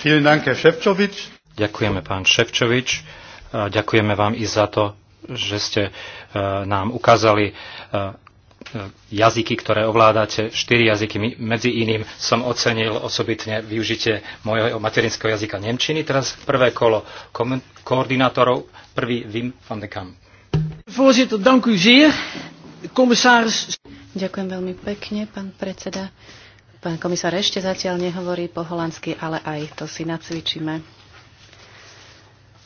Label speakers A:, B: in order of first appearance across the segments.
A: Ďakujeme, pán Ševčovič. Ďakujeme vám i za to, že ste e, nám ukázali e, e, jazyky, ktoré ovládate, štyri jazyky. Medzi iným som ocenil osobitne využitie mojho materinského jazyka Nemčiny. Teraz prvé kolo koordinátorov, prvý Wim van de Kamp.
B: Voorzitter, dank u zeer. Commissaris. Ďakujem veľmi pekne, pán predseda. Pán komisár ešte zatiaľ nehovorí po holandsky, ale aj to si nacvičíme.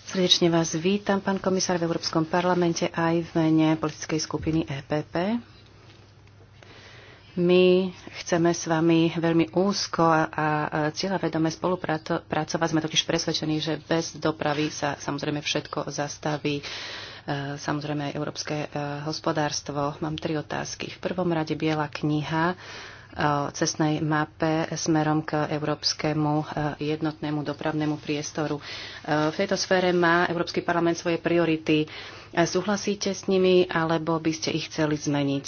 B: Srdečne vás vítam, pán komisár, v Európskom parlamente aj v mene politickej skupiny EPP. My chceme s vami veľmi úzko a, a cieľavedome spolupracovať. Sme totiž presvedčení, že bez dopravy sa samozrejme všetko zastaví e, samozrejme aj európske e, hospodárstvo. Mám tri otázky. V prvom rade Biela kniha cestnej mape smerom k európskemu e, jednotnému dopravnému priestoru. E, v tejto sfére má Európsky parlament svoje priority. E, súhlasíte s nimi alebo by ste ich chceli zmeniť?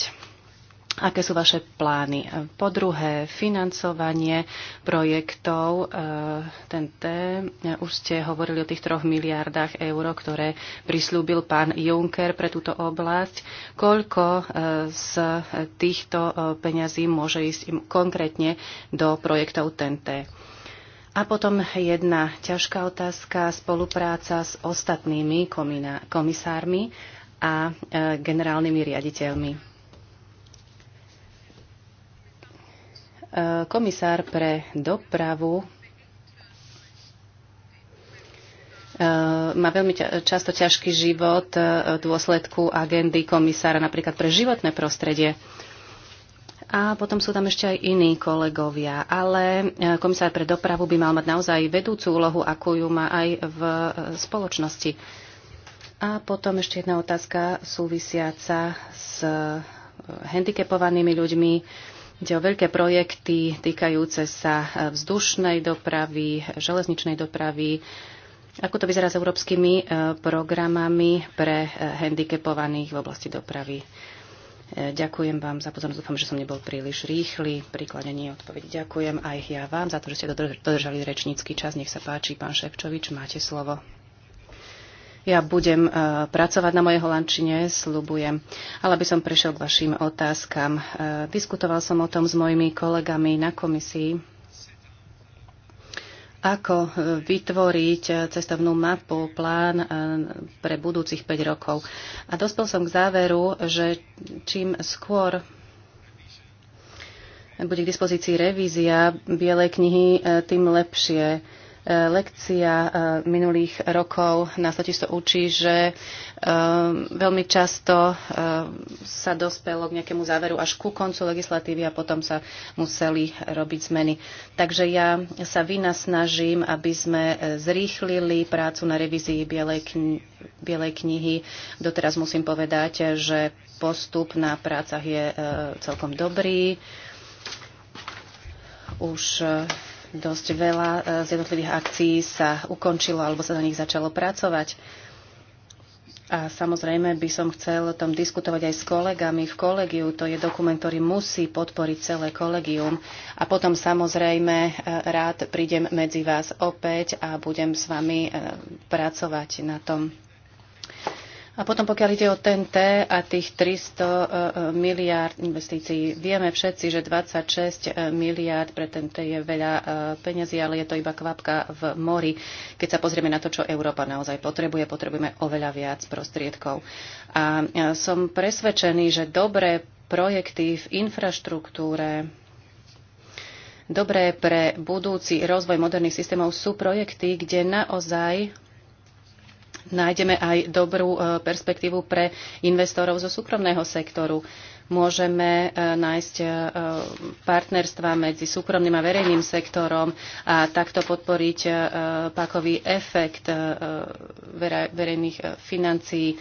B: Aké sú vaše plány? Po druhé, financovanie projektov e, ten T. E, už ste hovorili o tých troch miliardách eur, ktoré prislúbil pán Juncker pre túto oblasť. Koľko e, z týchto peňazí môže ísť im konkrétne do projektov TNT? A potom jedna ťažká otázka, spolupráca s ostatnými komisármi a generálnymi riaditeľmi Komisár pre dopravu e, má veľmi často ťažký život v e, dôsledku agendy komisára napríklad pre životné prostredie. A potom sú tam ešte aj iní kolegovia. Ale e, komisár pre dopravu by mal mať naozaj vedúcu úlohu, akú ju má aj v spoločnosti. A potom ešte jedna otázka súvisiaca s handicapovanými ľuďmi Ide o veľké projekty týkajúce sa e, vzdušnej dopravy, železničnej dopravy. Ako to vyzerá s európskymi e, programami pre e, handicapovaných v oblasti dopravy? Ďakujem vám za pozornosť. Dúfam, že som nebol príliš rýchly pri kladení odpovedí. Ďakujem aj ja vám za to, že ste dodržali rečnícky čas. Nech sa páči, pán Ševčovič, máte slovo. Ja budem e, pracovať na mojej holandčine, slubujem. Ale aby som prešiel k vašim otázkam. E, diskutoval som o tom s mojimi kolegami na komisii ako e, vytvoriť cestovnú mapu, plán pre budúcich 5 rokov. A dospel som k záveru, že čím skôr bude k dispozícii revízia Bielej knihy, tým lepšie Lekcia e, minulých rokov nás totiž to učí, že e, veľmi často e, sa dospelo k nejakému záveru až ku koncu legislatívy a potom sa museli robiť zmeny. Takže ja sa vynasnažím, aby sme zrýchlili prácu na revízii Bielej, kni- Bielej knihy. Doteraz musím povedať, že postup na prácach je celkom dobrý. Už Dosť veľa e, z jednotlivých akcií sa ukončilo alebo sa na nich začalo pracovať. A samozrejme by som chcel o tom diskutovať aj s kolegami v kolegiu. To je dokument, ktorý musí podporiť celé kolegium. A potom samozrejme e, rád prídem medzi vás opäť a budem s vami e, pracovať na tom. A potom pokiaľ ide o ten T a tých 300 e, e, miliárd investícií, vieme všetci, že 26 e, miliárd pre T je veľa peňazí, ale je to iba kvapka v mori. Keď sa pozrieme na to, čo Európa naozaj potrebuje, potrebujeme oveľa viac prostriedkov. A som presvedčený, že dobré projekty v infraštruktúre, dobré pre budúci rozvoj moderných systémov sú projekty, kde naozaj nájdeme aj dobrú e, perspektívu pre investorov zo súkromného sektoru. Môžeme e, nájsť e, partnerstva medzi súkromným a verejným sektorom a takto podporiť pakový efekt verejných financií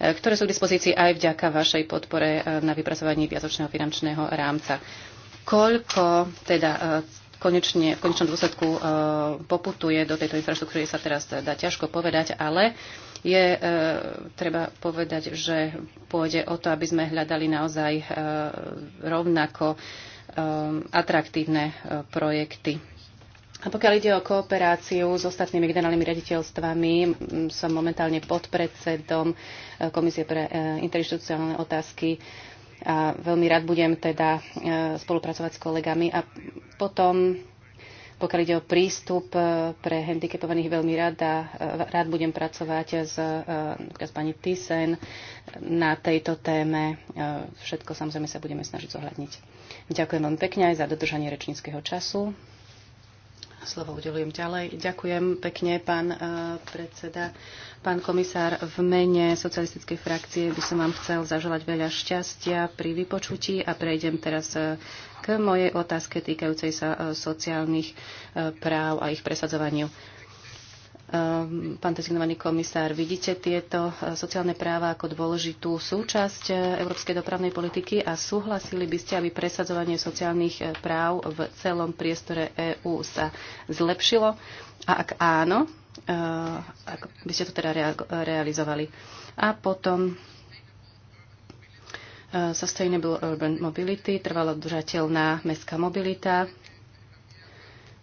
B: ktoré sú k dispozícii aj vďaka vašej podpore na vypracovaní viacočného finančného rámca. Koľko teda konečne, v konečnom dôsledku e, poputuje do tejto infraštruktúry, sa teraz dá ťažko povedať, ale je e, treba povedať, že pôjde o to, aby sme hľadali naozaj e, rovnako e, atraktívne e, projekty. A pokiaľ ide o kooperáciu s ostatnými generálnymi raditeľstvami, som momentálne podpredsedom e, Komisie pre e, interinstitucionálne otázky a veľmi rád budem teda e, spolupracovať s kolegami. A potom, pokiaľ ide o prístup e, pre handicapovaných, veľmi a e, rád budem pracovať s, s pani Thyssen na tejto téme. Všetko samozrejme sa budeme snažiť zohľadniť. Ďakujem veľmi pekne aj za dodržanie rečníckého času. Slovo udelujem ďalej. Ďakujem pekne, pán predseda. Pán komisár, v mene socialistickej frakcie by som vám chcel zaželať veľa šťastia pri vypočutí a prejdem teraz e, k mojej otázke týkajúcej sa e, sociálnych e, práv a ich presadzovaniu. Pán designovaný komisár, vidíte tieto sociálne práva ako dôležitú súčasť európskej dopravnej politiky a súhlasili by ste, aby presadzovanie sociálnych práv v celom priestore EÚ sa zlepšilo? A ak áno, Eh, ako by ste to teda realizovali. A potom eh, Sustainable Urban Mobility, trvalo držateľná mestská mobilita.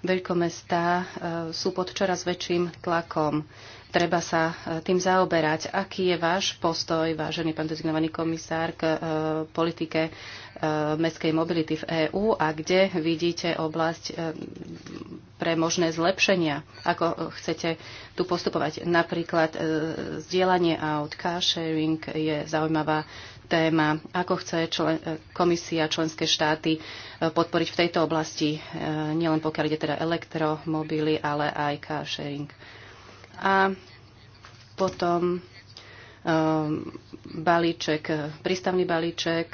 B: Veľkomestá eh, sú pod čoraz väčším tlakom treba sa e, tým zaoberať. Aký je váš postoj, vážený pán dezignovaný komisár, k e, politike e, mestskej mobility v EÚ a kde vidíte oblasť pre možné zlepšenia? Ako chcete tu postupovať? Napríklad zdieľanie aut, car sharing je zaujímavá téma, ako chce člen, komisia členské štáty podporiť v tejto oblasti, nielen pokiaľ ide teda elektromobily, ale aj car sharing a potom ehm, balíček, prístavný balíček,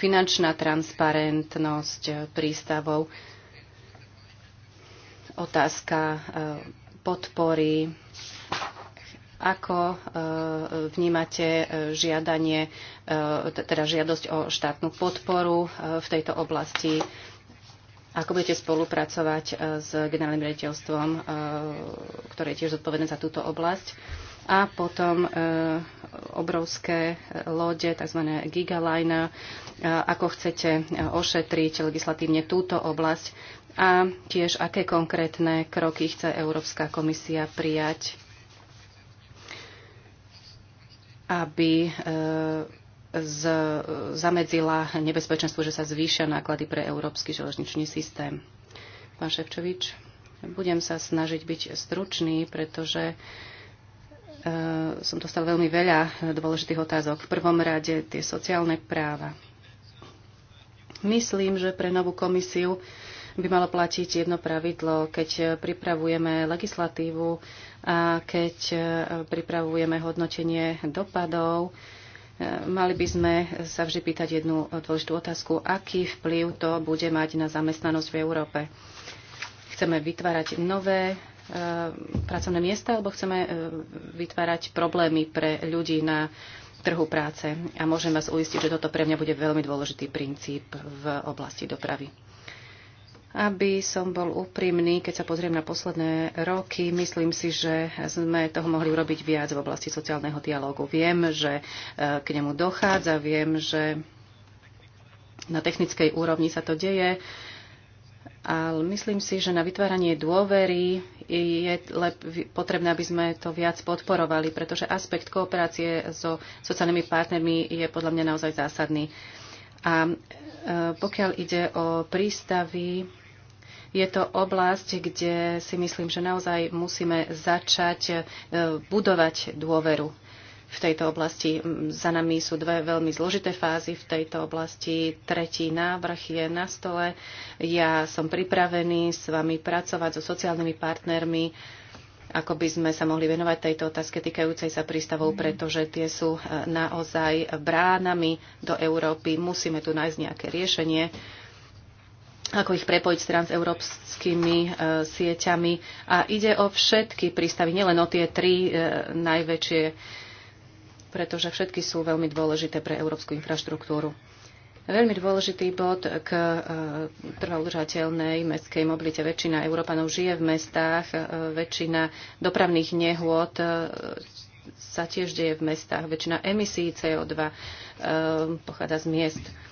B: finančná transparentnosť eh, prístavov, otázka eh, podpory, ako eh, vnímate žiadanie, teda žiadosť o štátnu podporu v tejto oblasti ako budete spolupracovať e, s generálnym riaditeľstvom, e, ktoré je tiež zodpovedné za túto oblasť? A potom e, obrovské lode, tzv. gigaline, ako chcete ošetriť legislatívne túto oblasť a tiež aké konkrétne kroky chce Európska komisia prijať, aby z, zamedzila nebezpečenstvu, že sa zvýšia náklady pre európsky železničný systém. Pán Ševčovič, budem sa snažiť byť stručný, pretože e, som dostal veľmi veľa dôležitých otázok. V prvom rade tie sociálne práva. Myslím, že pre novú komisiu by malo platiť jedno pravidlo, keď pripravujeme legislatívu a keď e, pripravujeme hodnotenie dopadov, E, mali by sme sa vždy pýtať jednu dôležitú otázku, aký vplyv to bude mať na zamestnanosť v Európe. Chceme vytvárať nové e, pracovné miesta, alebo chceme e, vytvárať problémy pre ľudí na trhu práce. A môžem vás uistiť, že toto pre mňa bude veľmi dôležitý princíp v oblasti dopravy. Aby som bol úprimný, keď sa pozriem na posledné roky, myslím si, že sme toho mohli urobiť viac v oblasti sociálneho dialógu. Viem, že e, k nemu dochádza, viem, že na technickej úrovni sa to deje, ale myslím si, že na vytváranie dôvery je potrebné, aby sme to viac podporovali, pretože aspekt kooperácie so sociálnymi partnermi je podľa mňa naozaj zásadný. A e, pokiaľ ide o prístavy, je to oblasť, kde si myslím, že naozaj musíme začať e, budovať dôveru v tejto oblasti. Za nami sú dve veľmi zložité fázy v tejto oblasti. Tretí návrh je na stole. Ja som pripravený s vami pracovať so sociálnymi partnermi, ako by sme sa mohli venovať tejto otázke týkajúcej sa prístavov, mhm. pretože tie sú e, naozaj bránami do Európy. Musíme tu nájsť nejaké riešenie ako ich prepojiť s transeurópskymi e, sieťami. A ide o všetky prístavy, nielen o tie tri e, najväčšie, pretože všetky sú veľmi dôležité pre európsku infraštruktúru. Veľmi dôležitý bod k e, trvaudržateľnej mestskej mobilite. Väčšina Európanov žije v mestách, e, väčšina dopravných nehôd e, sa tiež deje v mestách, väčšina emisí CO2 e, pochádza z miest. E,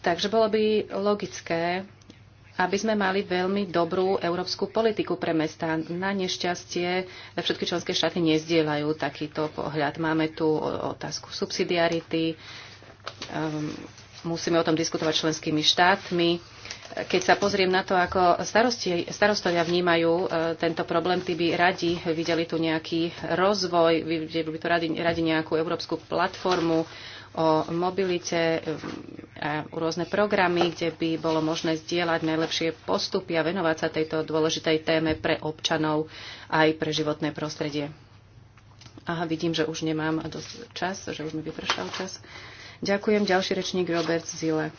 B: Takže bolo by logické, aby sme mali veľmi dobrú európsku politiku pre mesta. Na nešťastie všetky členské štáty nezdieľajú takýto pohľad. Máme tu otázku subsidiarity, ehm, musíme o tom diskutovať členskými štátmi. Keď sa pozriem na to, ako starosti, starostovia vnímajú e, tento problém, tí by radi videli tu nejaký rozvoj, videli by tu radi, radi nejakú európsku platformu, o mobilite mm, a rôzne programy, kde by bolo možné zdieľať najlepšie postupy a venovať sa tejto dôležitej téme pre občanov aj pre životné prostredie. Aha, vidím, že už nemám dosť čas, že už mi vypršal čas. Ďakujem. Ďalší rečník Robert Zile.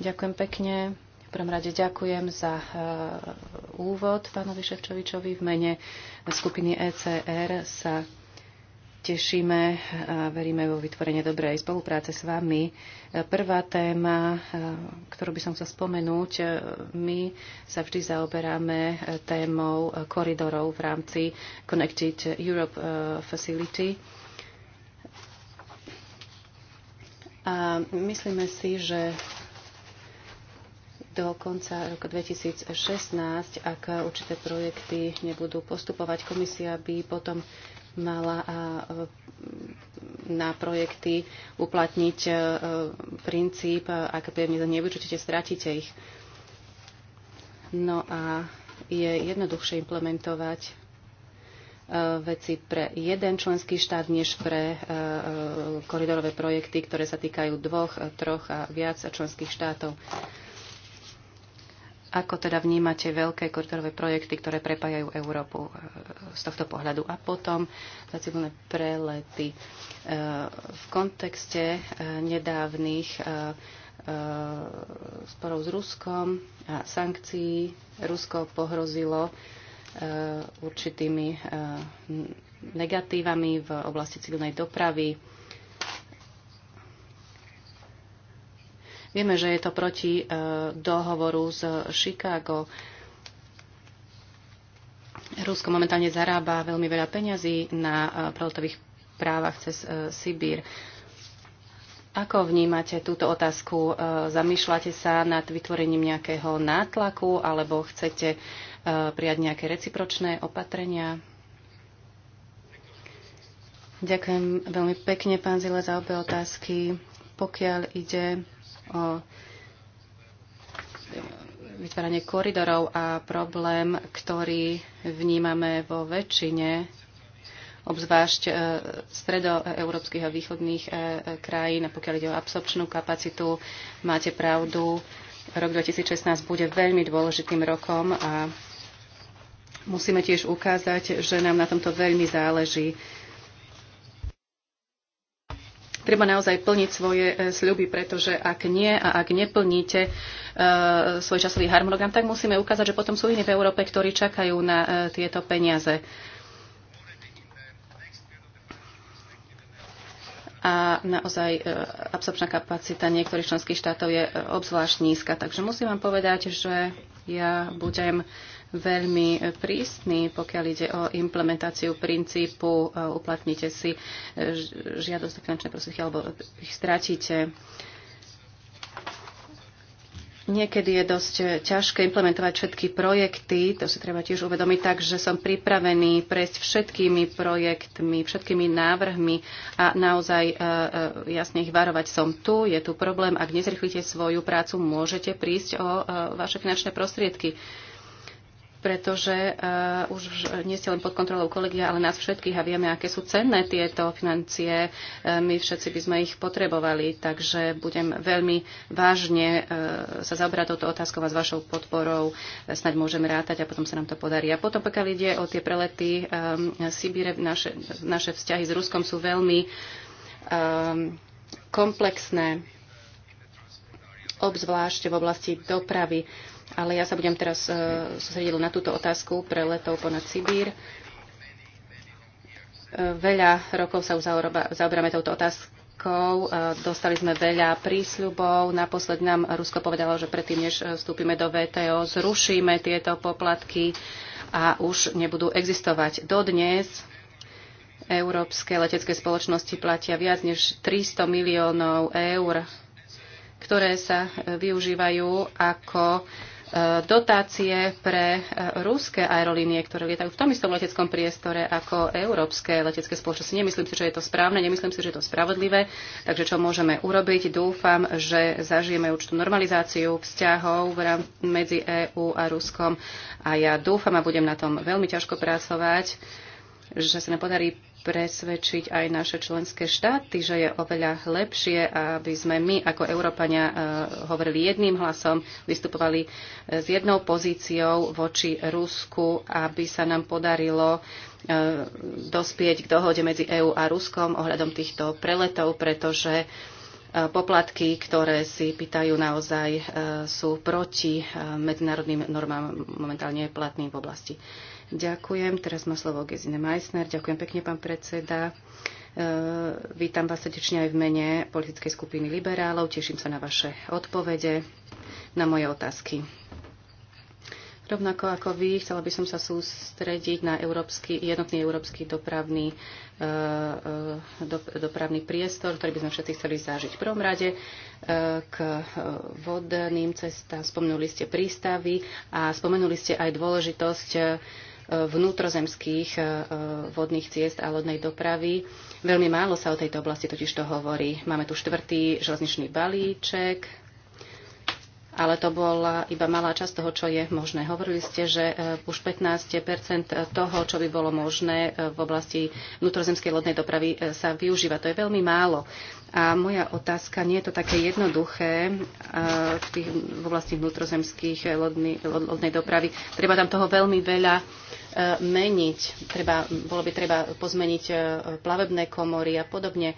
B: Ďakujem pekne. V prvom rade ďakujem za e, úvod pánovi Ševčovičovi. V mene skupiny ECR sa tešíme a veríme vo vytvorenie dobrej spolupráce s vami. Prvá téma, ktorú by som chcel spomenúť, my sa vždy zaoberáme témou koridorov v rámci Connected Europe eh, Facility. A myslíme si, že do konca roku 2016, ak určité projekty nebudú postupovať, komisia by potom mala e, na projekty uplatniť e, princíp, e, ak peniaze nevyčutíte, stratíte ich. No a je jednoduchšie implementovať veci pre jeden členský štát, než pre koridorové projekty, ktoré sa týkajú dvoch, troch a viac členských štátov. Ako teda vnímate veľké koridorové projekty, ktoré prepájajú Európu e, z tohto pohľadu? A potom za civilné prelety. E, v kontexte e, nedávnych sporov s Ruskom a sankcií Rusko pohrozilo určitými negatívami v oblasti civilnej dopravy Vieme, že je to proti e, dohovoru z Chicago. Rusko momentálne zarába veľmi veľa peňazí na e, prelotových právach cez e, Sibír. Ako vnímate túto otázku? Zamýšľate sa nad vytvorením nejakého nátlaku alebo chcete prijať nejaké recipročné opatrenia? Ďakujem veľmi pekne, pán Zile, za obe otázky. Pokiaľ ide o vytváranie koridorov a problém, ktorý vnímame vo väčšine obzvlášť e, stredoeurópskych a východných e, e, krajín, pokiaľ ide o absorpčnú kapacitu, máte pravdu, rok 2016 bude veľmi dôležitým rokom a musíme tiež ukázať, že nám na tomto veľmi záleží. Treba naozaj plniť svoje e, sľuby, pretože ak nie a ak neplníte e, svoj časový harmonogram, tak musíme ukázať, že potom sú iní v Európe, ktorí čakajú na e, tieto peniaze. a naozaj absorpčná kapacita niektorých členských štátov je obzvlášť nízka. Takže musím vám povedať, že ja budem veľmi prísny, pokiaľ ide o implementáciu princípu e, uplatnite si e, žiadosť o finančné prostriedky alebo ich stratíte. Niekedy je dosť ťažké implementovať všetky projekty, to si treba tiež uvedomiť, takže som pripravený prejsť všetkými projektmi, všetkými návrhmi a naozaj e, jasne ich varovať som tu, je tu problém, ak nezrychlíte svoju prácu, môžete prísť o vaše finančné prostriedky pretože uh, už nie ste len pod kontrolou kolegia, ale nás všetkých a vieme, aké sú cenné tieto financie. Uh, my všetci by sme ich potrebovali, takže budem veľmi vážne uh, sa zaoberať touto otázkou a s vašou podporou uh, snaď môžeme rátať a potom sa nám to podarí. A potom, pokiaľ ide o tie prelety um, Sibíre, naše, naše vzťahy s Ruskom sú veľmi um, komplexné, obzvlášť v oblasti dopravy. Uh, ale ja sa budem teraz e, sústrediť na túto otázku pre letov ponad Sibír. E, veľa rokov sa už zaoberáme touto otázkou. E, dostali sme veľa prísľubov. Naposled nám Rusko povedalo, že predtým, než vstúpime do VTO, zrušíme tieto poplatky a už nebudú existovať. Dodnes európske letecké spoločnosti platia viac než 300 miliónov eur, ktoré sa využívajú ako dotácie pre e, ruské aerolínie, ktoré lietajú v tom istom leteckom priestore ako európske letecké spoločnosti. Nemyslím si, že je to správne, nemyslím si, že je to spravodlivé. Takže čo môžeme urobiť? Dúfam, že zažijeme určitú normalizáciu vzťahov medzi EÚ a Ruskom a ja dúfam a budem na tom veľmi ťažko pracovať že sa nám podarí presvedčiť aj naše členské štáty, že je oveľa lepšie, aby sme my ako Európania e, hovorili jedným hlasom, vystupovali e, s jednou pozíciou voči Rusku, aby sa nám podarilo e, dospieť k dohode medzi EÚ a Ruskom ohľadom týchto preletov, pretože poplatky, ktoré si pýtajú naozaj, sú proti medzinárodným normám momentálne platným v oblasti Ďakujem. Teraz má slovo Gezine Meissner. Ďakujem pekne, pán predseda. E, vítam vás srdečne aj v mene politickej skupiny liberálov. Teším sa na vaše odpovede, na moje otázky. Rovnako ako vy, chcela by som sa sústrediť na európsky, jednotný európsky dopravný, e, e, do, dopravný priestor, ktorý by sme všetci chceli zažiť. V prvom rade k vodným cestám spomenuli ste prístavy a spomenuli ste aj dôležitosť vnútrozemských e, e, vodných ciest a lodnej dopravy. Veľmi málo sa o tejto oblasti totiž to hovorí. Máme tu štvrtý železničný balíček, ale to bola iba malá časť toho, čo je možné. Hovorili ste, že e, už 15 toho, čo by bolo možné e, v oblasti vnútrozemskej lodnej dopravy e, sa využíva. To je veľmi málo. A moja otázka, nie je to také jednoduché v, tých, v oblasti vnútrozemských lodný, lodnej dopravy. Treba tam toho veľmi veľa meniť. Treba, bolo by treba pozmeniť plavebné komory a podobne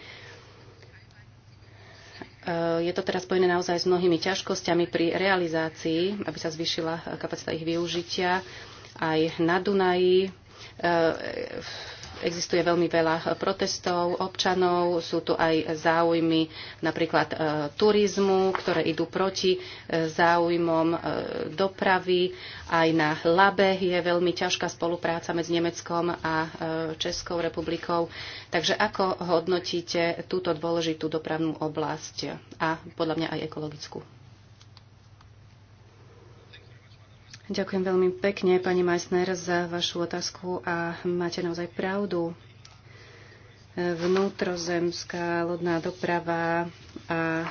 B: Eh, je to teraz spojené naozaj s mnohými ťažkosťami pri realizácii, aby sa zvýšila kapacita ich využitia aj na Dunaji eh, Existuje veľmi veľa e, protestov občanov, sú tu aj záujmy napríklad e, turizmu, ktoré idú proti e, záujmom dopravy. Aj na Labe je veľmi ťažká spolupráca medzi Nemeckom a Českou republikou. Takže ako hodnotíte túto dôležitú dopravnú oblasť a podľa mňa aj ekologickú? Ďakujem veľmi pekne, pani Meissner, za vašu otázku a máte naozaj pravdu. Vnútrozemská lodná doprava a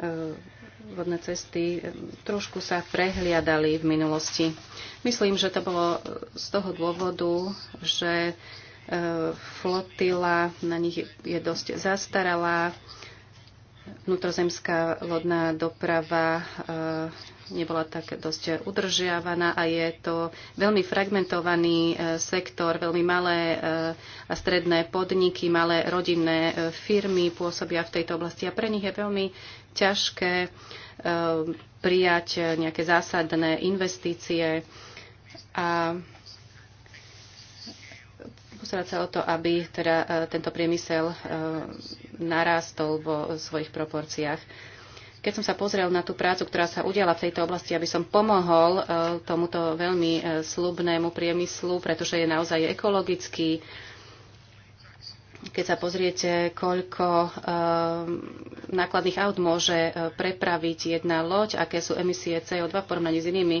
B: e, vodné cesty e, trošku sa prehliadali v minulosti. Myslím, že to bolo z toho dôvodu, že e, flotila na nich je dosť zastaralá, vnútrozemská lodná doprava nebola tak dosť udržiavaná a je to veľmi fragmentovaný e, sektor, veľmi malé e, a stredné podniky, malé rodinné e, firmy pôsobia v tejto oblasti a pre nich je veľmi ťažké prijať nejaké zásadné investície a postarať sa o to, aby teda tento priemysel narastol vo svojich proporciách. Keď som sa pozrel na tú prácu, ktorá sa udiala v tejto oblasti, aby som pomohol e, tomuto veľmi e, slubnému priemyslu, pretože je naozaj ekologický, keď sa pozriete, koľko e, nákladných aut môže prepraviť jedna loď, aké sú emisie CO2 v porovnaní s inými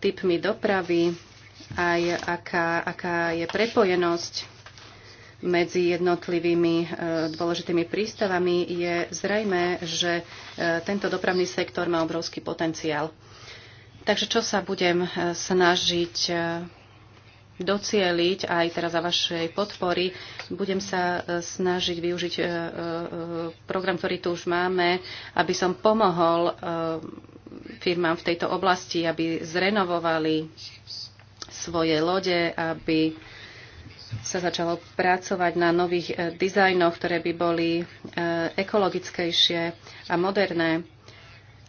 B: typmi dopravy, aj aká, aká je prepojenosť medzi jednotlivými e, dôležitými prístavami, je zrejme, že e, tento dopravný sektor má obrovský potenciál. Takže čo sa budem e, snažiť docieliť aj teraz za vašej podpory. Budem sa snažiť využiť program, ktorý tu už máme, aby som pomohol firmám v tejto oblasti, aby zrenovovali svoje lode, aby sa začalo pracovať na nových e, dizajnoch, ktoré by boli e, ekologickejšie a moderné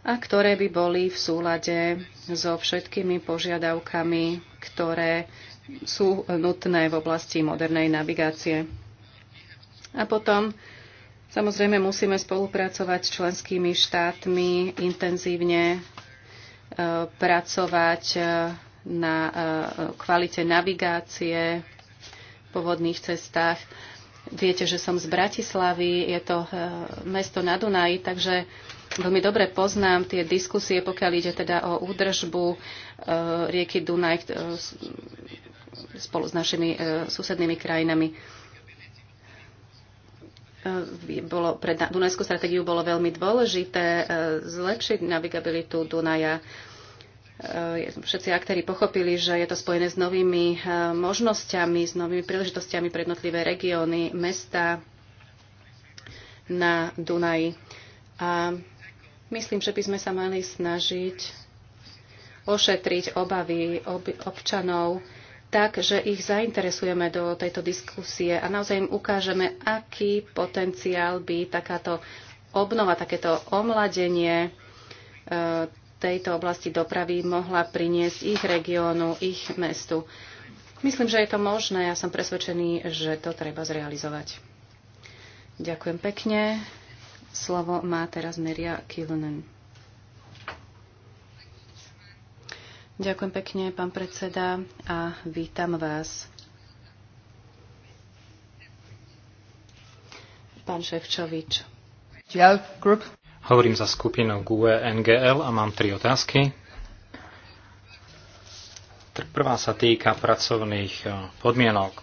B: a ktoré by boli v súlade so všetkými požiadavkami, ktoré sú nutné v oblasti modernej navigácie. A potom samozrejme musíme spolupracovať s členskými štátmi, intenzívne e, pracovať na kvalite navigácie, po vodných cestách. Viete, že som z Bratislavy, je to e, mesto na Dunaji, takže veľmi dobre poznám tie diskusie, pokiaľ ide teda o údržbu e, rieky Dunaj e, spolu s našimi susednými krajinami bolo pre Dunajskú stratégiu bolo veľmi dôležité zlepšiť navigabilitu Dunaja Eh, všetci aktéry pochopili, že je to spojené s novými eh, možnosťami, s novými príležitostiami pre jednotlivé regióny, mesta na Dunaji. A myslím, že by sme sa mali snažiť ošetriť obavy ob- občanov tak, že ich zainteresujeme do tejto diskusie a naozaj im ukážeme, aký potenciál by takáto obnova, takéto omladenie eh, tejto oblasti dopravy mohla priniesť ich regiónu, ich mestu. Myslím, že je to možné. Ja som presvedčený, že to treba zrealizovať. Ďakujem pekne. Slovo má teraz Meria Kilnen. Ďakujem pekne, pán predseda, a vítam vás. Pán Ševčovič.
A: Hovorím za skupinu GUE NGL a mám tri otázky. Prvá sa týka pracovných e, podmienok. E,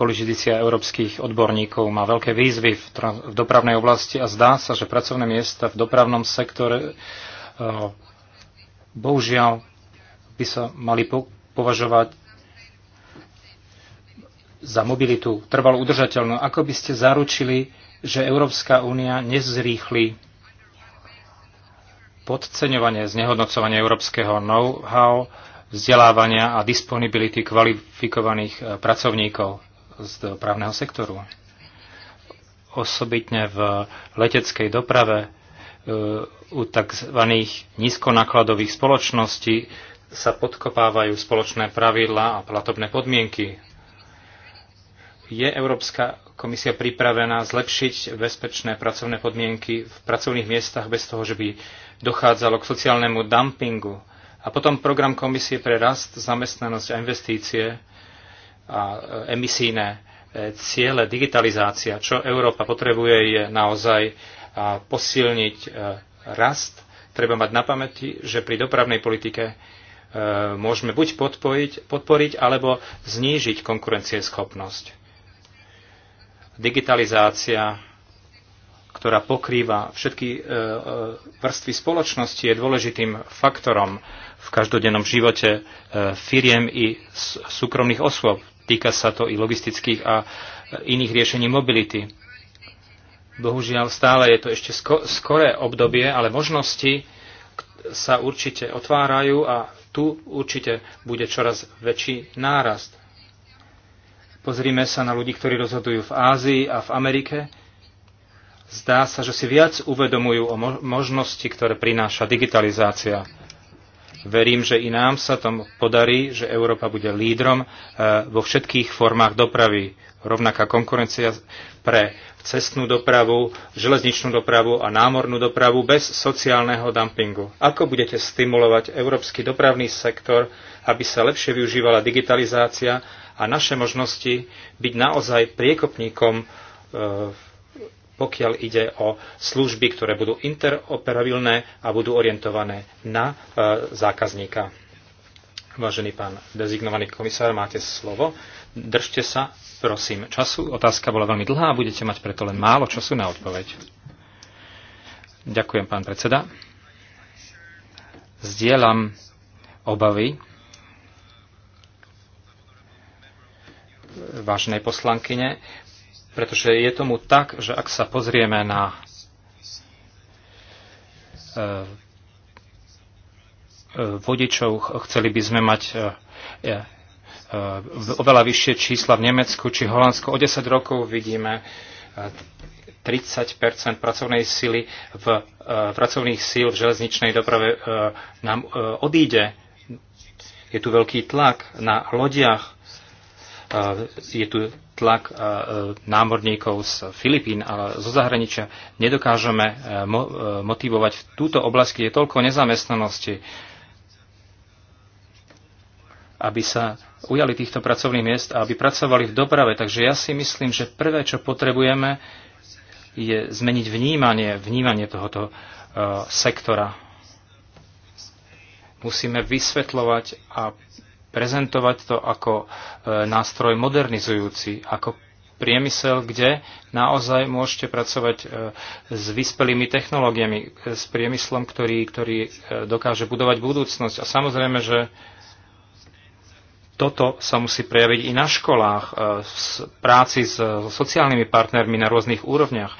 A: Poližidícia európskych odborníkov má veľké výzvy v, dopravnej oblasti a zdá sa, že pracovné miesta v dopravnom sektore e, bohužiaľ by sa mali považovať za mobilitu trvalo udržateľnú. Ako by ste zaručili že Európska únia nezrýchli podceňovanie, znehodnocovanie európskeho know-how, vzdelávania a disponibility kvalifikovaných e, pracovníkov z právneho sektoru. Osobitne v leteckej doprave e, u tzv. nízkonákladových spoločností sa podkopávajú spoločné pravidlá a platobné podmienky. Je Európska komisia pripravená zlepšiť bezpečné pracovné podmienky v pracovných miestach bez toho, že by dochádzalo k sociálnemu dumpingu. A potom program komisie pre rast, zamestnanosť a investície a e, emisijné e, ciele, digitalizácia. Čo Európa potrebuje je naozaj e, posilniť rast. Treba mať na pamäti, že pri dopravnej politike môžeme buď podporiť, podporiť alebo znížiť konkurencieschopnosť digitalizácia, ktorá pokrýva všetky e, e, vrstvy spoločnosti, je dôležitým faktorom v každodennom živote e, firiem i súkromných osôb. Týka sa to i logistických a iných riešení mobility. Bohužiaľ, stále je to ešte skoré obdobie, ale možnosti sa určite otvárajú a tu určite bude čoraz väčší nárast. Pozrime sa na ľudí, ktorí rozhodujú v Ázii a v Amerike. Zdá sa, že si viac uvedomujú o možnosti, ktoré prináša digitalizácia. Verím, že i nám sa tom podarí, že Európa bude lídrom eh, vo všetkých formách dopravy. Rovnaká konkurencia pre cestnú dopravu, železničnú dopravu a námornú dopravu bez sociálneho dumpingu. Ako budete stimulovať európsky dopravný sektor, aby sa lepšie využívala digitalizácia a naše možnosti byť naozaj priekopníkom, e, pokiaľ ide o služby, ktoré budú interoperabilné a budú orientované na e, zákazníka. Vážený pán dezignovaný komisár, máte slovo. Držte sa, prosím, času. Otázka bola veľmi dlhá a budete mať preto len málo času na odpoveď. Ďakujem, pán predseda. Zdieľam obavy vážnej poslankyne, pretože je tomu tak, že ak sa pozrieme na e, e, vodičov, chceli by sme mať e, oveľa vyššie čísla v Nemecku či Holandsku. O 10 rokov vidíme 30 pracovnej sily v pracovných síl v železničnej doprave nám odíde. Je tu veľký tlak na lodiach, je tu tlak e, námorníkov z Filipín a zo zahraničia. Nedokážeme e, e, motivovať v túto oblasti, je toľko nezamestnanosti, aby sa ujali týchto pracovných miest a aby pracovali v doprave. Takže ja si myslím, že prvé, čo potrebujeme, je zmeniť vnímanie, vnímanie tohoto sektora. Musíme vysvetľovať a prezentovať to ako e, nástroj modernizujúci, ako priemysel, kde naozaj môžete pracovať e, s vyspelými technológiami, e, s priemyslom, ktorý, ktorý dokáže budovať budúcnosť. A samozrejme, že toto sa musí prejaviť i na školách, v práci s sociálnymi partnermi na rôznych úrovniach,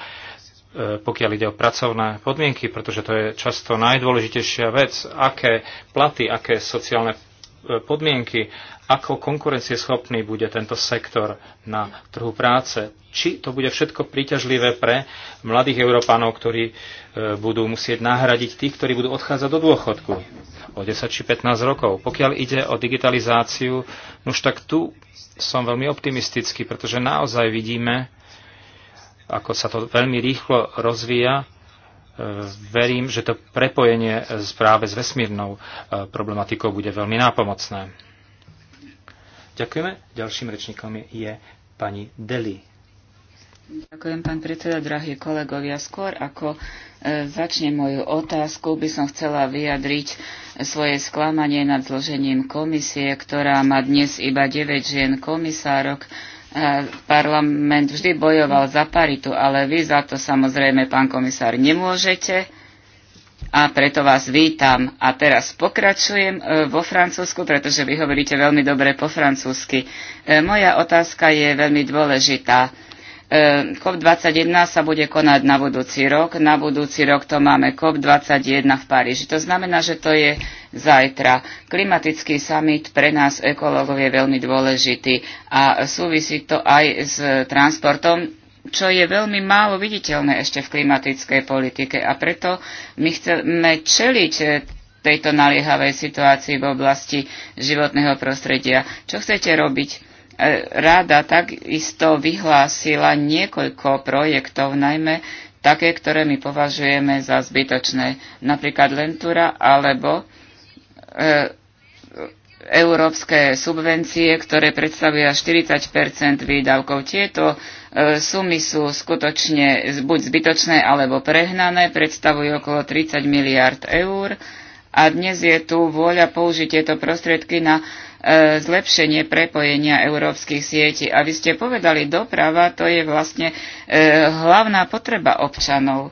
A: pokiaľ ide o pracovné podmienky, pretože to je často najdôležitejšia vec, aké platy, aké sociálne E, podmienky, ako konkurencieschopný bude tento sektor na trhu práce. Či to bude všetko príťažlivé pre mladých Európanov, ktorí e, budú musieť nahradiť tých, ktorí budú odchádzať do dôchodku o 10 či 15 rokov. Pokiaľ ide o digitalizáciu, už tak tu som veľmi optimistický, pretože naozaj vidíme, ako sa to veľmi rýchlo rozvíja verím, že to prepojenie práve s vesmírnou e, problematikou bude veľmi nápomocné. Ďakujeme. Ďalším rečníkom je pani Deli.
C: Ďakujem, pán predseda, drahí kolegovia. Skôr ako e, začne moju otázku, by som chcela vyjadriť svoje sklamanie nad zložením komisie, ktorá má dnes iba 9 žien komisárok, Eh, parlament vždy bojoval za paritu, ale vy za to samozrejme, pán komisár, nemôžete. A preto vás vítam. A teraz pokračujem eh, vo francúzsku, pretože vy hovoríte veľmi dobre po francúzsky. Eh, moja otázka je veľmi dôležitá Ehm, COP21 sa bude konať na budúci rok. Na budúci rok to máme COP21 v Paríži. To znamená, že to je zajtra. Klimatický summit pre nás ekológov je veľmi dôležitý a súvisí to aj s transportom, čo je veľmi málo viditeľné ešte v klimatickej politike. A preto my chceme čeliť eh, tejto naliehavej situácii v oblasti životného prostredia. Čo chcete robiť? Rada takisto vyhlásila niekoľko projektov, najmä také, ktoré my považujeme za zbytočné, napríklad Lentura alebo e, európske subvencie, ktoré predstavujú 40 výdavkov. Tieto e, sumy sú skutočne buď zbytočné alebo prehnané, predstavujú okolo 30 miliard eur a dnes je tu vôľa použiť tieto prostriedky na E, zlepšenie prepojenia európskych sietí. A vy ste povedali, doprava to je vlastne e, hlavná potreba občanov.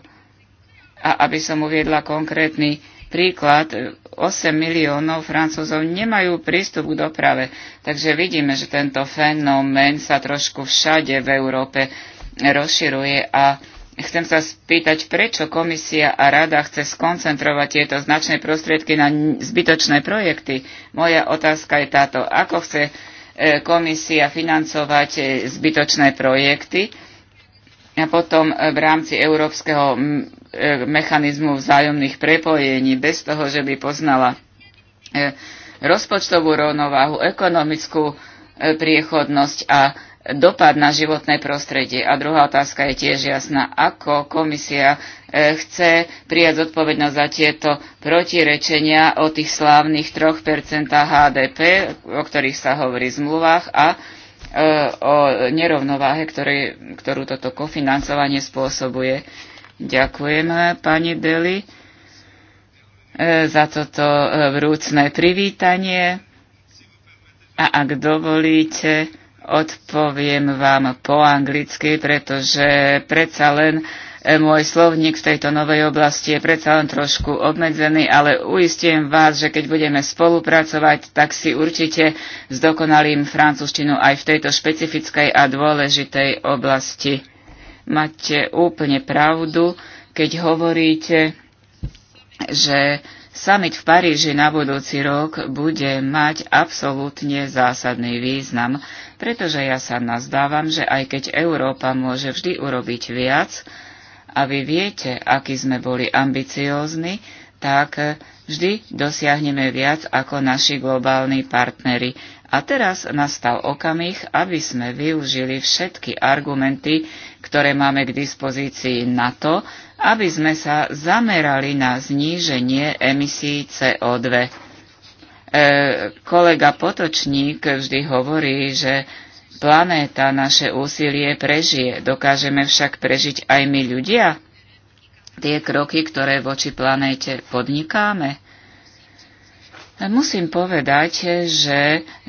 C: A aby som uviedla konkrétny príklad, 8 miliónov Francúzov nemajú prístup k doprave. Takže vidíme, že tento fenomén sa trošku všade v Európe rozširuje a Chcem sa spýtať, prečo komisia a rada chce skoncentrovať tieto značné prostriedky na zbytočné projekty. Moja otázka je táto. Ako chce e, komisia financovať e, zbytočné projekty a potom e, v rámci európskeho mechanizmu vzájomných prepojení, bez toho, že by poznala rozpočtovú rovnováhu, ekonomickú priechodnosť a dopad na životné prostredie. A druhá otázka je tiež jasná. Ako komisia eh, chce prijať zodpovednosť za tieto protirečenia o tých slávnych 3% HDP, o ktorých sa hovorí v zmluvách, a eh, o nerovnováhe, ktorý, ktorú toto kofinancovanie spôsobuje. Ďakujem, pani Deli, eh, za toto vrúcne privítanie. A ak dovolíte, odpoviem vám po anglicky, pretože predsa len e, môj slovník v tejto novej oblasti je predsa len trošku obmedzený, ale uistím vás, že keď budeme spolupracovať, tak si určite zdokonalím francúzštinu aj v tejto špecifickej a dôležitej oblasti. Máte úplne pravdu, keď hovoríte, že Summit v Paríži na budúci rok bude mať absolútne zásadný význam, pretože ja sa nazdávam, že aj keď Európa môže vždy urobiť viac, a vy viete, aký sme boli ambiciózni, tak vždy dosiahneme viac ako naši globálni partnery. A teraz nastal okamih, aby sme využili všetky argumenty, ktoré máme k dispozícii na to, aby sme sa zamerali na zníženie emisí CO2. E, kolega Potočník vždy hovorí, že planéta naše úsilie prežije. Dokážeme však prežiť aj my ľudia? Tie kroky, ktoré voči planéte podnikáme? Musím povedať, že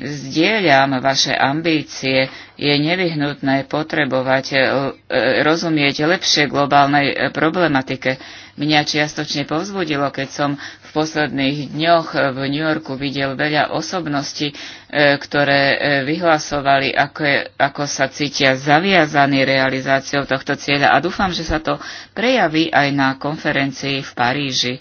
C: zdieľam vaše ambície. Je nevyhnutné potrebovať e, rozumieť lepšie globálnej e, problematike. Mňa čiastočne povzbudilo, keď som v posledných dňoch v New Yorku videl veľa osobností, e, ktoré vyhlasovali, ako, je, ako sa cítia zaviazaní realizáciou tohto cieľa a dúfam, že sa to prejaví aj na konferencii v Paríži.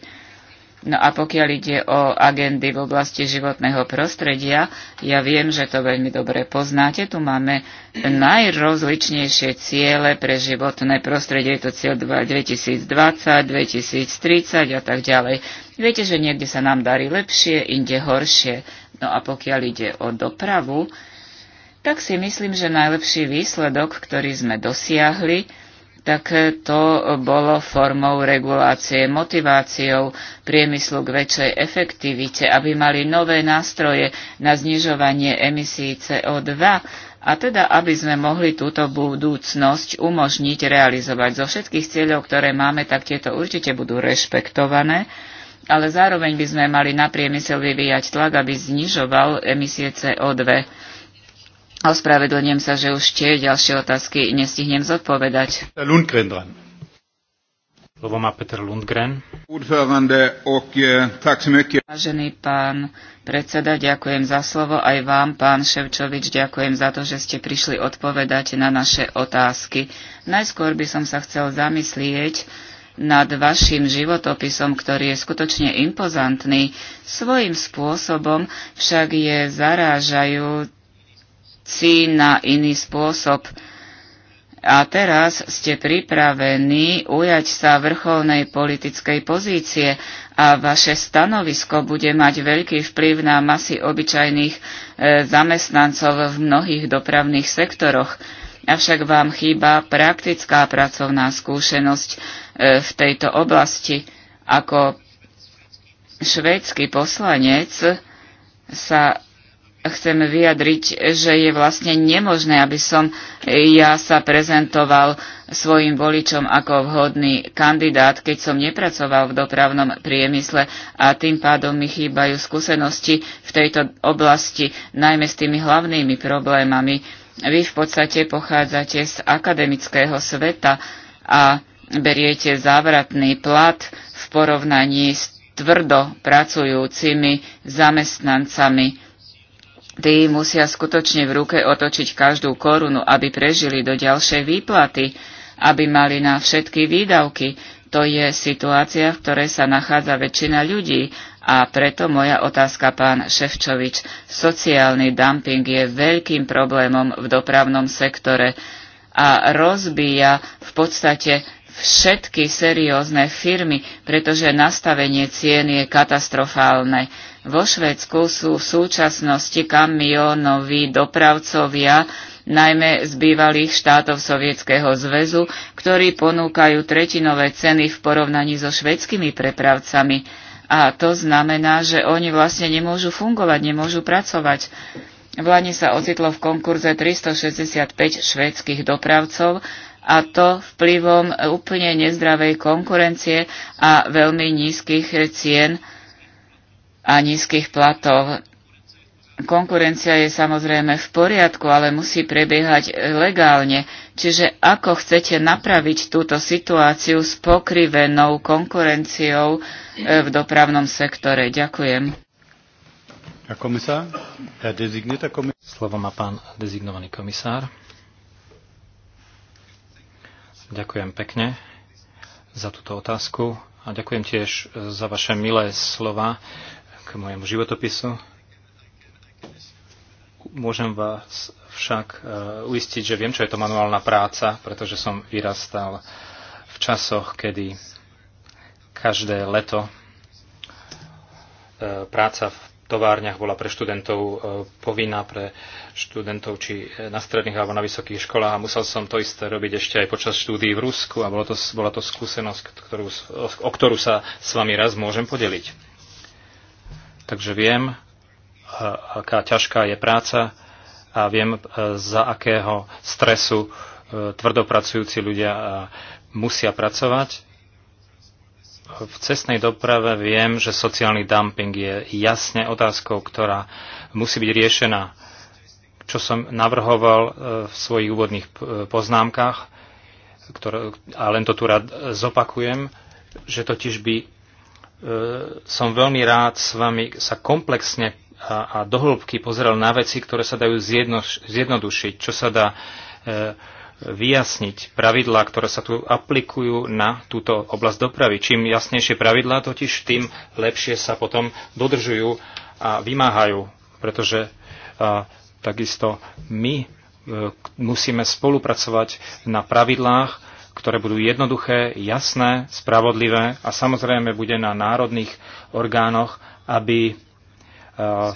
C: No a pokiaľ ide o agendy v oblasti životného prostredia, ja viem, že to veľmi dobre poznáte. Tu máme najrozličnejšie ciele pre životné prostredie. Je to cieľ 2020, 2030 a tak ďalej. Viete, že niekde sa nám darí lepšie, inde horšie. No a pokiaľ ide o dopravu, tak si myslím, že najlepší výsledok, ktorý sme dosiahli, tak e, to bolo formou regulácie, motiváciou priemyslu k väčšej efektivite, aby mali nové nástroje na znižovanie emisí CO2 a teda aby sme mohli túto budúcnosť umožniť realizovať. Zo všetkých cieľov, ktoré máme, tak tieto určite budú rešpektované, ale zároveň by sme mali na priemysel vyvíjať tlak, aby znižoval emisie CO2. Ospravedlňujem sa, že už tie ďalšie otázky nestihnem zodpovedať. Lundgren dran. Slovo má
A: Peter Lundgren.
C: Vážený pán predseda, ďakujem za slovo. Aj vám, pán Ševčovič, ďakujem za to, že ste prišli odpovedať na naše otázky. Najskôr by som sa chcel zamyslieť nad vašim životopisom, ktorý je skutočne impozantný. Svojím spôsobom však je zarážajúci vakcín na iný spôsob. A teraz ste pripravení ujať sa vrcholnej politickej pozície a vaše stanovisko bude mať veľký vplyv na masy obyčajných e, zamestnancov v mnohých dopravných sektoroch. Avšak vám chýba praktická pracovná skúsenosť e, v tejto oblasti. Ako švédsky poslanec sa chcem vyjadriť, že je vlastne nemožné, aby som ja sa prezentoval svojim voličom ako vhodný kandidát, keď som nepracoval v dopravnom priemysle a tým pádom mi chýbajú skúsenosti v tejto oblasti, najmä s tými hlavnými problémami. Vy v podstate pochádzate z akademického sveta a beriete závratný plat v porovnaní s tvrdo pracujúcimi zamestnancami Tí musia skutočne v ruke otočiť každú korunu, aby prežili do ďalšej výplaty, aby mali na všetky výdavky. To je situácia, v ktorej sa nachádza väčšina ľudí a preto moja otázka, pán Ševčovič. Sociálny dumping je veľkým problémom v dopravnom sektore a rozbíja v podstate všetky seriózne firmy, pretože nastavenie cien je katastrofálne. Vo Švedsku sú v súčasnosti kamionoví dopravcovia, najmä z bývalých štátov Sovietskeho zväzu, ktorí ponúkajú tretinové ceny v porovnaní so švedskými prepravcami. A to znamená, že oni vlastne nemôžu fungovať, nemôžu pracovať. V Lani sa ocitlo v konkurze 365 švédskych dopravcov a to vplyvom úplne nezdravej konkurencie a veľmi nízkych cien a nízkych platov. Konkurencia je samozrejme v poriadku, ale musí prebiehať legálne. Čiže ako chcete napraviť túto situáciu s pokrivenou konkurenciou e, v dopravnom sektore? Ďakujem. Komisár, komisár. Slovo má pán dezignovaný komisár.
A: Ďakujem pekne za túto otázku a ďakujem tiež za vaše milé slova k mojemu životopisu. Môžem vás však e, uistiť, že viem, čo je to manuálna práca, pretože som vyrastal v časoch, kedy každé leto e, práca v továrniach bola pre študentov e, povinná, pre študentov či na stredných alebo na vysokých školách a musel som to isté robiť ešte aj počas štúdií v Rusku a bola to, bola to skúsenosť, ktorú, o ktorú sa s vami raz môžem podeliť takže viem, e, aká ťažká je práca a viem, e, za akého stresu e, tvrdopracujúci ľudia musia pracovať. V cestnej doprave viem, že sociálny dumping je jasne otázkou, ktorá musí byť riešená. Čo som navrhoval v svojich úvodných poznámkach, ktoré, a len to tu rád zopakujem, že totiž by E, som veľmi rád s vami sa komplexne a, a dohlbky pozrel na veci, ktoré sa dajú zjedno, zjednodušiť, čo sa dá e, vyjasniť pravidlá, ktoré sa tu aplikujú na túto oblasť dopravy. Čím jasnejšie pravidlá totiž, tým lepšie sa potom dodržujú a vymáhajú, pretože a, e, takisto my e, musíme spolupracovať na pravidlách, ktoré budú jednoduché, jasné, spravodlivé a samozrejme bude na národných orgánoch, aby, eh,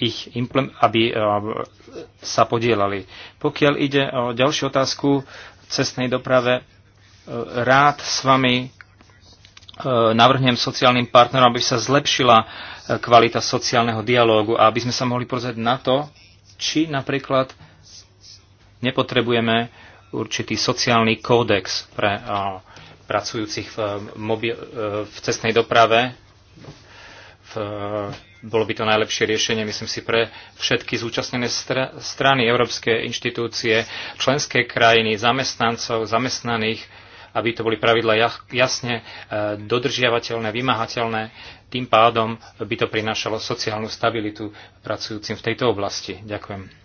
A: ich aby eh, sa podielali. Pokiaľ ide o ďalšiu otázku cestnej doprave, eh, rád s vami navrhnem sociálnym partnerom, aby sa zlepšila kvalita sociálneho dialógu a aby sme sa mohli pozrieť na to, či napríklad nepotrebujeme určitý sociálny kódex pre pracujúcich v, e, mobil, e, v cestnej doprave. V, e, bolo by to najlepšie riešenie, myslím si, pre všetky zúčastnené str- strany, európske inštitúcie, členské krajiny, zamestnancov, zamestnaných, aby to boli pravidla jasne dodržiavateľné, vymahateľné. Tým pádom by to prinášalo sociálnu stabilitu pracujúcim v tejto oblasti. Ďakujem.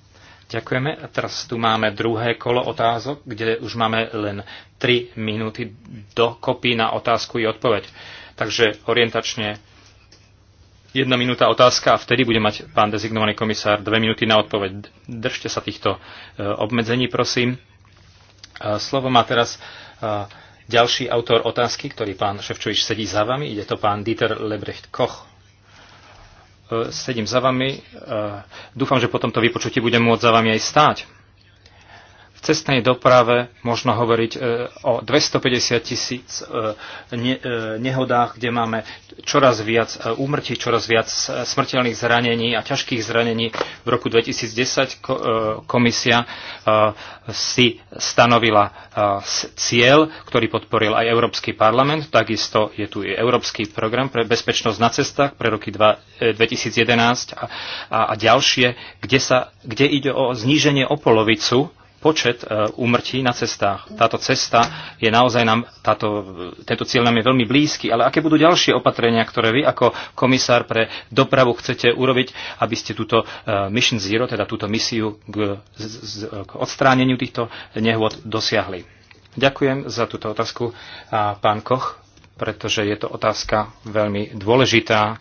A: Ďakujeme. A teraz tu máme druhé kolo otázok, kde už máme len 3 minúty do kopy na otázku i odpoveď. Takže orientačne jedna minúta otázka a vtedy bude mať pán dezignovaný komisár dve minúty na odpoveď. Držte sa týchto e, obmedzení, prosím. E, slovo má teraz e, ďalší autor otázky, ktorý pán Ševčovič sedí za vami. Ide to pán Dieter Lebrecht Koch. E, sedím za vami. E, dúfam, že po tomto vypočutí budem môcť za vami aj stáť cestnej doprave možno hovoriť e, o 250 tisíc e, e, nehodách, kde máme čoraz viac úmrtí, čoraz viac smrteľných zranení a ťažkých zranení. V roku 2010 komisia si stanovila cieľ, ktorý podporil aj Európsky parlament. Takisto je tu i Európsky program pre bezpečnosť na cestách pre roky 2011 a, a, a ďalšie, kde, sa, kde ide o zníženie o polovicu počet e, úmrtí na cestách. Táto cesta je naozaj nám, táto, tento cieľ nám je veľmi blízky, ale aké budú ďalšie opatrenia, ktoré vy ako komisár pre dopravu chcete urobiť, aby ste túto e, Mission Zero, teda túto misiu k, k odstráneniu týchto nehôd dosiahli? Ďakujem za túto otázku, pán Koch, pretože je to otázka veľmi dôležitá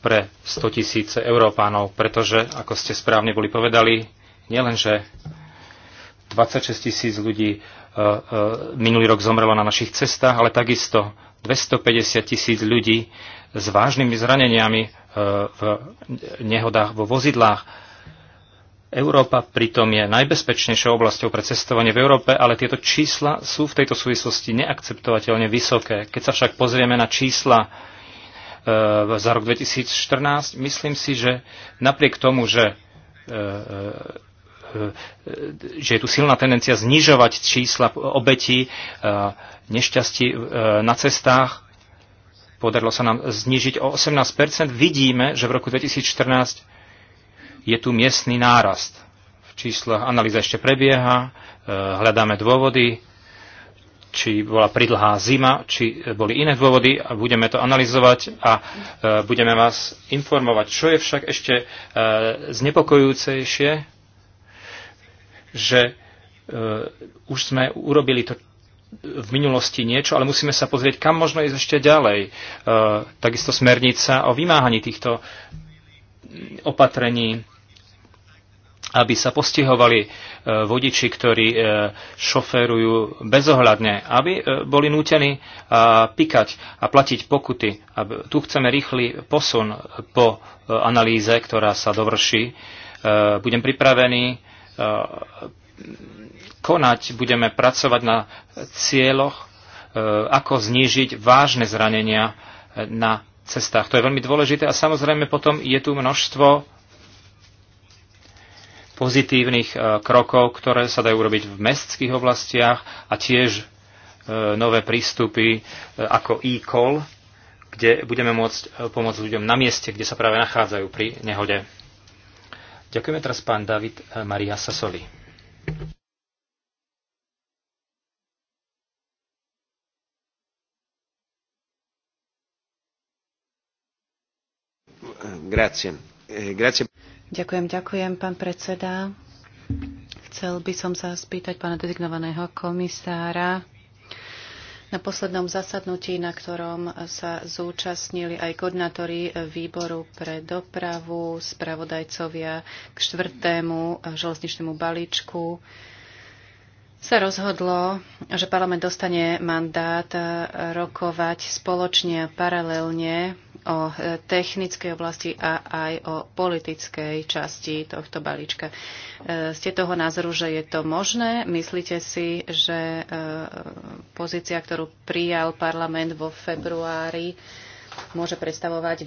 A: pre 100 tisíce Európánov, pretože, ako ste správne boli povedali, Nielenže 26 tisíc ľudí e, e, minulý rok zomrelo na našich cestách, ale takisto 250 tisíc ľudí s vážnymi zraneniami e, v nehodách vo vozidlách. Európa pritom je najbezpečnejšou oblasťou pre cestovanie v Európe, ale tieto čísla sú v tejto súvislosti neakceptovateľne vysoké. Keď sa však pozrieme na čísla za rok 2014, myslím si, že napriek tomu, že E, že je tu silná tendencia znižovať čísla obetí e, nešťastí e, na cestách. Podarilo sa nám znižiť o 18 Vidíme, že v roku 2014 je tu miestný nárast. V číslach analýza ešte prebieha, hľadáme dôvody, či bola pridlhá zima, či boli iné dôvody a budeme to analyzovať a budeme vás informovať. Čo je však ešte znepokojujúcejšie, že e, už sme urobili to v minulosti niečo, ale musíme sa pozrieť, kam možno ísť ešte ďalej. E, takisto smernica o vymáhaní týchto opatrení, aby sa postihovali e, vodiči, ktorí šoférujú bezohľadne, aby boli nútení pikať a platiť pokuty. Aby, tu chceme rýchly posun po analýze, ktorá sa dovrší. Budem pripravený E, konať, budeme pracovať na cieľoch, e, ako znížiť vážne zranenia e, na cestách. To je veľmi dôležité a samozrejme potom je tu množstvo pozitívnych krokov, ktoré sa dajú robiť v mestských oblastiach a tiež nové prístupy ako e-call, kde budeme môcť pomôcť ľuďom na mieste, kde sa práve nachádzajú pri nehode. Ďakujeme teraz pán David eh, Maria Sasoli.
D: Grazie. Eh, grazie.
B: Ďakujem, ďakujem, pán predseda. Chcel by som sa spýtať pána dezignovaného komisára na poslednom zasadnutí, na ktorom sa zúčastnili aj koordinátori výboru pre dopravu, spravodajcovia k štvrtému železničnému balíčku, sa rozhodlo, že parlament dostane mandát rokovať spoločne a paralelne o e, technickej oblasti a aj o politickej časti tohto balíčka. E, ste toho názoru, že je to možné? Myslíte si, že e, pozícia, ktorú prijal parlament vo februári, môže predstavovať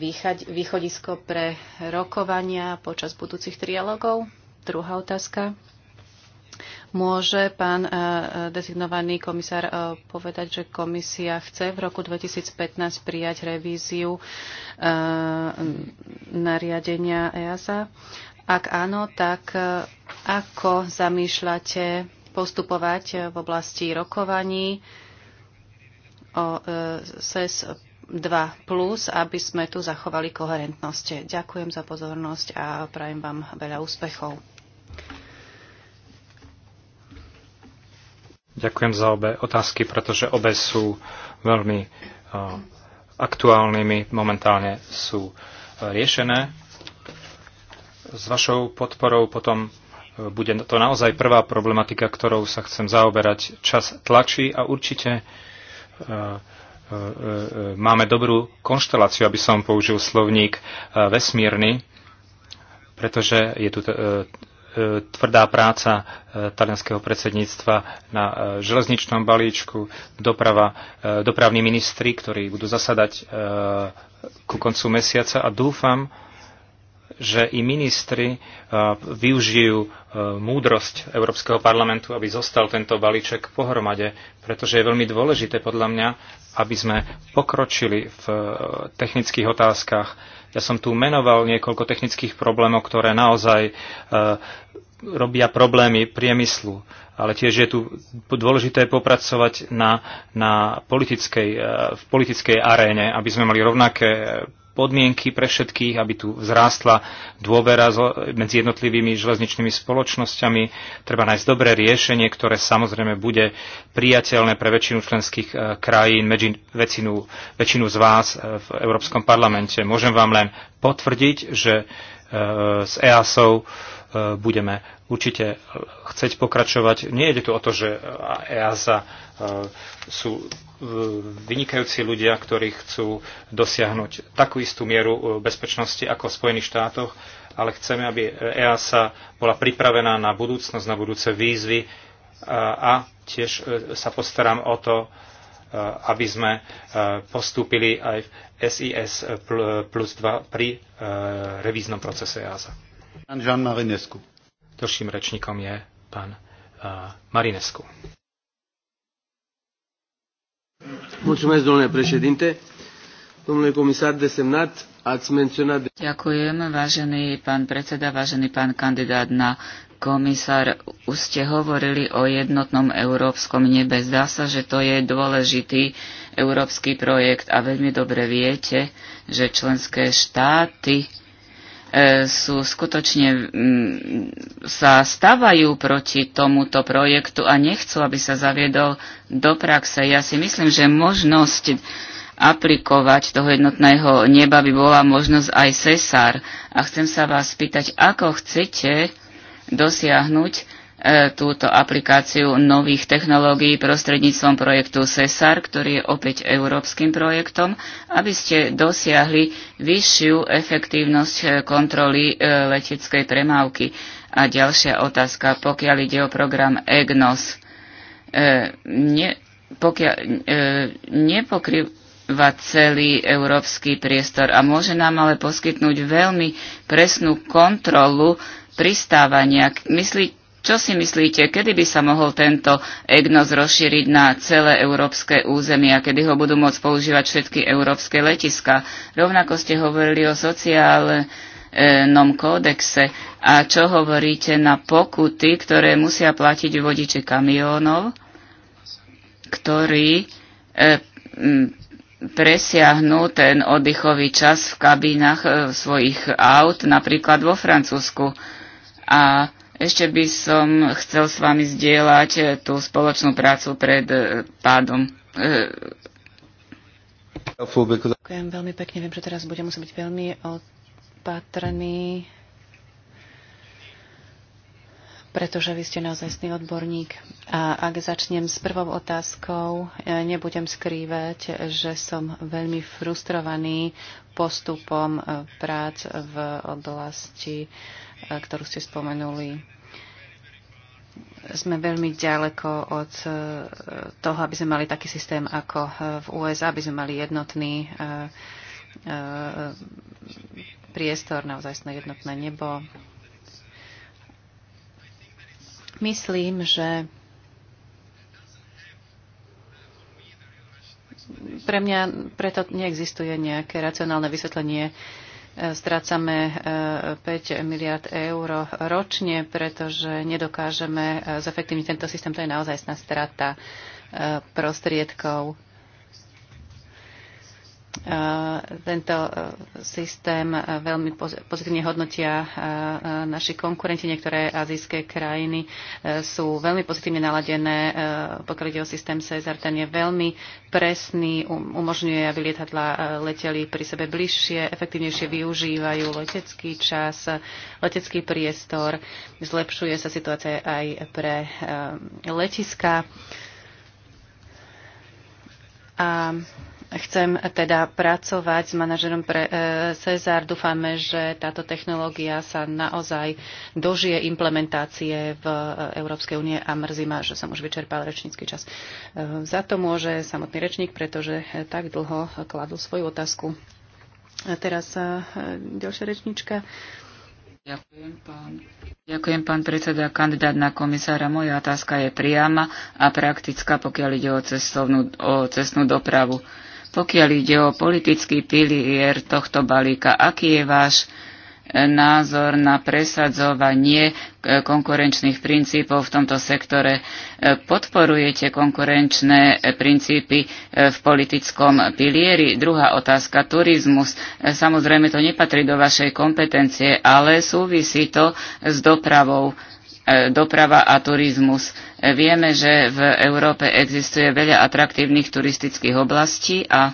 B: východisko pre rokovania počas budúcich trialogov? Druhá otázka. Môže pán e, dezignovaný komisár e, povedať, že komisia chce v roku 2015 prijať revíziu e, nariadenia EASA? Ak áno, tak ako zamýšľate postupovať v oblasti rokovaní o SES 2+, aby sme tu zachovali koherentnosť. Ďakujem za pozornosť a prajem vám veľa úspechov.
A: Ďakujem za obe otázky, pretože obe sú veľmi eh, aktuálnymi, momentálne sú eh, riešené. S vašou podporou potom eh, bude to naozaj prvá problematika, ktorou sa chcem zaoberať. Čas tlačí a určite máme dobrú konšteláciu, aby som použil slovník vesmírny, pretože je tu tvrdá práca e, talianského predsedníctva na e, železničnom balíčku, doprava, e, dopravní ministri, ktorí budú zasadať ku koncu mesiaca a dúfam, že i ministri využijú múdrosť Európskeho parlamentu, aby zostal tento balíček pohromade, pretože je veľmi dôležité podľa mňa, aby sme pokročili v technických otázkach, ja som tu menoval niekoľko technických problémov, ktoré naozaj e, robia problémy priemyslu. Ale tiež je tu dôležité popracovať na, na politickej, e, v politickej aréne, aby sme mali rovnaké podmienky pre všetkých, aby tu vzrástla dôvera medzi jednotlivými železničnými spoločnosťami. Treba nájsť dobré riešenie, ktoré samozrejme bude priateľné pre väčšinu členských e, krajín, väčšinu, väčšinu z vás e, v Európskom parlamente. Môžem vám len potvrdiť, že e, s EASou budeme určite chceť pokračovať. Nie je tu o to, že EASA E, sú e, vynikajúci ľudia, ktorí chcú dosiahnuť takú istú mieru e, bezpečnosti ako v Spojených štátoch, ale chceme, aby EASA bola pripravená na budúcnosť, na budúce výzvy a tiež sa postaram o to, aby sme postúpili aj v SIS plus 2 pri revíznom procese EASA. Ďalším rečníkom je pán Marinescu. Mulțumesc, domnule președinte.
C: Domnule comisar desemnat, ați menționat... Ďakujem, vážený pán predseda, vážený pán kandidát na komisár. Už ste hovorili o jednotnom európskom nebe. Zdá sa, že to je dôležitý európsky projekt a veľmi dobre viete, že členské štáty E, sú skutočne sa stavajú proti tomuto projektu a nechcú, aby sa zaviedol do praxe. Ja si myslím, že možnosť aplikovať toho jednotného neba by bola možnosť aj cesár. A chcem sa vás spýtať, ako chcete dosiahnuť, E, túto aplikáciu nových technológií prostredníctvom projektu CESAR, ktorý je opäť európskym projektom, aby ste dosiahli vyššiu efektívnosť e, kontroly e, leteckej premávky. A ďalšia otázka, pokiaľ ide o program EGNOS, ne, pokiaľ, celý európsky priestor a môže nám ale poskytnúť veľmi presnú kontrolu pristávania. Myslíte, čo si myslíte, kedy by sa mohol tento EGNOS rozšíriť na celé európske územie a kedy ho budú môcť používať všetky európske letiska? Rovnako ste hovorili o sociálnom kódexe a čo hovoríte na pokuty, ktoré musia platiť vodiči kamiónov, ktorí e, presiahnu ten oddychový čas v kabínach e, svojich aut, napríklad vo Francúzsku. A ešte by som chcel s vami zdieľať eh, tú spoločnú prácu pred eh, pádom. Eh,
D: Ďakujem
B: veľmi pekne. Viem, že teraz budem musieť byť veľmi opatrný, pretože vy ste naozaj odborník. A ak začnem s prvou otázkou, nebudem skrývať, že som veľmi frustrovaný postupom prác v oblasti ktorú ste spomenuli. Sme veľmi ďaleko od eh, toho, aby sme mali taký systém ako eh, v USA, aby sme mali jednotný eh, priestor, naozaj na jednotné nebo. Myslím, že pre mňa preto neexistuje nejaké racionálne vysvetlenie strácame 5 e, miliard eur ročne, pretože nedokážeme e, zefektívniť tento systém. To je naozaj strata e, prostriedkov tento e, systém e, veľmi pozitívne hodnotia e, naši konkurenti. Niektoré azijské krajiny sú veľmi pozitívne naladené. Pokiaľ ide o systém Cezar, ten je veľmi presný, um-, umožňuje, aby lietadla leteli pri sebe bližšie, efektívnejšie využívajú letecký čas, letecký priestor. Zlepšuje sa situácia aj pre letiska. A Chcem teda pracovať s manažerom pre e, Cezar. Dúfame, že táto technológia sa naozaj dožije implementácie v e, Európskej únie a mrzí ma, že som už vyčerpal rečnícky čas. E, za to môže samotný rečník, pretože tak dlho kladol svoju otázku. A teraz ďalšia rečníčka.
C: Ďakujem pán. Ďakujem, pán predseda. Kandidát na komisára, moja otázka je priama a praktická, pokiaľ ide o cestovnú, o cestnú dopravu. Pokiaľ ide o politický pilier tohto balíka, aký je váš e, názor na presadzovanie e, konkurenčných princípov v tomto sektore. E, podporujete konkurenčné princípy v politickom pilieri? Druhá otázka, turizmus. Samozrejme, to nepatrí do vašej kompetencie, ale súvisí to s dopravou doprava a turizmus. Vieme, že v Európe existuje veľa atraktívnych turistických oblastí a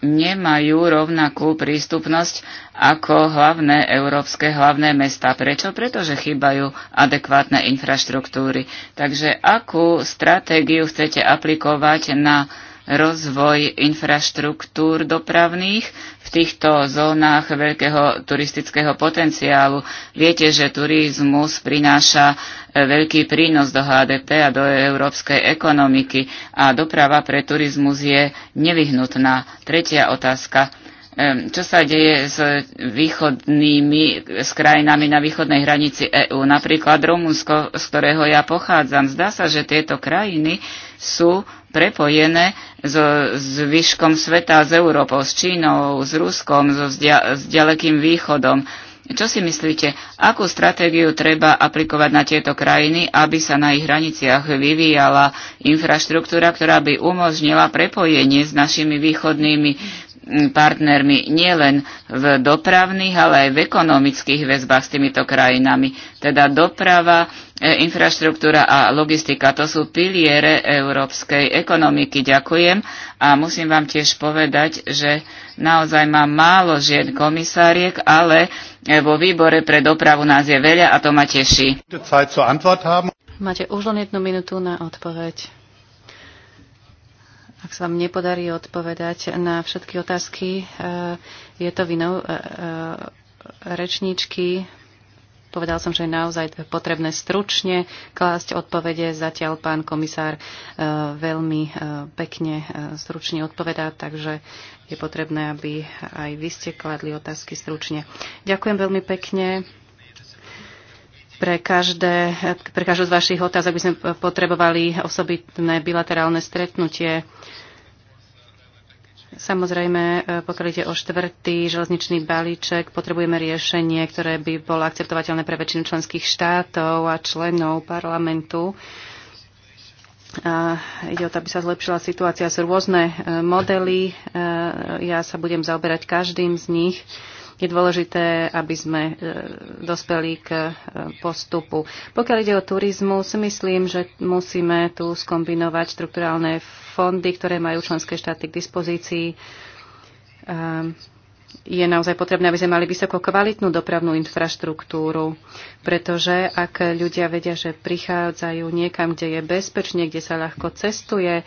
C: nemajú rovnakú prístupnosť ako hlavné európske hlavné mesta. Prečo? Pretože chýbajú adekvátne infraštruktúry. Takže akú stratégiu chcete aplikovať na rozvoj infraštruktúr dopravných v týchto zónach veľkého turistického potenciálu. Viete, že turizmus prináša e, veľký prínos do HDP a do európskej ekonomiky a doprava pre turizmus je nevyhnutná. Tretia otázka. Čo sa deje s, východnými, s krajinami na východnej hranici EÚ, napríklad Rumunsko, z ktorého ja pochádzam? Zdá sa, že tieto krajiny sú prepojené so zvyškom sveta, s Európou, s Čínou, s Ruskom, so s ďalekým východom. Čo si myslíte, akú stratégiu treba aplikovať na tieto krajiny, aby sa na ich hraniciach vyvíjala infraštruktúra, ktorá by umožnila prepojenie s našimi východnými partnermi nielen v dopravných, ale aj v ekonomických väzbách s týmito krajinami. Teda doprava, e, infraštruktúra a logistika, to sú piliere európskej ekonomiky. Ďakujem a musím vám tiež povedať, že naozaj mám málo žien komisáriek, ale e, vo výbore pre dopravu nás je veľa a to ma teší.
B: Máte už len jednu minútu na odpoveď. Ak sa vám nepodarí odpovedať na všetky otázky, eh, je to vinou eh, eh, rečníčky. Povedal som, že je naozaj potrebné stručne klásť odpovede. Zatiaľ pán komisár veľmi pekne stručne odpovedá, takže je potrebné, aby aj vy ste kladli otázky stručne. Ďakujem veľmi pekne. Pre, každé, pre každú z vašich otázok by sme potrebovali osobitné bilaterálne stretnutie. Samozrejme, pokiaľ ide o štvrtý železničný balíček, potrebujeme riešenie, ktoré by bolo akceptovateľné pre väčšinu členských štátov a členov parlamentu. A ide o to, aby sa zlepšila situácia. z rôzne eh, modely. Eh, ja sa budem zaoberať každým z nich je dôležité, aby sme e, dospeli k e, postupu. Pokiaľ ide o turizmus, myslím, že musíme tu skombinovať štrukturálne fondy, ktoré majú členské štáty k dispozícii je naozaj potrebné, aby sme mali vysoko kvalitnú dopravnú infraštruktúru, pretože ak ľudia vedia, že prichádzajú niekam, kde je bezpečne, kde sa ľahko cestuje,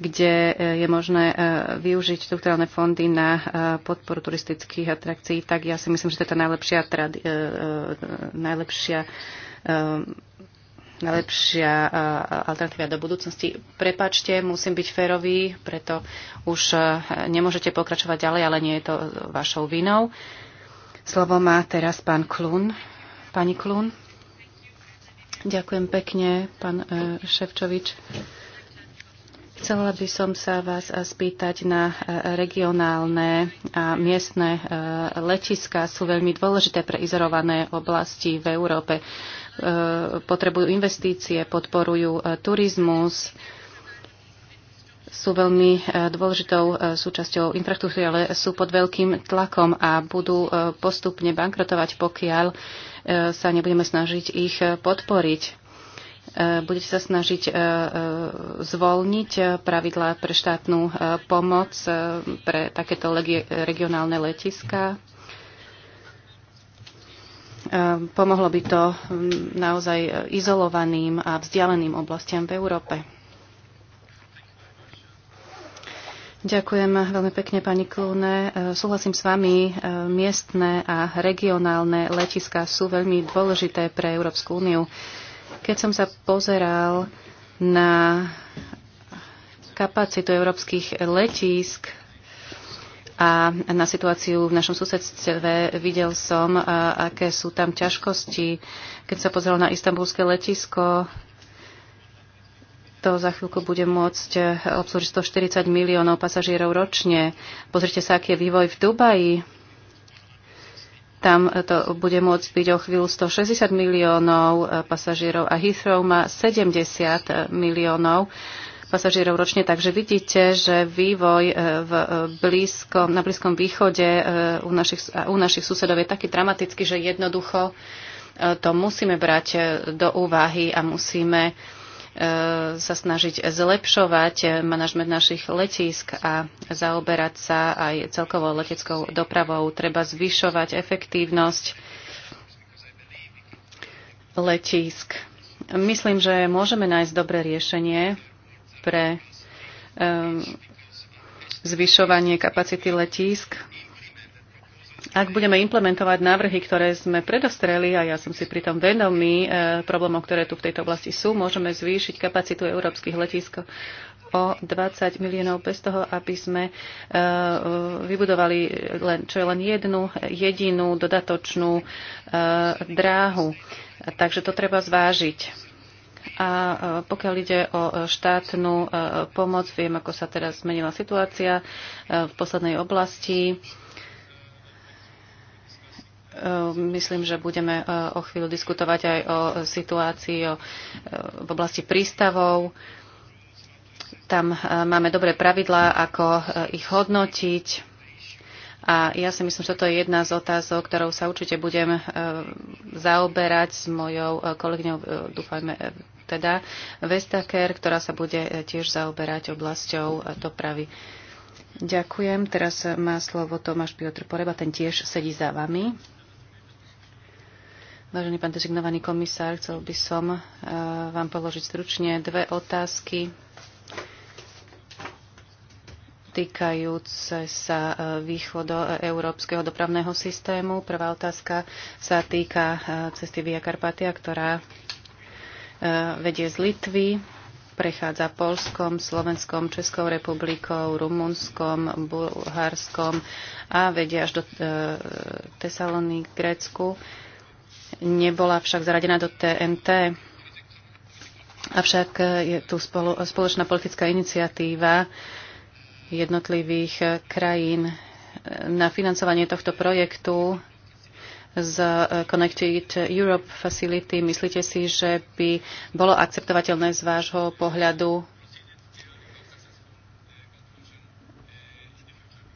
B: kde e, je možné e, využiť štruktúrálne fondy na e, podporu turistických atrakcií, tak ja si myslím, že to je tá najlepšia, tradi- najlepšia najlepšia alternatíva do budúcnosti. Prepačte, musím byť férový, preto už nemôžete pokračovať ďalej, ale nie je to vašou vinou. Slovo má teraz pán Klun. Pani Klun. Ďakujem pekne, pán Ševčovič. Chcela by som sa vás eh, spýtať na eh, regionálne a miestne eh, letiska. Sú veľmi dôležité pre izorované oblasti v Európe. Potrebujú investície, podporujú turizmus sú veľmi dôležitou súčasťou infraštruktúry, ale sú pod veľkým tlakom a budú postupne bankrotovať, pokiaľ sa nebudeme snažiť ich podporiť. E, budete sa snažiť e, e, zvolniť pravidlá pre štátnu pomoc pre takéto regionálne letiska? Pomohlo by to naozaj izolovaným a vzdialeným oblastiam v Európe. Ďakujem veľmi pekne, pani Klúne. Súhlasím s vami, miestne a regionálne letiska sú veľmi dôležité pre Európsku úniu. Keď som sa pozeral na kapacitu európskych letísk a na situáciu v našom susedstve, videl som, aké sú tam ťažkosti. Keď sa pozeral na istambulské letisko, to za chvíľku bude môcť obslužiť 140 miliónov pasažierov ročne. Pozrite sa, aký je vývoj v Dubaji tam to bude môcť byť o chvíľu 160 miliónov eh, pasažierov a Heathrow má 70 miliónov pasažierov ročne. Takže vidíte, že vývoj eh, v eh, blízko, na Blízkom východe u našich, u našich susedov je taký dramatický, že jednoducho to musíme brať do úvahy a musíme uh, E, sa snažiť zlepšovať manažment našich letísk a zaoberať sa aj celkovou leteckou dopravou. Treba zvyšovať efektívnosť letísk. Myslím, že môžeme nájsť dobré riešenie pre um, zvyšovanie kapacity letísk ak budeme implementovať návrhy, ktoré sme predostreli, a ja som si pritom vedomý e, problémov, ktoré tu v tejto oblasti sú, môžeme zvýšiť kapacitu európskych letísk o 20 miliónov bez toho, aby sme e, e, vybudovali len, čo je len jednu jedinú dodatočnú e, dráhu. Takže to treba zvážiť. A e, pokiaľ ide o e, štátnu pomoc, viem, ako sa teraz zmenila situácia v poslednej oblasti Ehm, myslím, že budeme eh, o chvíľu diskutovať aj o situácii eh, v oblasti prístavov. Tam eh, máme dobré pravidlá, ako ich hodnotiť. A ja si myslím, že toto je jedna z otázok, ktorou sa určite budem zaoberať s mojou kolegyňou, dúfajme, teda Vestaker, ktorá sa bude tiež zaoberať oblasťou dopravy. Ďakujem. Teraz má slovo Tomáš Piotr Poreba, ten tiež sedí za vami. Vážený pán dezignovaný komisár, chcel by som e, vám položiť stručne dve otázky týkajúce sa e, e, európskeho dopravného systému. Prvá otázka sa týka cesty Via Carpatia, ktorá vedie z Litvy, prechádza Polskom, Slovenskom, Českou republikou, Rumunskom, Bulharskom a vedie až do Tesalony, Grécku nebola však zaradená do TNT. Avšak je tu spoločná politická iniciatíva jednotlivých krajín na financovanie tohto projektu z Connected Europe Facility. Myslíte si, že by bolo akceptovateľné z vášho pohľadu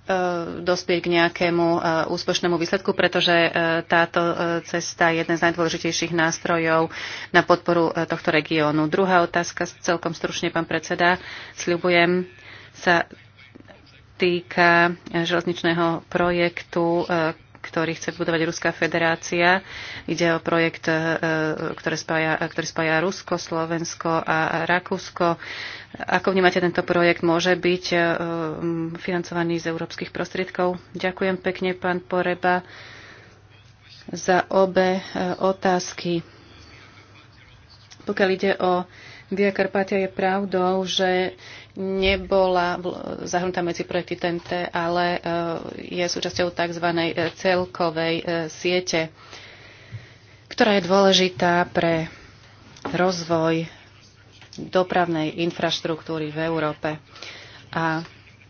B: E, dospieť k nejakému e, úspešnému výsledku, pretože e, táto cesta je jeden z najdôležitejších nástrojov na podporu tohto regiónu. Druhá otázka, celkom stručne, pán predseda, sľubujem, sa týka železničného projektu ktorý chce budovať Ruská federácia. Ide o projekt, e, ktorý spája, ktorý spája Rusko, Slovensko a Rakúsko. Ako vnímate tento projekt? Môže byť e, financovaný z európskych prostriedkov? Ďakujem pekne, pán Poreba, za obe e, otázky. Pokiaľ ide o Via Karpatia, je pravdou, že nebola zahrnutá medzi projekty TNT, ale e, je súčasťou tzv. E, celkovej e, siete, ktorá je dôležitá pre rozvoj dopravnej infraštruktúry v Európe. A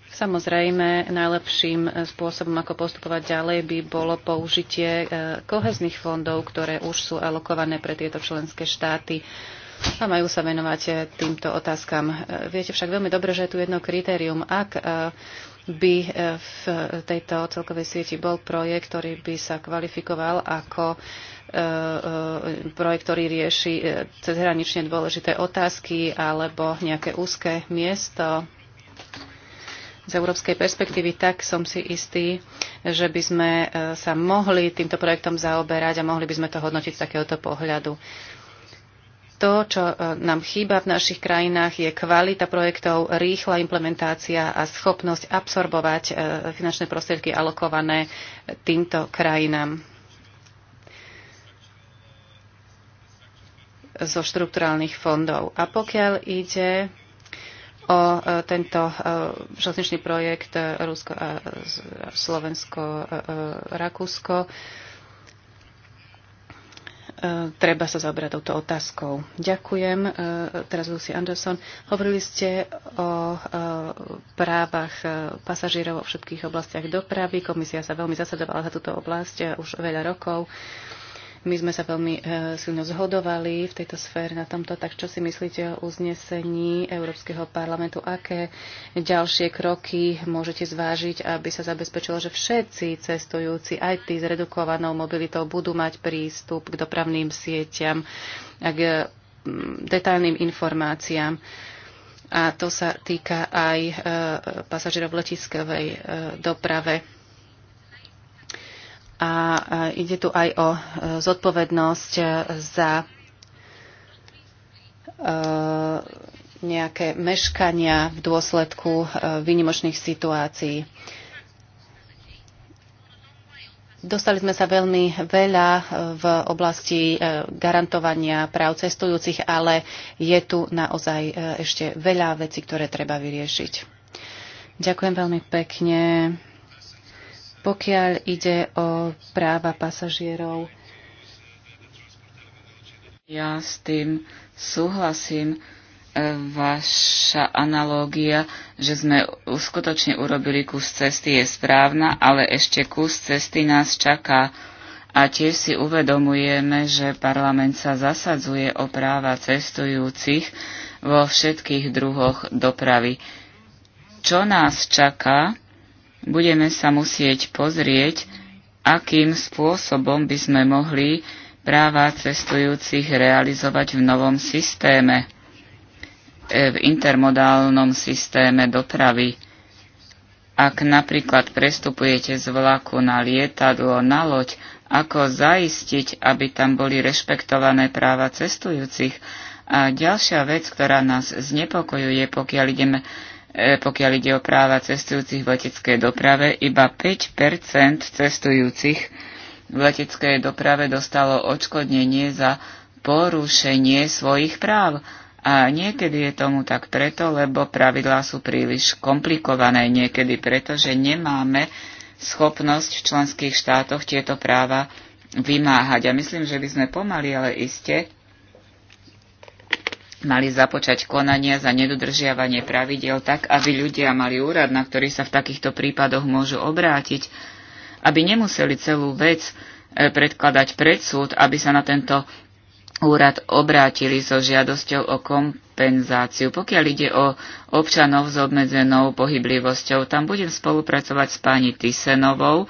B: Samozrejme, najlepším spôsobom, ako postupovať ďalej, by bolo použitie kohezných fondov, ktoré už sú alokované pre tieto členské štáty a majú sa venovať eh, týmto otázkam. Eh, viete však veľmi dobre, že je tu jedno kritérium. Ak eh, by v tejto celkovej sieti bol projekt, ktorý by sa kvalifikoval ako projekt, ktorý rieši cezhranične dôležité otázky alebo nejaké úzke miesto z európskej perspektívy, tak som si istý, že by sme sa mohli týmto projektom zaoberať a mohli by sme to hodnotiť z takéhoto pohľadu. To, čo e, nám chýba v našich krajinách, je kvalita projektov, rýchla implementácia a schopnosť absorbovať e, finančné prostriedky alokované týmto krajinám. zo štrukturálnych fondov. A pokiaľ ide o e, tento železničný projekt Rusko, Slovensko, Rakúsko. E, treba sa zaoberať touto otázkou. Ďakujem. E, teraz Lucy Anderson. Hovorili ste o e, právach pasažírov vo všetkých oblastiach dopravy. Komisia sa veľmi zasadovala za túto oblasť už veľa rokov. My sme sa veľmi e, silno zhodovali v tejto sfére na tomto, tak čo si myslíte o uznesení Európskeho parlamentu? Aké ďalšie kroky môžete zvážiť, aby sa zabezpečilo, že všetci cestujúci, aj tí s redukovanou mobilitou, budú mať prístup k dopravným sieťam a k detailným informáciám? A to sa týka aj e, pasažierov letiskovej e, doprave a e, ide tu aj o e, zodpovednosť e, za nejaké meškania v dôsledku výnimočných situácií. Dostali sme sa veľmi veľa v oblasti garantovania práv cestujúcich, ale je tu naozaj ešte veľa vecí, ktoré treba vyriešiť. Ďakujem veľmi pekne pokiaľ ide o práva pasažierov.
C: Ja s tým súhlasím. E, vaša analógia, že sme skutočne urobili kus cesty, je správna, ale ešte kus cesty nás čaká. A tiež si uvedomujeme, že parlament sa zasadzuje o práva cestujúcich vo všetkých druhoch dopravy. Čo nás čaká? budeme sa musieť pozrieť, akým spôsobom by sme mohli práva cestujúcich realizovať v novom systéme, e, v intermodálnom systéme dopravy. Ak napríklad prestupujete z vlaku na lietadlo, na loď, ako zaistiť, aby tam boli rešpektované práva cestujúcich. A ďalšia vec, ktorá nás znepokojuje, pokiaľ ideme E, pokiaľ ide o práva cestujúcich v leteckej doprave, iba 5 cestujúcich v leteckej doprave dostalo odškodnenie za porušenie svojich práv. A niekedy je tomu tak preto, lebo pravidlá sú príliš komplikované, niekedy preto, že nemáme schopnosť v členských štátoch tieto práva vymáhať. A myslím, že by sme pomaly, ale iste mali započať konania za nedodržiavanie pravidel tak, aby ľudia mali úrad, na ktorý sa v takýchto prípadoch môžu obrátiť, aby nemuseli celú vec e, predkladať pred súd, aby sa na tento úrad obrátili so žiadosťou o kompenzáciu. Pokiaľ ide o občanov s obmedzenou pohyblivosťou, tam budem spolupracovať s pani Tysenovou,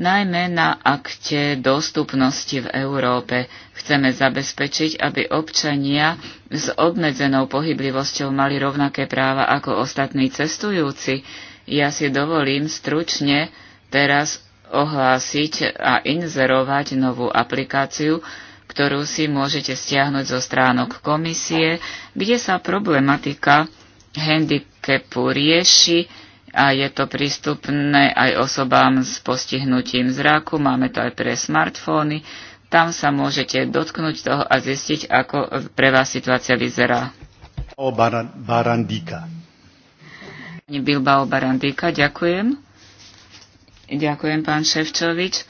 C: najmä na akte dostupnosti v Európe. Chceme zabezpečiť, aby občania s obmedzenou pohyblivosťou mali rovnaké práva ako ostatní cestujúci. Ja si dovolím stručne teraz ohlásiť a inzerovať novú aplikáciu, ktorú si môžete stiahnuť zo stránok komisie, kde sa problematika handicapu rieši a je to prístupné aj osobám s postihnutím zraku. Máme to aj pre smartfóny. Tam sa môžete dotknúť toho a zistiť, ako pre vás situácia vyzerá. O Baran Bilbao Barandíka, ďakujem. Ďakujem, pán Ševčovič.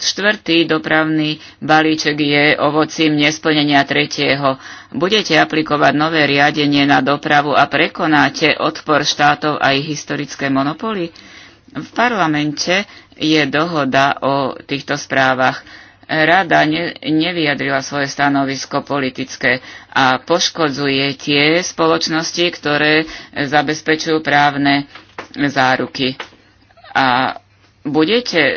C: Štvrtý dopravný balíček je ovocím nesplnenia tretieho. Budete aplikovať nové riadenie na dopravu a prekonáte odpor štátov a ich historické monopoly? V parlamente je dohoda o týchto správach. Rada ne, nevyjadrila svoje stanovisko politické a poškodzuje tie spoločnosti, ktoré zabezpečujú právne záruky. A budete e,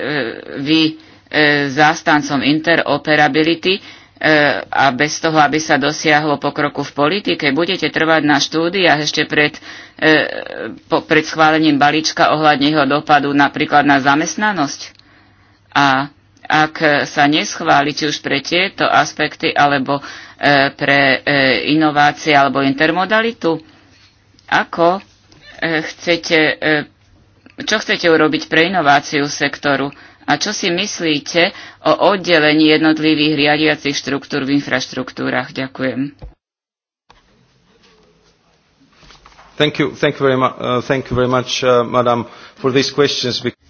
C: vy e, zástancom interoperability e, a bez toho, aby sa dosiahlo pokroku v politike, budete trvať na štúdiách ešte pred, pred schválením balíčka ohľadne jeho dopadu napríklad na zamestnanosť? A ak sa neschváli či už pre tieto aspekty alebo pre inovácie alebo intermodalitu, ako chcete čo chcete urobiť pre inováciu sektoru a čo si myslíte o oddelení jednotlivých riadiacich štruktúr v infraštruktúrach. Ďakujem.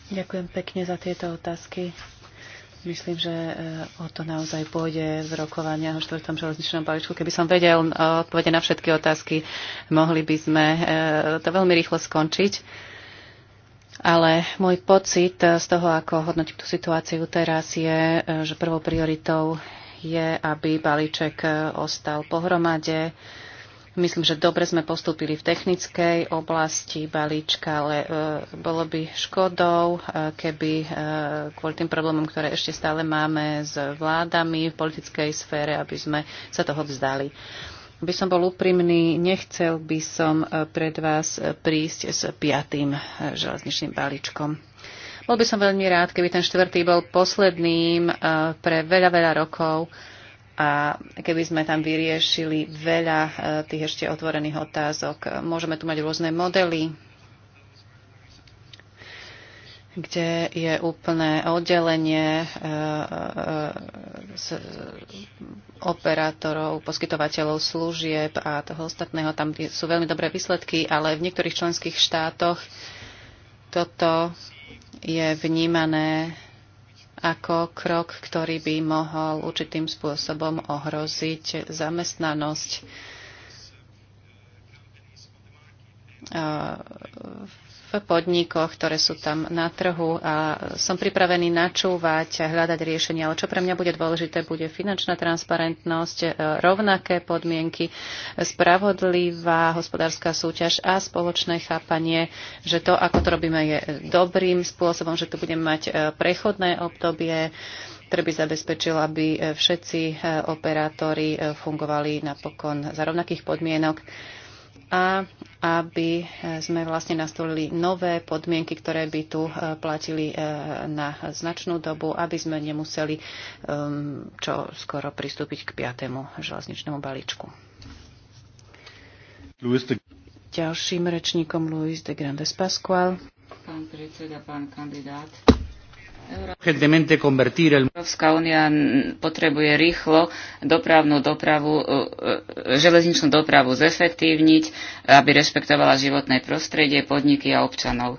B: Ďakujem pekne za tieto otázky. Myslím, že uh, o to naozaj pôjde v rokovania o štvrtom železničnom balíčku. Keby som vedel uh, odpovede na všetky otázky, mohli by sme uh, to veľmi rýchlo skončiť. Ale môj pocit z toho, ako hodnotím tú situáciu teraz, je, že prvou prioritou je, aby balíček ostal pohromade. Myslím, že dobre sme postúpili v technickej oblasti balíčka, ale e, bolo by škodou, e, keby e, kvôli tým problémom, ktoré ešte stále máme s vládami v politickej sfére, aby sme sa toho vzdali. E, aby som bol úprimný, nechcel by som e, pred vás e, prísť s piatým e, železničným balíčkom. Bol by som veľmi rád, keby ten štvrtý bol posledným pre veľa, veľa rokov a keby sme tam vyriešili veľa tých ešte otvorených otázok. Môžeme tu mať rôzne modely, kde je úplné oddelenie z e, e, e, operátorov, poskytovateľov služieb a toho ostatného. Tam sú veľmi dobré výsledky, ale v niektorých členských štátoch toto je vnímané ako krok, ktorý by mohol určitým spôsobom ohroziť zamestnanosť podnikoch, ktoré sú tam na trhu a som pripravený načúvať a hľadať riešenia. Ale čo pre mňa bude dôležité, bude finančná transparentnosť, e, rovnaké podmienky, spravodlivá hospodárska súťaž a spoločné chápanie, že to, ako to robíme, je dobrým spôsobom, že tu budeme mať e, prechodné obdobie, ktoré by zabezpečil, aby e, všetci operátori fungovali napokon za rovnakých podmienok a aby sme vlastne nastolili nové podmienky, ktoré by tu e, platili e, na značnú dobu, aby sme nemuseli e, čo skoro pristúpiť k piatému železničnému balíčku. De... Ďalším rečníkom Luis de Grandes Pascual.
C: Pán predseda, pán kandidát. Európska únia potrebuje rýchlo dopravnú dopravu, e, e, železničnú dopravu zefektívniť, aby rešpektovala životné prostredie, podniky a občanov.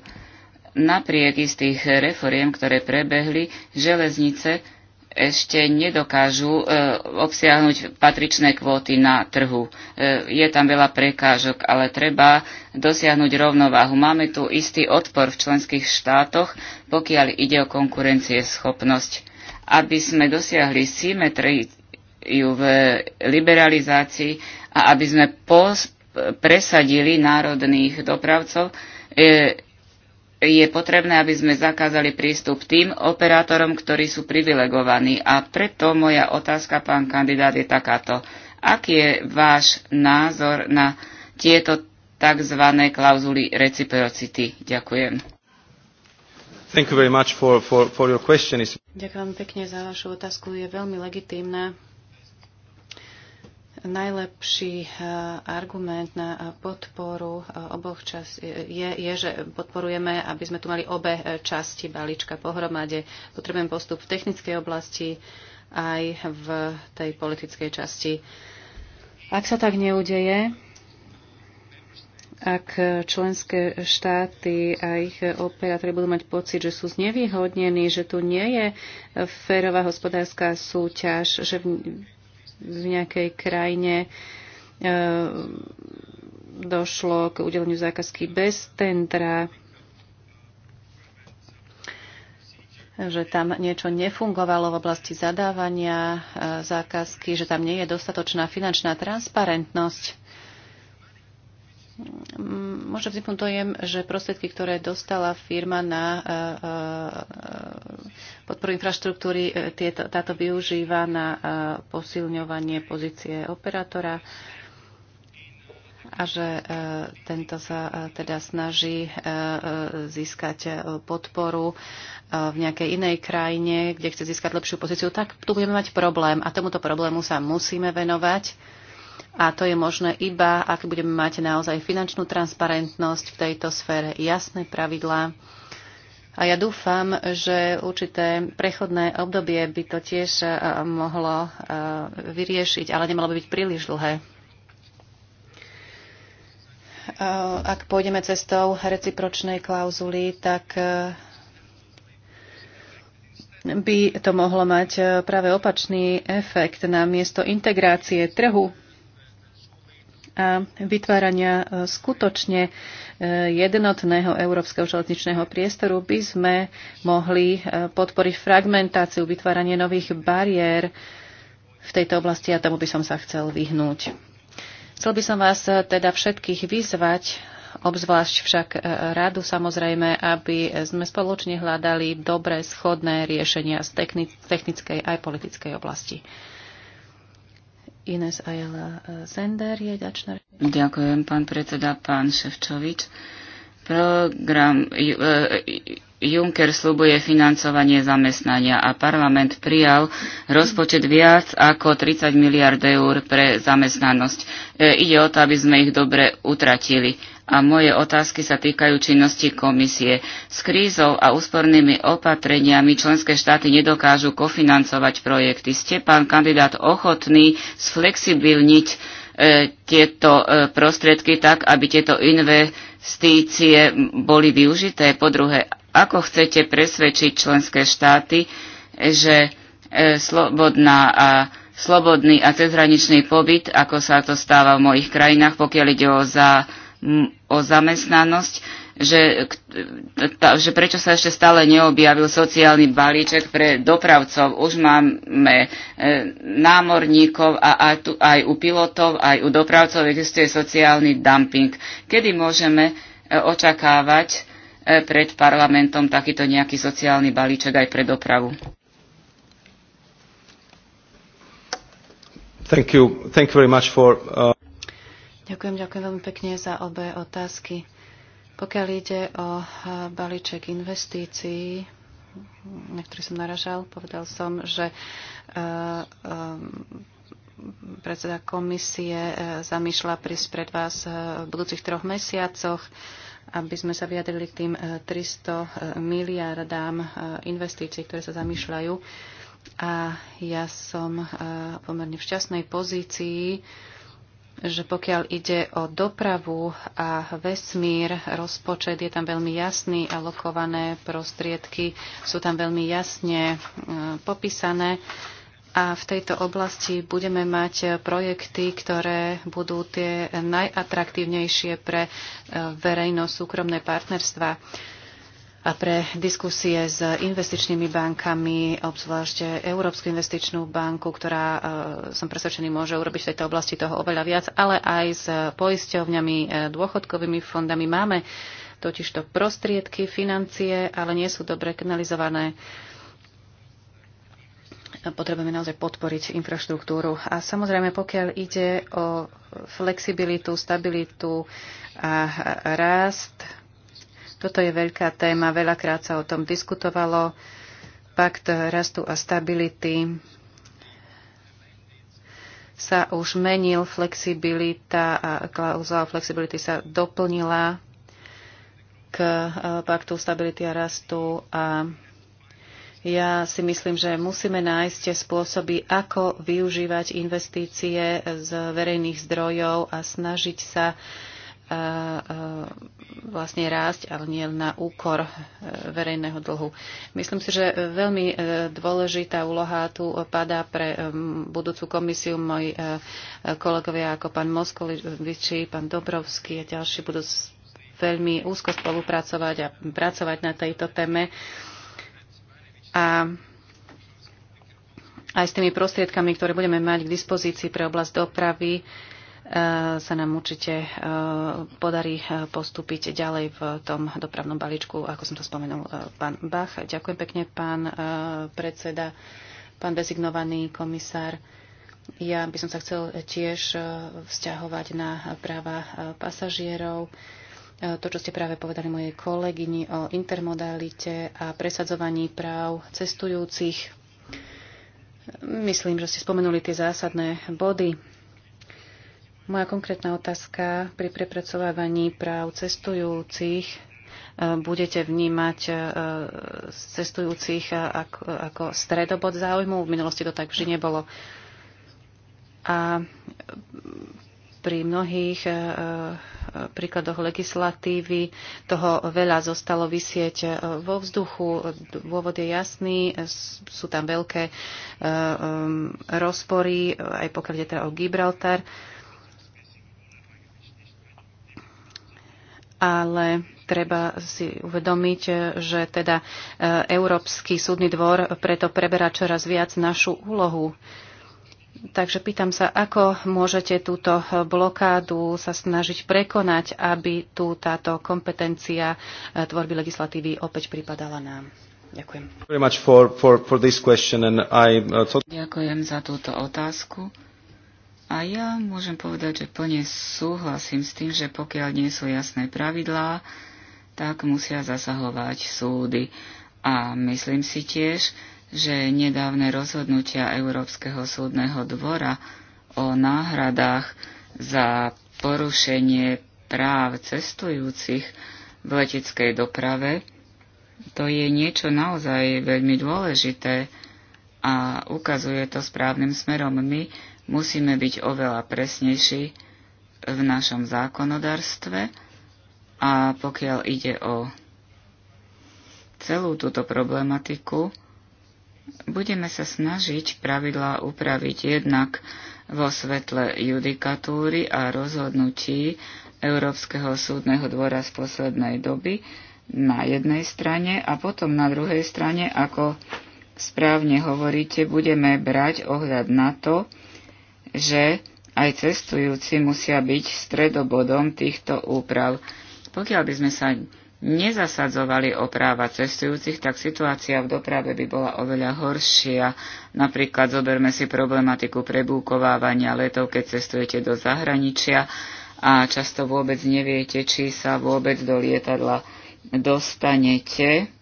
C: Napriek istých reforiem, ktoré prebehli, železnice ešte nedokážu e, obsiahnuť patričné kvóty na trhu. E, je tam veľa prekážok, ale treba dosiahnuť rovnováhu. Máme tu istý odpor v členských štátoch, pokiaľ ide o konkurencieschopnosť. Aby sme dosiahli symetriu v liberalizácii a aby sme pos- presadili národných dopravcov, e, je potrebné, aby sme zakázali prístup tým operátorom, ktorí sú privilegovaní. A preto moja otázka, pán kandidát, je takáto. Aký je váš názor na tieto tzv. klauzuly reciprocity? Ďakujem.
D: Thank you very much for, for, for your question.
B: Ďakujem pekne za vašu otázku. Je veľmi legitímna najlepší eh, argument na eh, podporu eh, oboch čas je, je, že podporujeme, aby sme tu mali obe časti balíčka pohromade. Potrebujem postup v technickej oblasti aj v tej politickej časti. Ak sa tak neudeje, ak členské štáty a ich operátori budú mať pocit, že sú znevýhodnení, že tu nie je férová hospodárska súťaž, že v nejakej krajine e, došlo k udeleniu zákazky bez tendra, že tam niečo nefungovalo v oblasti zadávania e, zákazky, že tam nie je dostatočná finančná transparentnosť môže vzniknúť dojem, že prostriedky, ktoré dostala firma na e, e, podporu infraštruktúry, e, táto využíva na posilňovanie pozície operátora a že tento sa teda snaží získať podporu v nejakej inej krajine, kde chce získať lepšiu pozíciu, tak tu budeme mať problém a tomuto problému sa musíme venovať a to je možné iba, ak budeme mať naozaj finančnú transparentnosť v tejto sfére, jasné pravidlá. A ja dúfam, že určité prechodné obdobie by to tiež e, mohlo e, vyriešiť, ale nemalo by byť príliš dlhé. E, ak pôjdeme cestou recipročnej klauzuly, tak by to mohlo mať práve opačný efekt na miesto integrácie trhu a vytvárania e, skutočne e, jednotného európskeho železničného priestoru by sme mohli e, podporiť fragmentáciu, vytváranie nových bariér v tejto oblasti a tomu by som sa chcel vyhnúť. Chcel by som vás teda všetkých vyzvať, obzvlášť však radu samozrejme, aby sme spoločne hľadali dobre schodné riešenia z technickej aj politickej oblasti. Ines Ayala e, Sender je ďačná.
C: Ďakujem, pán predseda, pán Ševčovič. Program, e, e, Juncker slubuje financovanie zamestnania a parlament prijal rozpočet viac ako 30 miliard eur pre zamestnanosť. E, ide o to, aby sme ich dobre utratili. A moje otázky sa týkajú činnosti komisie. S krízou a úspornými opatreniami členské štáty nedokážu kofinancovať projekty. Ste, pán kandidát, ochotný sflexibilniť e, tieto e, prostriedky tak, aby tieto inve investície boli využité? Po druhé, ako chcete presvedčiť členské štáty, že e, slobodná a slobodný a cezhraničný pobyt, ako sa to stáva v mojich krajinách, pokiaľ ide o, za, o zamestnanosť, že, tá, že prečo sa ešte stále neobjavil sociálny balíček pre dopravcov. Už máme e, námorníkov a aj, tu, aj u pilotov, aj u dopravcov existuje sociálny dumping. Kedy môžeme e, očakávať e, pred parlamentom takýto nejaký sociálny balíček aj pre dopravu?
D: Thank you. Thank you very much for,
B: uh... Ďakujem, ďakujem veľmi pekne za obe otázky. Pokiaľ ide o e, balíček investícií, na ktorý som naražal, povedal som, že e, e, predseda komisie zamýšľa prísť pred vás v budúcich troch mesiacoch, aby sme sa vyjadrili k tým 300 miliardám investícií, ktoré sa zamýšľajú. A ja som pomerne v šťastnej pozícii, že pokiaľ ide o dopravu a vesmír, rozpočet je tam veľmi jasný, alokované prostriedky sú tam veľmi jasne e, popísané. A v tejto oblasti budeme mať projekty, ktoré budú tie najatraktívnejšie pre e, verejno-súkromné partnerstva. A pre diskusie s investičnými bankami, obzvlášť Európsku investičnú banku, ktorá, e, som presvedčený, môže urobiť v tejto oblasti toho oveľa viac, ale aj s poisťovňami, e, dôchodkovými fondami. Máme totižto prostriedky, financie, ale nie sú dobre kanalizované. Potrebujeme naozaj podporiť infraštruktúru. A samozrejme, pokiaľ ide o flexibilitu, stabilitu a rast, toto je veľká téma, veľakrát sa o tom diskutovalo. Pakt rastu a stability sa už menil, flexibilita a klauzula flexibility sa doplnila k e, paktu stability a rastu a ja si myslím, že musíme nájsť spôsoby, ako využívať investície z verejných zdrojov a snažiť sa vlastne rásť, ale nie na úkor e, verejného dlhu. Myslím si, že veľmi e, dôležitá úloha tu padá pre e, budúcu komisiu. Moji kolegovia ako pán Moskoviči, pán Dobrovský a ďalší budú veľmi úzko spolupracovať a pracovať na tejto téme. A aj s tými prostriedkami, ktoré budeme mať k dispozícii pre oblasť dopravy, uh, E, sa nám určite e, podarí e, postúpiť ďalej v tom dopravnom balíčku, ako som to spomenul pán Bach. Ďakujem pekne, pán predseda, pán dezignovaný komisár. Ja by som sa chcel tiež vzťahovať na práva pasažierov. To, čo ste práve povedali mojej kolegyni o intermodalite a presadzovaní práv cestujúcich. Myslím, že ste spomenuli tie zásadné body moja konkrétna otázka pri prepracovávaní práv cestujúcich e, budete vnímať e, cestujúcich e, ako stredobod záujmu. V minulosti to tak vždy nebolo. A pri mnohých príkladoch legislatívy toho veľa zostalo vysieť vo vzduchu. Dôvod je jasný, sú tam veľké rozpory, aj pokiaľ ide teda o Gibraltar. ale treba si uvedomiť, že teda e, Európsky súdny dvor preto preberá čoraz viac našu úlohu. Takže pýtam sa, ako môžete túto blokádu sa snažiť prekonať, aby tu táto kompetencia e, tvorby legislatívy opäť pripadala nám. Ďakujem.
D: Uh,
C: Ďakujem za túto otázku. A ja môžem povedať, že plne súhlasím s tým, že pokiaľ nie sú jasné pravidlá, tak musia zasahovať súdy. A myslím si tiež, že nedávne rozhodnutia Európskeho súdneho dvora o náhradách za porušenie práv cestujúcich v leteckej doprave, to je niečo naozaj veľmi dôležité a ukazuje to správnym smerom. My musíme byť oveľa presnejší v našom zákonodarstve a pokiaľ ide o celú túto problematiku, budeme sa snažiť pravidlá upraviť jednak vo svetle judikatúry a rozhodnutí Európskeho súdneho dvora z poslednej doby na jednej strane a potom na druhej strane, ako správne hovoríte, budeme brať ohľad na to, že aj cestujúci musia byť stredobodom týchto úprav. Pokiaľ by sme sa nezasadzovali o práva cestujúcich, tak situácia v doprave by bola oveľa horšia. Napríklad zoberme si problematiku prebúkovávania letov, keď cestujete do zahraničia a často vôbec neviete, či sa vôbec do lietadla dostanete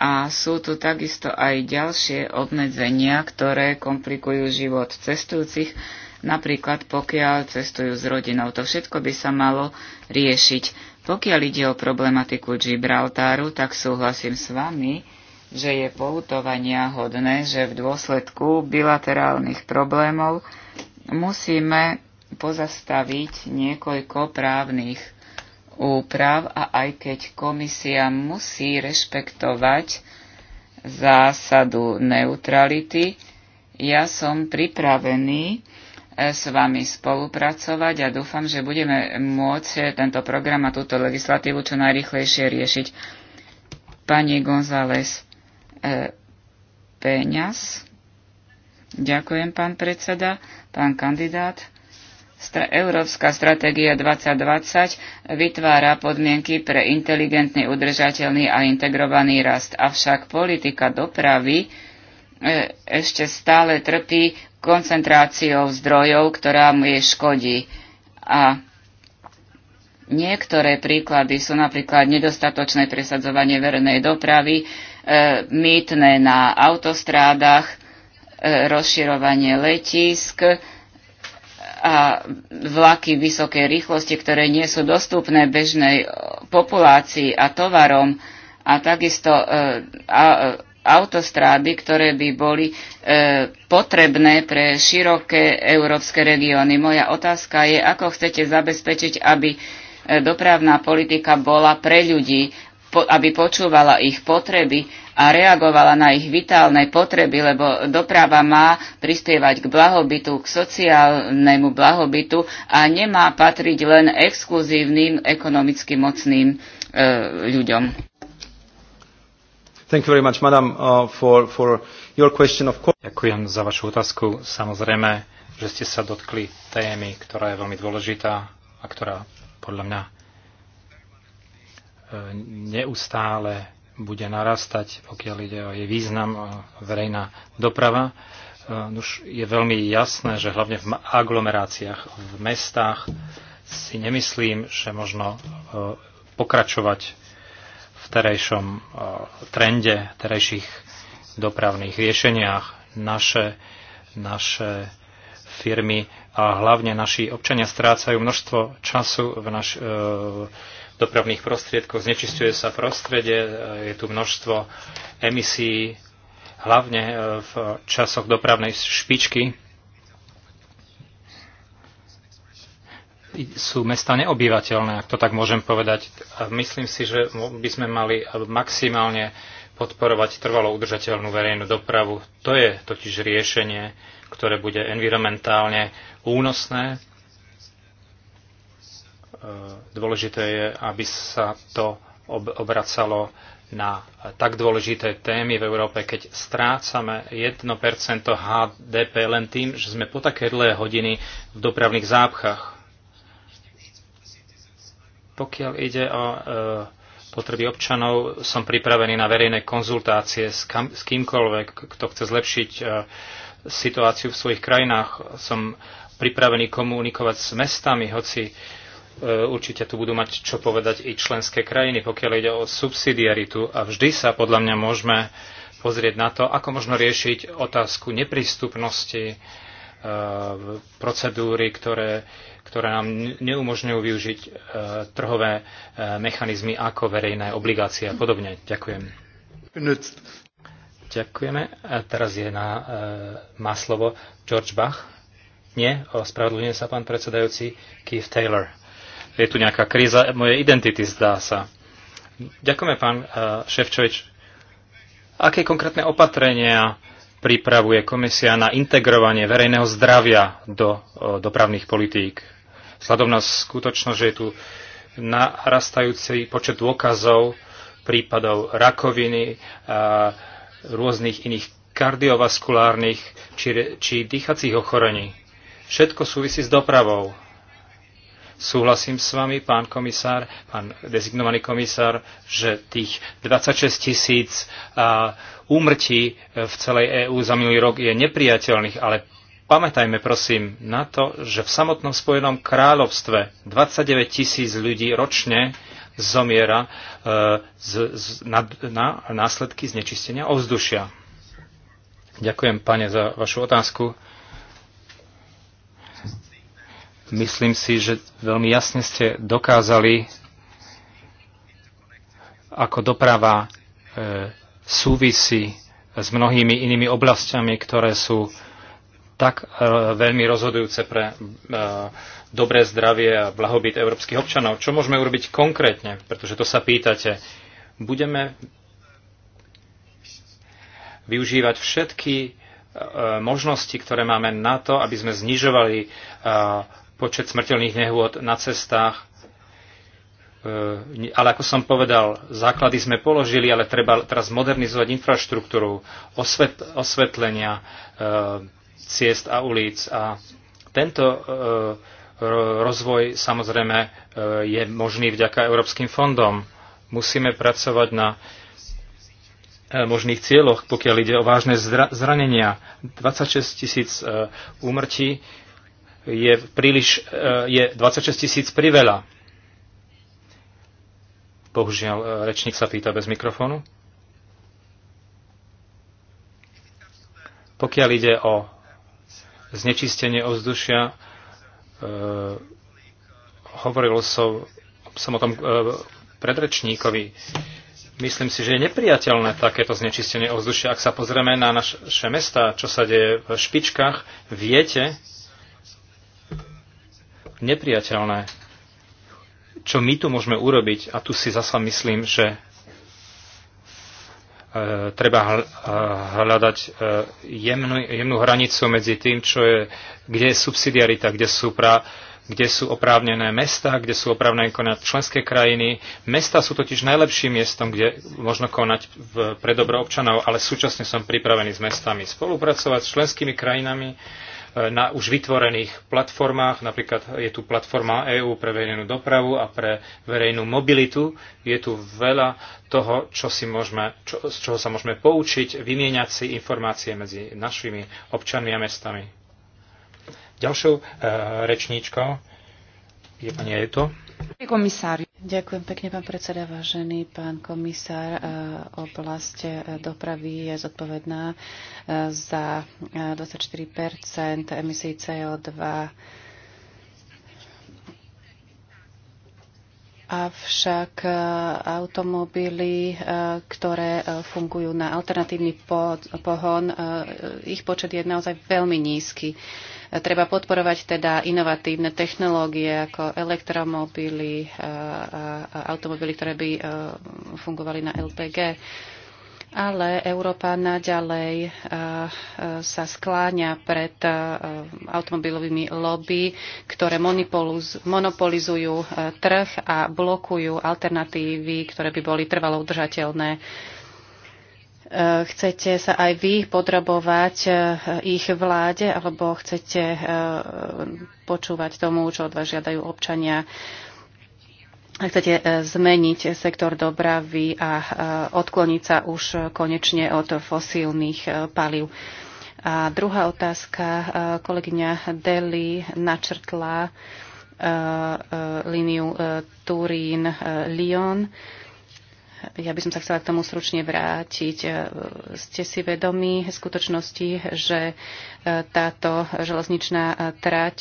C: a sú tu takisto aj ďalšie obmedzenia, ktoré komplikujú život cestujúcich, napríklad pokiaľ cestujú s rodinou. To všetko by sa malo riešiť. Pokiaľ ide o problematiku Gibraltáru, tak súhlasím s vami, že je poutovania hodné, že v dôsledku bilaterálnych problémov musíme pozastaviť niekoľko právnych úprav a aj keď komisia musí rešpektovať zásadu neutrality, ja som pripravený eh, s vami spolupracovať a dúfam, že budeme môcť tento program a túto legislatívu čo najrychlejšie riešiť. Pani González e, Peňas. Ďakujem, pán predseda, pán kandidát. Európska stratégia 2020 vytvára podmienky pre inteligentný, udržateľný a integrovaný rast, avšak politika dopravy e, ešte stále trpí koncentráciou zdrojov, ktorá mu jej škodí. A niektoré príklady sú napríklad nedostatočné presadzovanie verejnej dopravy, e, mýtne na autostrádach, e, rozširovanie letísk, a vlaky vysokej rýchlosti, ktoré nie sú dostupné bežnej e, populácii a tovarom a takisto e, a, e, autostrády, ktoré by boli e, potrebné pre široké európske regióny. Moja otázka je, ako chcete zabezpečiť, aby dopravná politika bola pre ľudí, po, aby počúvala ich potreby a reagovala na ich vitálne potreby, lebo doprava má prispievať k blahobytu, k sociálnemu blahobytu a nemá patriť len exkluzívnym ekonomicky mocným e, ľuďom.
D: Thank you very much, madam, uh,
A: for, for your question of course. Ďakujem za vašu otázku.
D: Samozrejme,
C: že ste sa
A: dotkli témy, ktorá je veľmi dôležitá a ktorá podľa mňa neustále bude narastať, pokiaľ ide o jej význam verejná doprava. E, už je veľmi jasné, že hlavne v aglomeráciách, v mestách si nemyslím, že možno e, pokračovať v terejšom e, trende, terejších dopravných riešeniach. Naše, naše firmy a hlavne naši občania strácajú množstvo času v naš, dopravných prostriedkov, znečisťuje sa prostredie, e, je tu množstvo emisí, hlavne e, v časoch dopravnej špičky. Sú mesta neobyvateľné, ak to tak môžem povedať. A myslím si, že by sme mali maximálne podporovať trvalo udržateľnú verejnú dopravu. To je totiž riešenie, ktoré bude environmentálne únosné E, dôležité je, aby sa to obracalo na tak dôležité témy v Európe, keď strácame 1% HDP len tým, že sme po také dlhé hodiny v dopravných zápchách. Pokiaľ ide o e, potreby občanov, som pripravený na verejné konzultácie s, kam, s kýmkoľvek, kto chce zlepšiť e, situáciu v svojich krajinách. Som pripravený komunikovať s mestami, hoci e, E, určite tu budú mať čo povedať i členské krajiny, pokiaľ ide o subsidiaritu a vždy sa podľa mňa môžeme pozrieť na to, ako možno riešiť otázku neprístupnosti e, procedúry, ktoré, ktoré nám neumožňujú využiť e, trhové mechanizmy ako verejné obligácie a podobne. Ďakujem. Ďakujeme. A teraz je na, má slovo George Bach. Nie, ospravedlňujem sa, pán predsedajúci, Keith Taylor je tu nejaká kríza mojej identity, zdá sa. Ďakujeme, pán eh, Ševčovič. Aké konkrétne opatrenia pripravuje komisia na integrovanie verejného zdravia do eh, dopravných politík? Vzhľadom na skutočnosť, že je tu narastajúci počet dôkazov prípadov rakoviny, a eh, rôznych iných kardiovaskulárnych či, či dýchacích ochorení. Všetko súvisí s dopravou. Súhlasím s vami, pán komisár, pán dezignovaný komisár, že tých 26 tisíc úmrtí e, v celej EÚ za minulý rok je nepriateľných, ale pamätajme prosím na to, že v samotnom Spojenom kráľovstve 29 tisíc ľudí ročne zomiera e, z, z, na, na následky znečistenia ovzdušia. Ďakujem, pane, za vašu otázku. Myslím si, že veľmi jasne ste dokázali, ako doprava e, súvisí s mnohými inými oblastiami, ktoré sú tak e, veľmi rozhodujúce pre e, dobré zdravie a blahobyt európskych občanov. Čo môžeme urobiť konkrétne? Pretože to sa pýtate. Budeme využívať všetky možnosti, ktoré máme na to, aby sme znižovali počet smrteľných nehôd na cestách. E, ale ako som povedal, základy sme položili, ale treba teraz modernizovať infraštruktúru, osvet, osvetlenia e, ciest a ulic. A tento e, rozvoj samozrejme je možný vďaka európskym fondom. Musíme pracovať na možných cieľoch, pokiaľ ide o vážne zranenia. 26 tisíc úmrtí je, príliš, e, je 26 tisíc priveľa. Bohužiaľ, e, rečník sa pýta bez mikrofónu. Pokiaľ ide o znečistenie ovzdušia, e, hovoril som, som o tom predrečníkovi. Myslím si, že je nepriateľné takéto znečistenie ovzdušia. Ak sa pozrieme na naše mesta, čo sa deje v špičkách, viete, nepriateľné. Čo my tu môžeme urobiť, a tu si zasa myslím, že e, treba e, hľadať e, jemnú, jemnú hranicu medzi tým, čo je, kde je subsidiarita, kde sú pra, kde sú oprávnené mesta, kde sú oprávnené konať členské krajiny. Mesta sú totiž najlepším miestom, kde možno konať v, pre dobro občanov, ale súčasne som pripravený s mestami spolupracovať s členskými krajinami E, na už vytvorených platformách. Napríklad je tu platforma EÚ pre verejnú dopravu a pre verejnú mobilitu. Je tu veľa toho, čo si môžeme, čo, z čoho sa môžeme poučiť, vymieňať si informácie medzi našimi občanmi a mestami. Ďalšou e, rečníčkou je pani Eto.
B: komisári, Ďakujem pekne, pán predseda, vážený pán komisár. E, Oblasť e, dopravy je zodpovedná e, za 24 emisí CO2. Avšak automobily, ktoré fungujú na alternatívny pohon, ich počet je naozaj veľmi nízky. Treba podporovať teda inovatívne technológie ako elektromobily, automobily, ktoré by e, fungovali na LPG ale Európa naďalej e, e, sa skláňa pred automobilovými lobby, ktoré monopolizujú trh a blokujú alternatívy, ktoré by boli trvalo udržateľné Eh, chcete sa aj vy podrobovať eh, ich vláde, alebo chcete eh, počúvať tomu, čo od vás žiadajú občania? A chcete zmeniť sektor dopravy a odkloniť sa už konečne od fosílnych palív. A druhá otázka, kolegyňa Deli načrtla líniu Turín-Lyon. Ja by som sa chcela k tomu stručne vrátiť. E, ste si vedomi skutočnosti, že e, táto železničná e, trať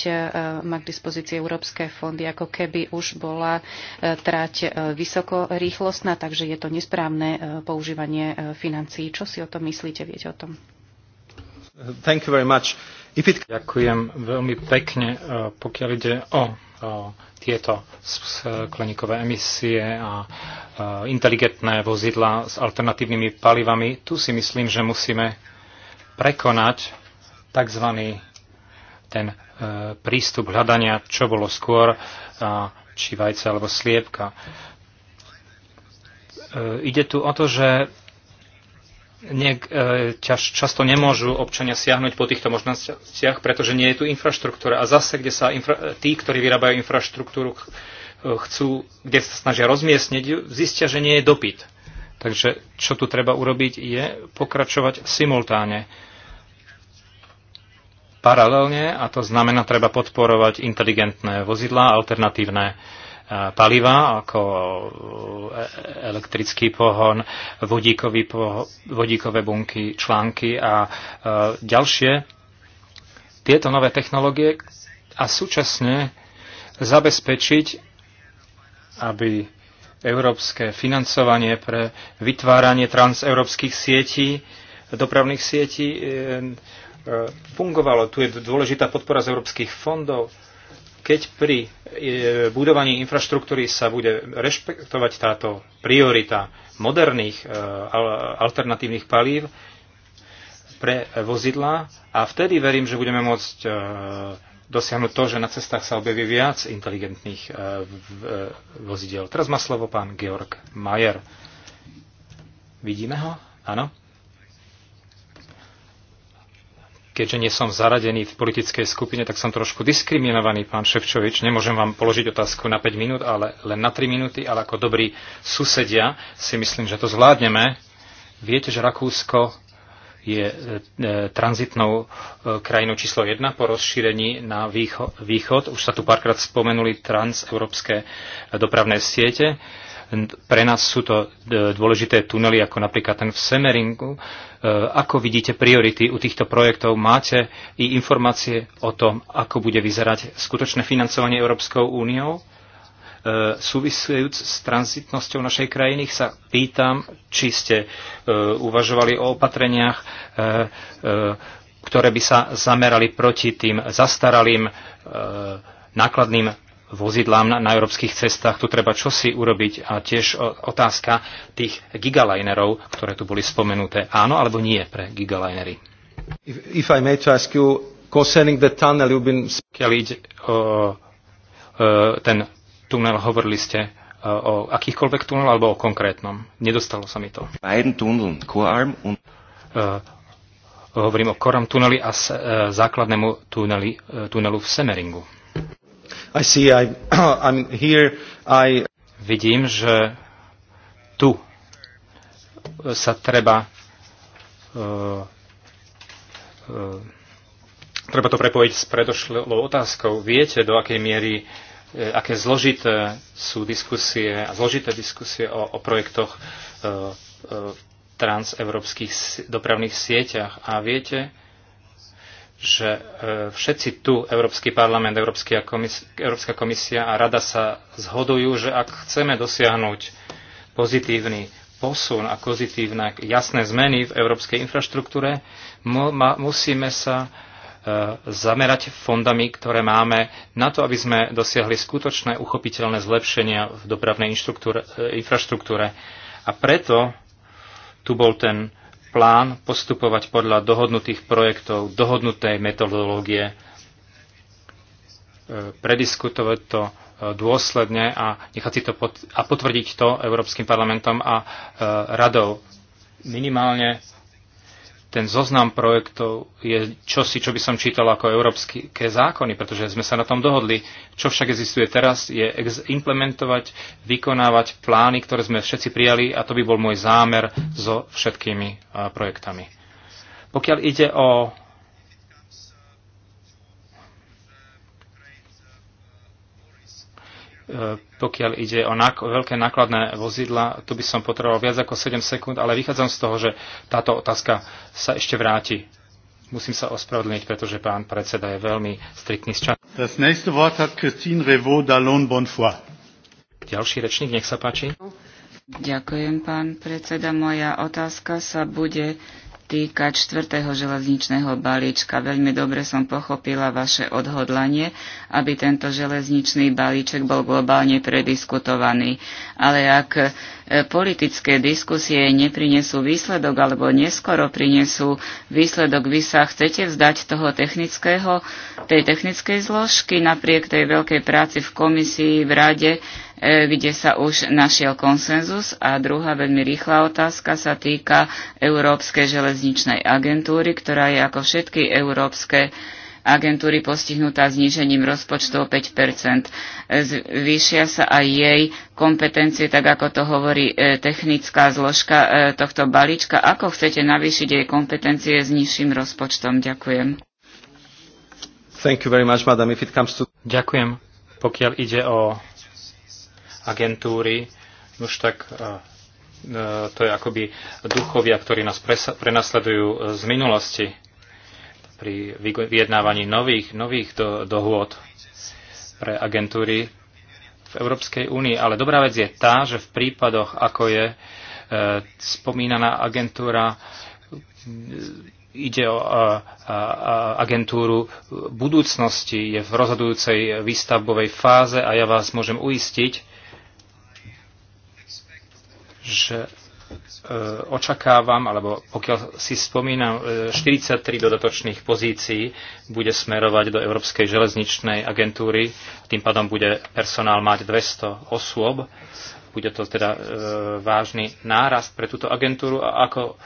B: má k dispozícii európske fondy, ako keby už bola trať vysokorýchlostná, takže je to nesprávne používanie financií. Čo si o tom myslíte? Viete o tom?
A: Thank you very much. Ďakujem veľmi pekne, e, pokiaľ ide o, o e, tieto skleníkové emisie a e, inteligentné vozidla s alternatívnymi palivami. Tu si myslím, že musíme prekonať tzv. ten prístup hľadania, čo bolo skôr, či vajce alebo sliepka. Ide tu o to, že niek, e, čas, často nemôžu občania siahnuť po týchto možnostiach, pretože nie je tu infraštruktúra. A zase, kde sa infra, tí, ktorí vyrábajú infraštruktúru, e, chcú, kde sa snažia rozmiestniť, zistia, že nie je dopyt. Takže čo tu treba urobiť, je pokračovať simultáne. Paralelne, a to znamená, treba podporovať inteligentné vozidlá, alternatívne paliva, ako e, elektrický pohon, vodíkový poho- vodíkové bunky, články a e, ďalšie. Tieto nové technológie a súčasne zabezpečiť, aby európske financovanie pre vytváranie transeurópskych sietí, dopravných sietí e, fungovalo. Tu je dôležitá podpora z európskych fondov, keď pri e, budovaní infraštruktúry sa bude rešpektovať táto priorita moderných e, alternatívnych palív pre vozidlá a vtedy verím, že budeme môcť e, dosiahnuť to, že na cestách sa objaví viac inteligentných vozidel. Teraz má slovo pán Georg Majer. Vidíme ho? Áno. keďže nie som zaradený v politickej skupine, tak som trošku diskriminovaný, pán Ševčovič. Nemôžem vám položiť otázku na 5 minút, ale len na 3 minúty, ale ako dobrí susedia si myslím, že to zvládneme. Viete, že Rakúsko je e, e tranzitnou e, krajinou číslo 1 po rozšírení na výcho, východ. Už sa tu párkrát spomenuli transeurópske dopravné siete. E, pre nás sú to e, dôležité tunely, ako napríklad ten v Semeringu. E, ako vidíte priority u týchto projektov? Máte i informácie o tom, ako bude vyzerať skutočné financovanie Európskou úniou? E, súvisujúc s tranzitnosťou našej krajiny, sa pýtam, či ste uvažovali o opatreniach, ktoré by sa zamerali proti tým zastaralým nákladným vozidlám na, na európskych cestách. Tu treba čosi urobiť a tiež otázka tých gigalinerov, ktoré tu boli spomenuté. Áno alebo nie pre gigalinery?
D: If, if I may to ask you, concerning the tunnel, you've been... Keď ide
A: o, o ten tunel, hovorili ste e, o akýchkoľvek tunel alebo o konkrétnom. Nedostalo sa mi to. Beiden Tunneln, und... E, hovorím o Koram tuneli a s, e, základnému tuneli, tunelu v Semeringu. I see I, I'm here, I... Vidím, že tu sa treba uh, uh, treba to prepojiť s predošlou otázkou. Viete, do akej miery uh, aké zložité sú diskusie a zložité diskusie o, o projektoch v transevropských dopravných sieťach. A viete, že e, všetci tu, Európsky parlament, Európska komisia, a Rada sa zhodujú, že ak chceme dosiahnuť pozitívny posun a pozitívne jasné zmeny v európskej infraštruktúre, musíme sa e, zamerať fondami, ktoré máme, na to, aby sme dosiahli skutočné uchopiteľné zlepšenia v dopravnej e, infraštruktúre. A preto tu bol ten plán postupovať podľa dohodnutých projektov, dohodnutej metodológie, e, prediskutovať to e, dôsledne a nechať si to pot- a potvrdiť to Európskym parlamentom a e, radou. Minimálne ten zoznam projektov je čosi, čo by som čítal ako európske zákony, pretože sme sa na tom dohodli. Čo však existuje teraz, je implementovať, vykonávať plány, ktoré sme všetci prijali a to by bol môj zámer so všetkými projektami. Pokiaľ ide o pokiaľ ide o nak- veľké nákladné vozidla, tu by som potreboval viac ako 7 sekúnd, ale vychádzam z toho, že táto otázka sa ešte vráti. Musím sa ospravedlniť, pretože pán predseda je veľmi striktný z času. Ďalší rečník, nech sa páči.
C: Ďakujem, pán predseda. Moja otázka sa bude týka čtvrtého železničného balíčka. Veľmi dobre som pochopila vaše odhodlanie, aby tento železničný balíček bol globálne prediskutovaný. Ale ak e, politické diskusie neprinesú výsledok alebo neskoro prinesú výsledok, vy sa chcete vzdať toho technického, tej technickej zložky napriek tej veľkej práci v komisii, v rade, E, kde sa už našiel konsenzus. A druhá veľmi rýchla otázka sa týka Európskej železničnej agentúry, ktorá je ako všetky európske agentúry postihnutá znížením rozpočtu o 5 e, Zvýšia sa aj jej kompetencie, tak ako to hovorí e, technická zložka tohto balíčka. Ako chcete navýšiť jej kompetencie s nižším rozpočtom? Ďakujem.
A: Thank you very much, madam. If it comes to... Ďakujem. Pokiaľ ide o agentúry, už tak e, e, to je akoby duchovia, ktorí nás prenasledujú e, z minulosti pri vyjednávaní nových, nových do, dohôd pre agentúry v Európskej únii. Ale dobrá vec je tá, že v prípadoch, ako je e, spomínaná agentúra, ide o a, a, agentúru budúcnosti, je v rozhodujúcej výstavbovej fáze a ja vás môžem uistiť, že e, očakávam, alebo pokiaľ si spomínam, 43 e, dodatočných pozícií bude smerovať do Európskej železničnej agentúry, tým pádom bude personál mať 200 osôb, bude to teda e, vážny nárast pre túto agentúru a ako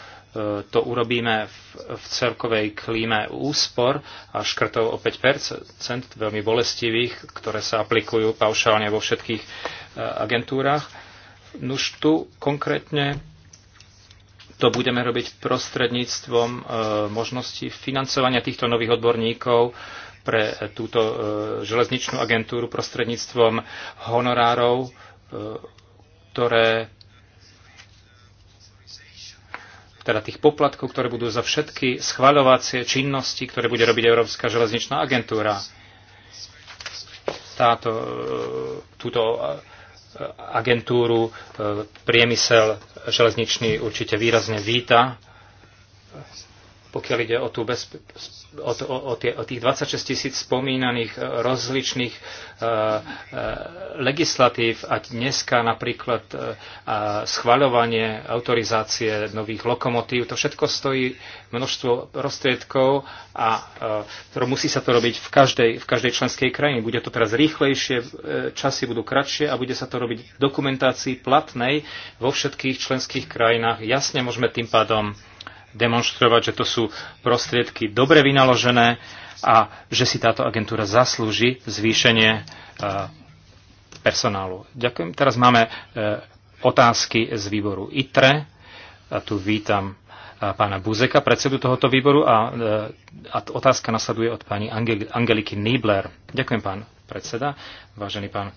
A: to urobíme v celkovej klíme úspor a škrtov o 5 veľmi bolestivých, ktoré sa aplikujú paušálne vo všetkých agentúrach Nuž tu konkrétne to budeme robiť prostredníctvom e, možnosti financovania týchto nových odborníkov pre e, túto e, železničnú agentúru prostredníctvom honorárov, e, ktoré teda tých poplatkov, ktoré budú za všetky schvaľovacie činnosti, ktoré bude robiť Európska železničná agentúra. Táto, e, túto agentúru. E, priemysel železničný určite výrazne víta pokiaľ ide o, tú bezp- o, to, o, tie, o tých 26 tisíc spomínaných e, rozličných e, e, legislatív a dneska napríklad e, schvaľovanie autorizácie nových lokomotív, to všetko stojí množstvo prostriedkov a e, musí sa to robiť v každej, v každej členskej krajine. Bude to teraz rýchlejšie, e, časy budú kratšie a bude sa to robiť v dokumentácii platnej vo všetkých členských krajinách. Jasne môžeme tým pádom demonstrovať, že to sú prostriedky dobre vynaložené a že si táto agentúra zaslúži zvýšenie e, personálu. Ďakujem. Teraz máme e, otázky z výboru ITRE. A tu vítam e, pána Buzeka, predsedu tohoto výboru a, a otázka nasleduje od pani Angeliky Niebler. Ďakujem, pán predseda. Vážený pán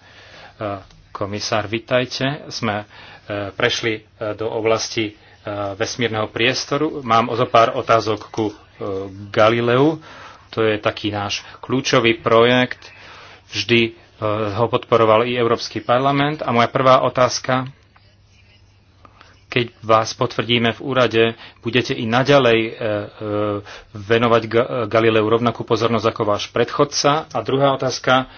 A: komisár, vitajte. Sme prešli do oblasti Eh, vesmírneho priestoru. Mám o zo pár otázok ku eh, Galileu. To je taký náš kľúčový projekt. Vždy eh, ho podporoval i Európsky parlament. A moja prvá otázka, keď vás potvrdíme v úrade, budete i naďalej venovať Galileu rovnakú pozornosť ako váš predchodca. A druhá otázka,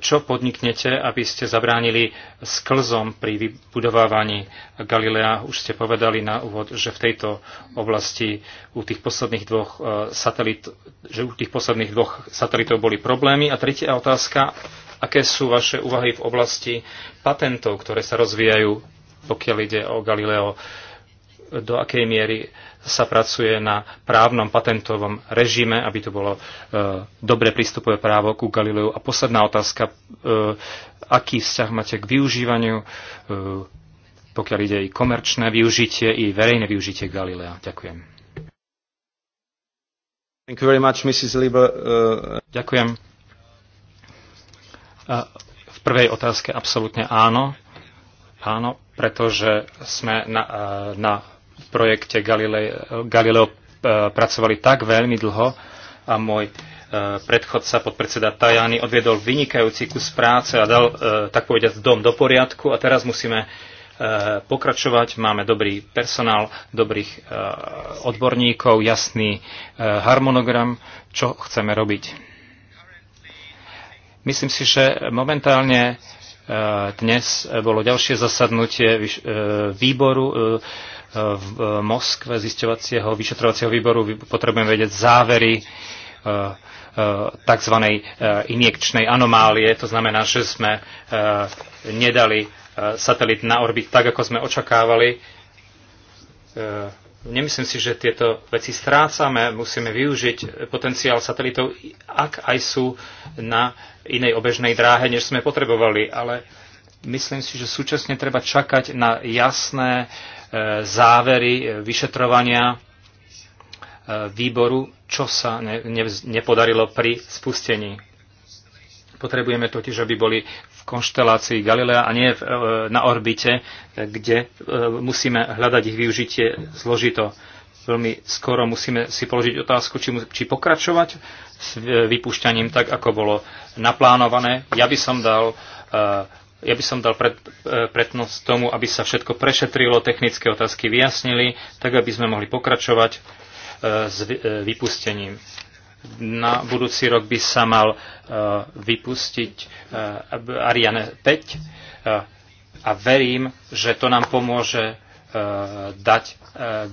A: čo podniknete, aby ste zabránili sklzom pri vybudovávaní Galilea? Už ste povedali na úvod, že v tejto oblasti u tých posledných dvoch, e, satelit, že u tých posledných dvoch satelitov boli problémy. A tretia otázka, aké sú vaše úvahy v oblasti patentov, ktoré sa rozvíjajú, pokiaľ ide o Galileo? do akej miery sa pracuje na právnom patentovom režime, aby to bolo e, dobre prístupové právo ku Galileu. A posledná otázka, e, aký vzťah máte k využívaniu, e, pokiaľ ide i komerčné využitie, i verejné využitie Galilea. Ďakujem. Thank you very much, Mrs. Lieber. Uh... Ďakujem. A e, v prvej otázke absolútne áno. Áno, pretože sme na, e, na projekte Galileo, Galileo pracovali tak veľmi dlho a môj e, predchodca, podpredseda Tajany, odviedol vynikajúci kus práce a dal, e, tak povediať, dom do poriadku a teraz musíme e, pokračovať. Máme dobrý personál, dobrých odborníkov, jasný harmonogram, čo chceme robiť. Myslím si, že momentálne dnes bolo ďalšie zasadnutie výboru v Moskve zisťovacieho vyšetrovacieho výboru. Potrebujeme vedieť závery e, e, tzv. E, injekčnej anomálie. To znamená, že sme nedali satelit na orbit tak, ako sme očakávali. Nemyslím si, že tieto veci strácame. Musíme využiť potenciál satelitov, ak aj sú na inej obežnej dráhe, než sme potrebovali. Ale myslím si, že súčasne treba čakať na jasné závery e, vyšetrovania e, výboru, čo sa ne, ne, nepodarilo pri spustení. Potrebujeme totiž, aby boli v konštelácii Galilea a nie v, e, na orbite, kde musíme hľadať ich využitie zložito. Veľmi skoro musíme si položiť otázku, či, či pokračovať s vypúšťaním tak, ako bolo naplánované. Ja by som dal ja by som dal pred, e, prednosť tomu, aby sa všetko prešetrilo, technické otázky vyjasnili, tak aby sme mohli pokračovať e, s e, vypustením. Na budúci rok by sa mal vypustiť Ariane 5 a verím, že to nám pomôže dať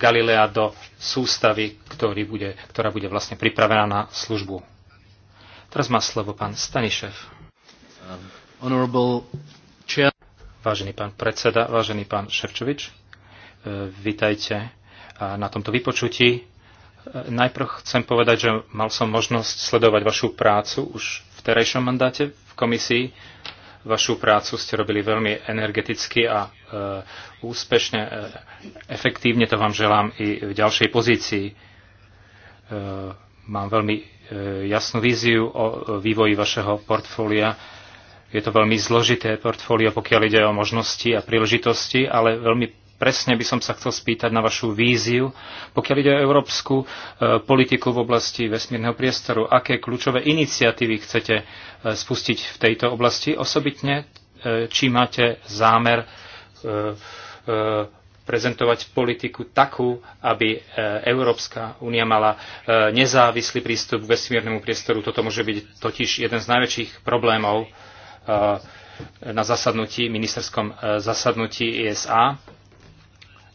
A: Galilea do sústavy, ktorý bude, ktorá bude vlastne pripravená na službu. Teraz má slovo pán Stanišev. Vážený pán predseda, vážený pán Ševčovič, eh, vítajte eh, na tomto vypočutí. Eh, najprv chcem povedať, že mal som možnosť sledovať vašu prácu už v terajšom mandáte v komisii. Vašu prácu ste robili veľmi energeticky a e, úspešne, e, efektívne, to vám želám i v ďalšej pozícii. E, mám veľmi e, jasnú víziu o, o vývoji vašeho portfólia je to veľmi zložité portfólio, pokiaľ ide o možnosti a príležitosti, ale veľmi presne by som sa chcel spýtať na vašu víziu, pokiaľ ide o európsku e, politiku v oblasti vesmírneho priestoru. Aké kľúčové iniciatívy chcete e, spustiť v tejto oblasti? Osobitne, e, či máte zámer e, e, prezentovať politiku takú, aby e, Európska únia mala nezávislý prístup k vesmírnemu priestoru. Toto môže byť totiž jeden z najväčších problémov na zasadnutí, ministerskom e, zasadnutí ISA.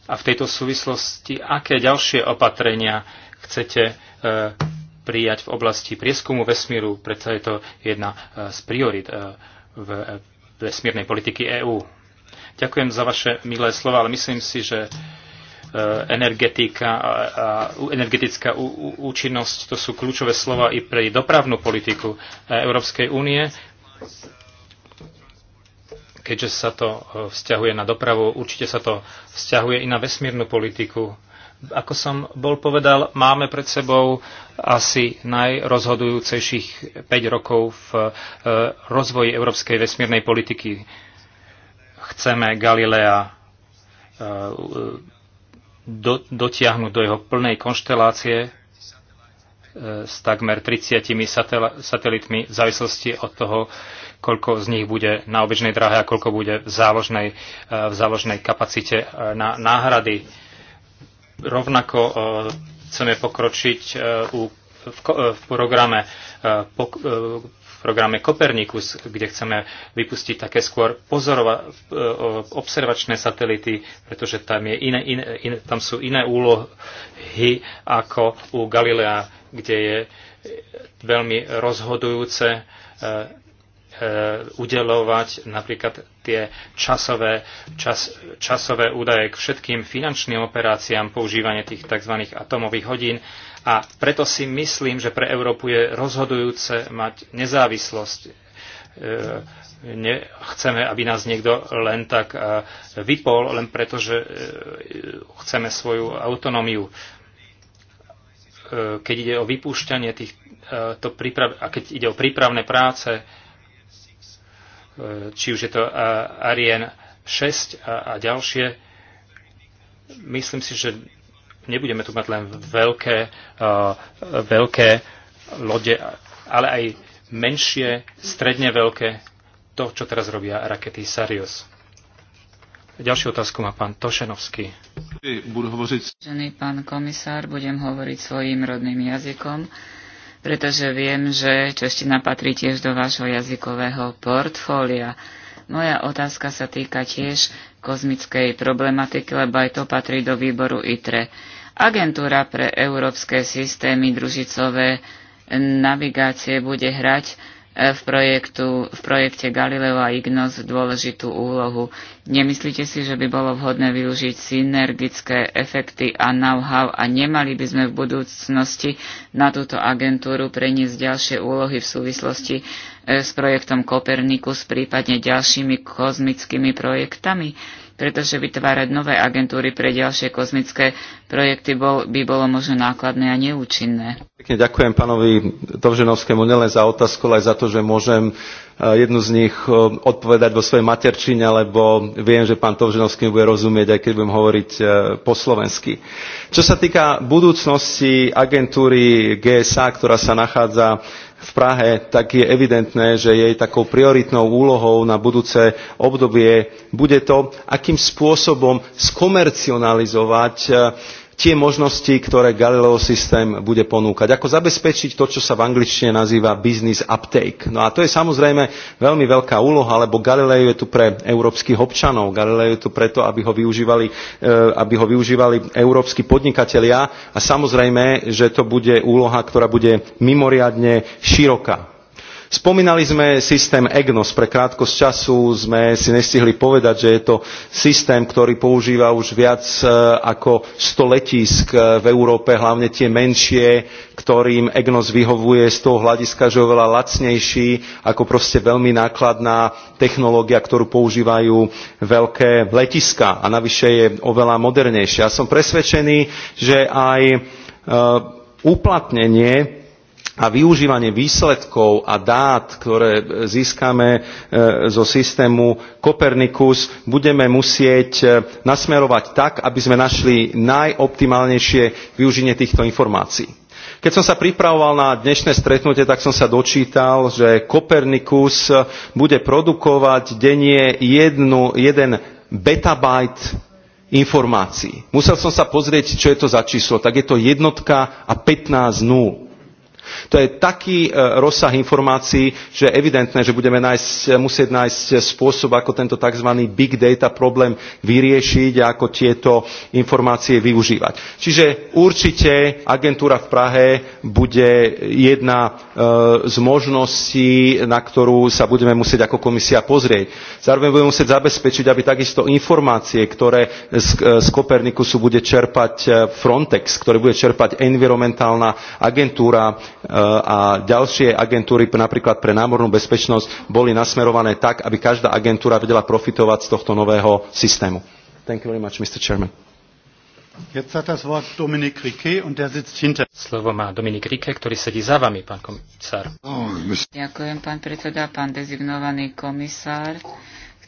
A: A v tejto súvislosti, aké ďalšie opatrenia chcete e, prijať v oblasti prieskumu vesmíru, preto je to jedna e, z priorit v vesmírnej politiky EÚ. Ďakujem za vaše milé slova, ale myslím si, že energetika a energetická účinnosť, to sú kľúčové slova i pre dopravnú politiku Európskej únie keďže sa to e, vzťahuje na dopravu, určite sa to vzťahuje i na vesmírnu politiku. Ako som bol povedal, máme pred sebou asi najrozhodujúcejších 5 rokov v e, rozvoji európskej vesmírnej politiky. Chceme Galilea e, dotiahnuť do jeho plnej konštelácie, s takmer 30 satel- satelitmi v závislosti od toho, koľko z nich bude na obežnej dráhe a koľko bude v záložnej, e, v záložnej kapacite e, na náhrady. Rovnako e, chceme pokročiť u, v, programe programe Kopernikus, kde chceme vypustiť také skôr pozorova, e, observačné satelity, pretože tam, je iné, iné, iné, tam sú iné úlohy ako u Galilea, kde je e, veľmi rozhodujúce e, E, udelovať napríklad tie časové, čas, časové údaje k všetkým finančným operáciám, používanie tých tzv. atomových hodín. A preto si myslím, že pre Európu je rozhodujúce mať nezávislosť. E, Nechceme, aby nás niekto len tak e, vypol, len preto, že chceme svoju autonómiu keď ide o vypúšťanie tých, to a keď ide o prípravné práce, či už je to Ariane 6 a, a ďalšie. Myslím si, že nebudeme tu mať len veľké, uh, veľké lode, ale aj menšie, stredne veľké, to, čo teraz robia rakety Sarius. Ďalšiu otázku má pán Tošenovský.
C: Budú hovoriť... pán komisár, budem hovoriť svojim rodným jazykom pretože viem, že čeština patrí tiež do vášho jazykového portfólia. Moja otázka sa týka tiež kozmickej problematiky, lebo aj to patrí do výboru ITRE. Agentúra pre európske systémy družicové navigácie bude hrať E, v, projektu, v projekte Galileo a Ignos dôležitú úlohu. Nemyslíte si, že by bolo vhodné využiť synergické efekty a know-how a nemali by sme v budúcnosti na túto agentúru preniesť ďalšie úlohy v súvislosti e, s projektom Kopernikus, prípadne ďalšími kozmickými projektami? pretože vytvárať nové agentúry pre ďalšie kozmické projekty bol, by bolo možno nákladné a neúčinné.
D: Pekne ďakujem pánovi Dovženovskému nielen za otázku, ale aj za to, že môžem e, jednu z nich e, odpovedať vo svojej materčine, lebo viem, že pán Tovženovský bude rozumieť, aj keď budem hovoriť e, po slovensky. Čo sa týka budúcnosti agentúry GSA, ktorá sa nachádza v Prahe, tak je evidentné, že jej takou prioritnou úlohou na budúce obdobie bude to, akým spôsobom skomercionalizovať eh, tie možnosti, ktoré Galileo systém bude ponúkať. Ako zabezpečiť to, čo sa v angličtine nazýva business uptake. No a to je samozrejme veľmi veľká úloha, lebo Galileo je tu pre európskych občanov. Galileo je tu preto, aby ho využívali, eh, aby ho využívali európsky podnikatelia a samozrejme, že to bude úloha, ktorá bude mimoriadne široká Spomínali sme systém EGNOS. Pre krátkosť času sme si nestihli povedať, že je to systém, ktorý používa už viac e, ako 100 letísk e, v Európe, hlavne tie menšie, ktorým EGNOS vyhovuje z toho hľadiska, že je oveľa lacnejší ako proste veľmi nákladná technológia, ktorú používajú veľké letiska a navyše je oveľa modernejšia. Ja som presvedčený, že aj e, uplatnenie a využívanie výsledkov a dát, ktoré e, získame e, zo systému Copernicus, budeme musieť e, nasmerovať tak, aby sme našli najoptimálnejšie využitie týchto informácií. Keď som sa pripravoval na dnešné stretnutie, tak som sa dočítal, že Kopernikus bude produkovať denne jednu, jeden betabajt informácií. Musel som sa pozrieť, čo je to za číslo. Tak je to jednotka a 15 nul. To je taký e, rozsah informácií, že je evidentné, že budeme nájsť, e, musieť nájsť e, spôsob, ako tento tzv. big data problém vyriešiť a ako tieto informácie využívať. Čiže určite agentúra v Prahe bude jedna z možností, na ktorú sa budeme musieť ako komisia pozrieť. Zároveň budeme musieť zabezpečiť, aby takisto informácie, ktoré z, z Kopernikusu bude čerpať Frontex, ktoré bude čerpať environmentálna agentúra, Eh, a ďalšie agentúry, napríklad pre námornú bezpečnosť, boli nasmerované tak, aby každá agentúra vedela profitovať z tohto nového systému. Thank you very much, Mr. Chairman.
A: Jetzt hat das Wort Dominik Riquet und der sitzt hinter. Slovo má Dominik Rike, ktorý sedí za vami, pán komisár.
C: Ďakujem, pán predseda, pán dezignovaný komisár.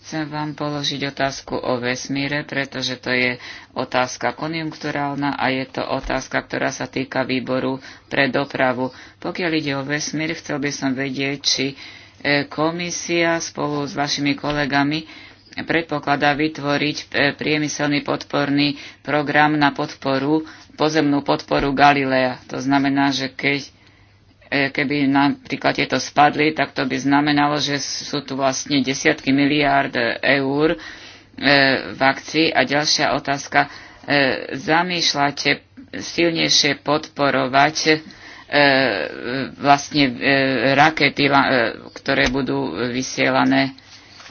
C: Chcem vám položiť otázku o vesmíre, pretože to je otázka konjunkturálna a je to otázka, ktorá sa týka výboru pre dopravu. Pokiaľ ide o vesmír, chcel by som vedieť, či e, komisia spolu s vašimi kolegami predpokladá vytvoriť e, priemyselný podporný program na podporu, pozemnú podporu Galilea. To znamená, že keď E, keby napríklad tieto spadli, tak to by znamenalo, že sú tu vlastne desiatky miliárd eur e, v akcii. A ďalšia otázka, e, zamýšľate silnejšie podporovať vlastne rakety, ktoré budú vysielané.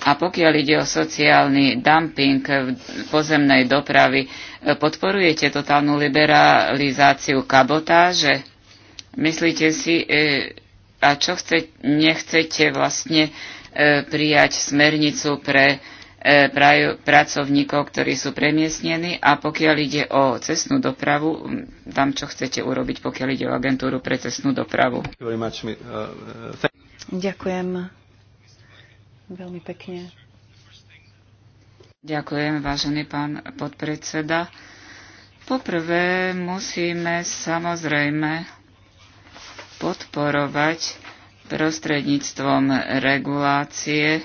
C: A pokiaľ ide o sociálny dumping v pozemnej dopravy, podporujete totálnu liberalizáciu kabotáže? Myslíte si, e, a čo chce, nechcete vlastne e, prijať smernicu pre e, praj, pracovníkov, ktorí sú premiestnení a pokiaľ ide o cestnú dopravu, tam čo chcete urobiť, pokiaľ ide o agentúru pre cestnú dopravu. Uh,
B: Ďakujem veľmi pekne.
C: Ďakujem, vážený pán podpredseda. Poprvé musíme samozrejme podporovať prostredníctvom regulácie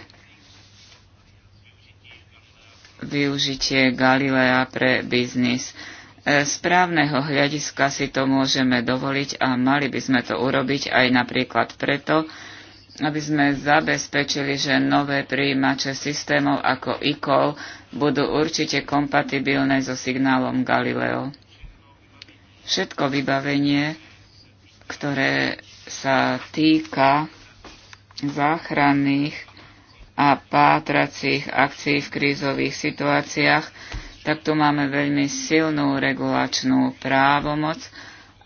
C: využitie Galilea pre biznis. Z e, právneho hľadiska si to môžeme dovoliť a mali by sme to urobiť aj napríklad preto, aby sme zabezpečili, že nové príjimače systémov ako ICOL budú určite kompatibilné so signálom Galileo. Všetko vybavenie ktoré sa týka záchranných a pátracích akcií v krízových situáciách, tak tu máme veľmi silnú regulačnú právomoc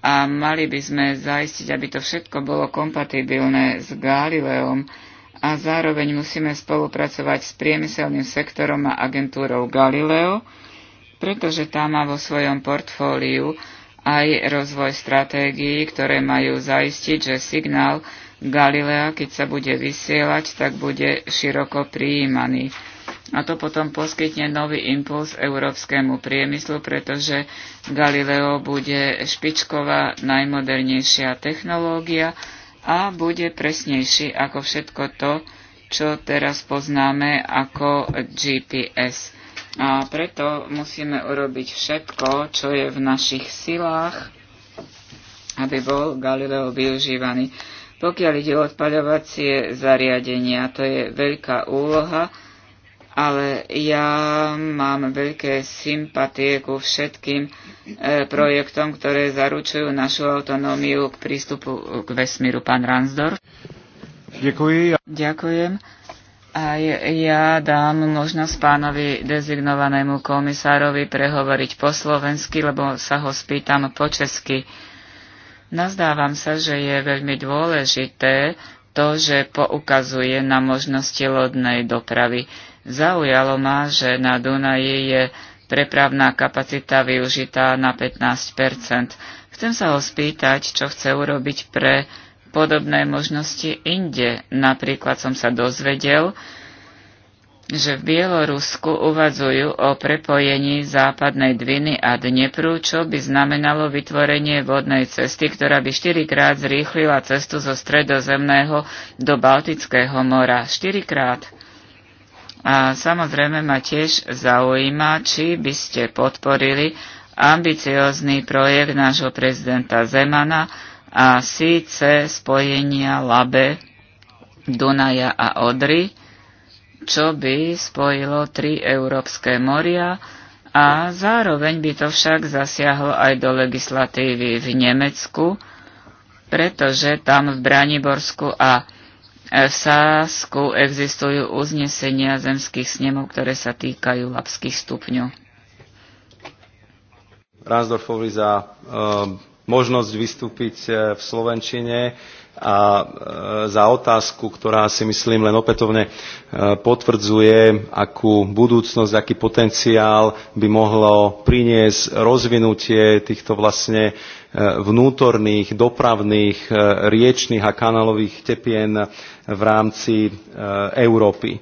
C: a mali by sme zaistiť, aby to všetko bolo kompatibilné s Galileom a zároveň musíme spolupracovať s priemyselným sektorom a agentúrou Galileo, pretože tá má vo svojom portfóliu aj rozvoj stratégií, ktoré majú zaistiť, že signál Galilea, keď sa bude vysielať, tak bude široko prijímaný. A to potom poskytne nový impuls európskemu priemyslu, pretože Galileo bude špičková najmodernejšia technológia a bude presnejší ako všetko to, čo teraz poznáme ako GPS. A preto musíme urobiť všetko, čo je v našich silách, aby bol Galileo využívaný. Pokiaľ ide o odpaľovacie zariadenia, to je veľká úloha, ale ja mám veľké sympatie ku všetkým e, projektom, ktoré zaručujú našu autonómiu k prístupu k vesmíru. Pán Ransdorf. Ďakujem. Ďakujem. Aj ja dám možnosť pánovi dezignovanému komisárovi prehovoriť po slovensky, lebo sa ho spýtam po česky. Nazdávam sa, že je veľmi dôležité to, že poukazuje na možnosti lodnej dopravy. Zaujalo ma, že na Dunaji je prepravná kapacita využitá na 15 Chcem sa ho spýtať, čo chce urobiť pre podobné možnosti inde. Napríklad som sa dozvedel, že v Bielorusku uvadzujú o prepojení západnej Dviny a Dnepru, čo by znamenalo vytvorenie vodnej cesty, ktorá by štyrikrát zrýchlila cestu zo Stredozemného do Baltického mora. Štyrikrát. A samozrejme ma tiež zaujíma, či by ste podporili ambiciózny projekt nášho prezidenta Zemana, a síce spojenia Labe, Dunaja a Odry, čo by spojilo tri európske moria a zároveň by to však zasiahlo aj do legislatívy v Nemecku, pretože tam v Braniborsku a v Sásku existujú uznesenia zemských snemov, ktoré sa týkajú labských stupňov.
D: Ransdorfovi za ehm, možnosť vystúpiť eh, v Slovenčine a eh, za otázku, ktorá si myslím len opätovne eh, potvrdzuje, akú budúcnosť, aký potenciál by mohlo priniesť rozvinutie týchto vlastne vnútorných, dopravných, riečných a kanálových tepien v rámci Európy.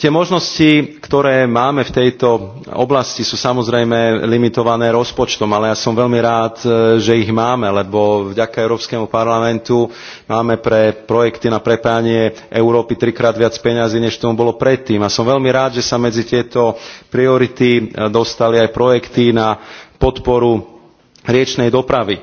D: Tie možnosti, ktoré máme v tejto oblasti, sú samozrejme limitované rozpočtom, ale ja som veľmi rád, e, že ich máme, lebo vďaka Európskemu parlamentu máme pre projekty na prepájanie Európy trikrát viac peňazí, než tomu bolo predtým. A som veľmi rád, že sa medzi tieto priority e, dostali aj projekty na podporu riečnej dopravy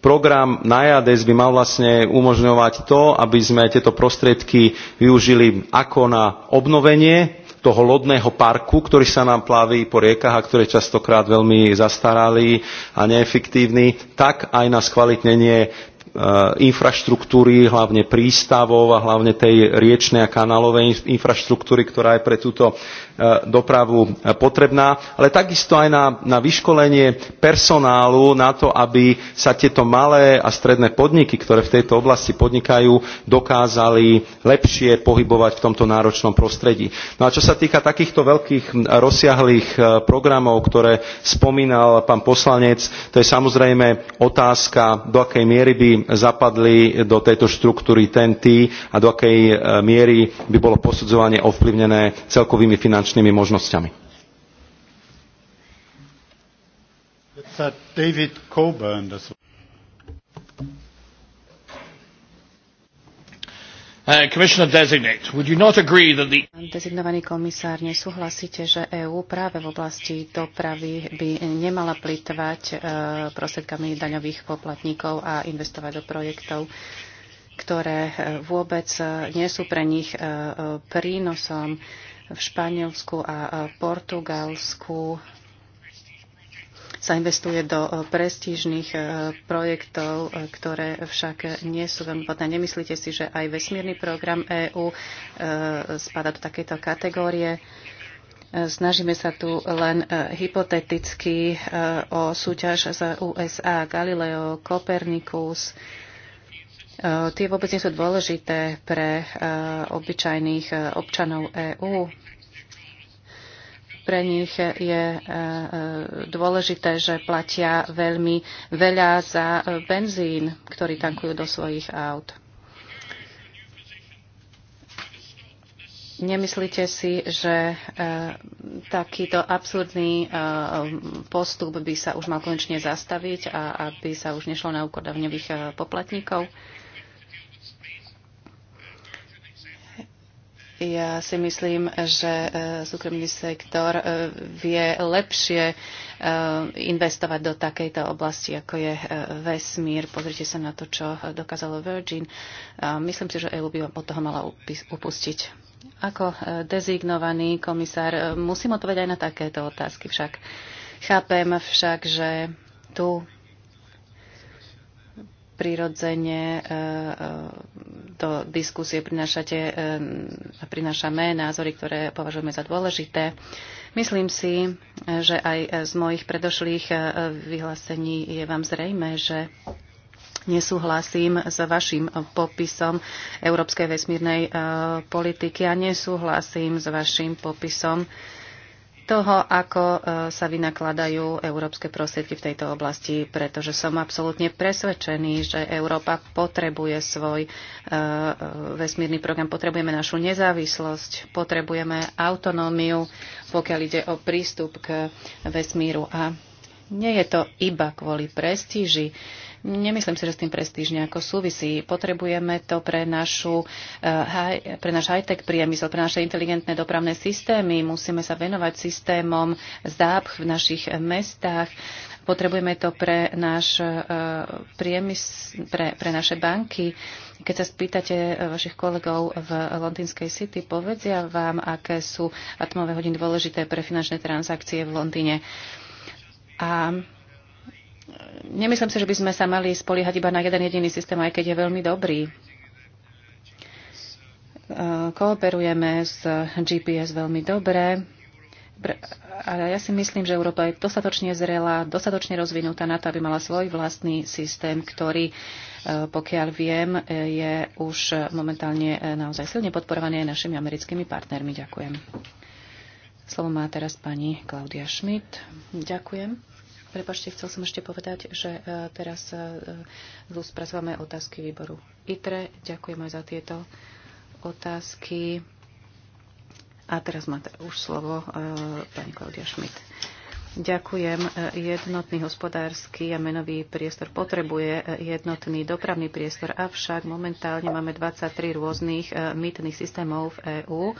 D: program NAJADES e by mal vlastne umožňovať to, aby sme tieto prostriedky využili ako na obnovenie toho lodného parku, ktorý sa nám plaví po riekach a ktorý je častokrát veľmi zastaralý a neefektívny, tak aj na skvalitnenie Eh, infraštruktúry, hlavne prístavov a hlavne tej riečnej a kanálovej infraštruktúry, ktorá je pre túto eh, dopravu eh, potrebná, ale takisto aj na, na vyškolenie personálu na to, aby sa tieto malé a stredné podniky, ktoré v tejto oblasti podnikajú, dokázali lepšie pohybovať v tomto náročnom prostredí. No a čo sa týka takýchto veľkých rozsiahlých programov, ktoré spomínal pán poslanec, to je samozrejme otázka, do akej miery by zapadli do tejto štruktúry TNT a do akej e, miery by bolo posudzovanie ovplyvnené celkovými finančnými možnosťami.
A: Uh, David Coburn. Uh,
B: dezignovaný komisár, nesúhlasíte, že EÚ práve v oblasti dopravy by nemala plýtvať uh, prostriedkami daňových poplatníkov a investovať do projektov, ktoré uh, vôbec nie sú pre nich prínosom v Španielsku a Portugalsku sa investuje do eh, prestížnych eh, projektov, eh, ktoré však nie sú veľmi vhodné. Nemyslíte si, že aj vesmírny program EÚ spada do takejto kategórie? Snažíme sa tu len hypoteticky o súťaž za USA, Galileo, Copernicus. Tie vôbec nie sú dôležité pre obyčajných občanov EÚ pre nich je e, e, dôležité, že platia veľmi veľa za e, benzín, ktorý tankujú do svojich aut. Nemyslíte si, že e, takýto absurdný e, postup by sa už mal konečne zastaviť a aby sa už nešlo na úkor daňových poplatníkov? Ja si myslím, že e, súkromný sektor e, vie lepšie e, investovať do takejto oblasti, ako je vesmír. Pozrite sa na to, čo dokázalo Virgin. Myslím si, že EU by od toho mala upustiť. Ako dezignovaný komisár musím odpovedať aj na takéto otázky však. Chápem však, že tu prirodzene do diskusie prinášate, prinášame názory, ktoré považujeme za dôležité. Myslím si, že aj z mojich predošlých eh, vyhlásení je vám zrejme, že nesúhlasím s vašim popisom európskej vesmírnej eh, politiky a nesúhlasím s vašim popisom toho, ako e, sa vynakladajú európske prostriedky v tejto oblasti, pretože som absolútne presvedčený, že Európa potrebuje svoj e, e, vesmírny program, potrebujeme našu nezávislosť, potrebujeme autonómiu, pokiaľ ide o prístup k vesmíru. A nie je to iba kvôli prestíži, Nemyslím si, že s tým prestíž nejako súvisí. Potrebujeme to pre, našu, eh, pre náš high-tech priemysel, pre naše inteligentné dopravné systémy. Musíme sa venovať systémom zápch v našich mestách. Potrebujeme to pre, náš, eh, priemys, pre, pre naše banky. Keď sa spýtate eh, vašich kolegov v Londýnskej City, povedia vám, aké sú atmové hodiny dôležité pre finančné transakcie v Londýne. A nemyslím si, že by sme sa mali spoliehať iba na jeden jediný systém, aj keď je veľmi dobrý. E, kooperujeme s GPS veľmi dobre. Ale ja si myslím, že Európa je dostatočne zrelá, dostatočne rozvinutá na to, aby mala svoj vlastný systém, ktorý, e, pokiaľ viem, je už momentálne e, naozaj silne podporovaný aj našimi americkými partnermi. Ďakujem. Slovo má teraz pani Klaudia Schmidt. Ďakujem. Prepašte, chcel som ešte povedať, že e, teraz e, e, spracovame otázky výboru ITRE. Ďakujem aj za tieto otázky. A teraz má už slovo pani Klaudia Schmidt. Ďakujem. Jednotný hospodársky a menový priestor potrebuje jednotný dopravný priestor, avšak momentálne máme 23 rôznych mýtnych systémov v EÚ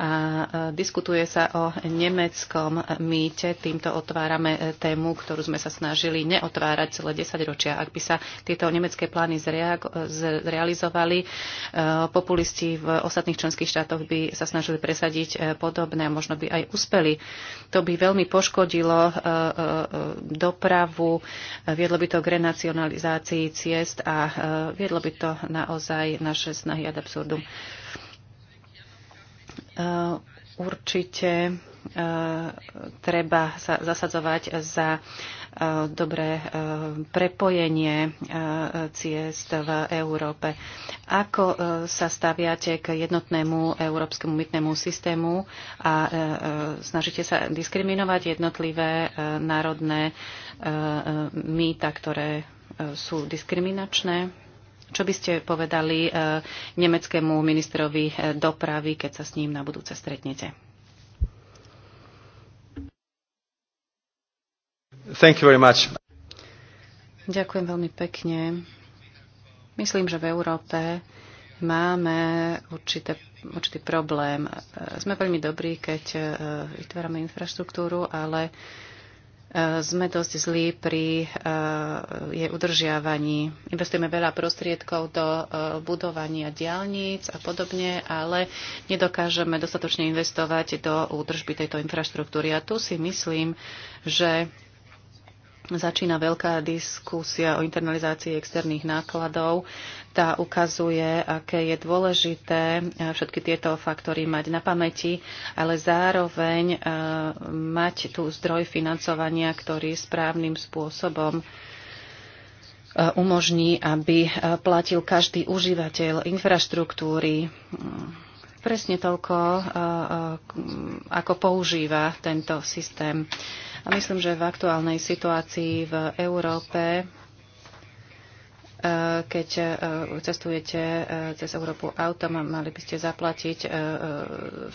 B: a e, diskutuje sa o nemeckom mýte. Týmto otvárame e, tému, ktorú sme sa snažili neotvárať celé 10 ročia. Ak by sa tieto nemecké plány zrealizovali, e, populisti v ostatných členských štátoch by sa snažili presadiť podobné a možno by aj uspeli. To by veľmi poškodilo dopravu, viedlo by to k renacionalizácii ciest a viedlo by to naozaj naše snahy ad absurdum. Eh, určite eh, treba sa zasadzovať za eh, dobré prepojenie ciest v Európe. Ako sa staviate k jednotnému európskemu mytnému systému a snažíte sa diskriminovať jednotlivé národné mýta, ktoré sú diskriminačné? Čo by ste povedali e, nemeckému ministrovi e, dopravy, keď sa s ním na budúce stretnete? Thank you very much. Ďakujem veľmi pekne. Myslím, že v Európe máme určité, určitý problém. E, sme veľmi dobrí, keď vytvárame infraštruktúru, ale sme dosť zlí pri eh, jej udržiavaní. Investujeme veľa prostriedkov do eh, budovania diálnic a podobne, ale nedokážeme dostatočne investovať do údržby tejto infraštruktúry. A tu si myslím, že začína veľká diskusia o internalizácii externých nákladov. Tá ukazuje, aké je dôležité eh, všetky tieto faktory mať na pamäti, ale zároveň eh, mať tu zdroj financovania, ktorý správnym spôsobom eh, umožní, aby platil každý užívateľ infraštruktúry presne toľko, ako používa tento systém. A myslím, že v aktuálnej situácii v Európe e, keď e, cestujete e, cez Európu autom a mali by ste zaplatiť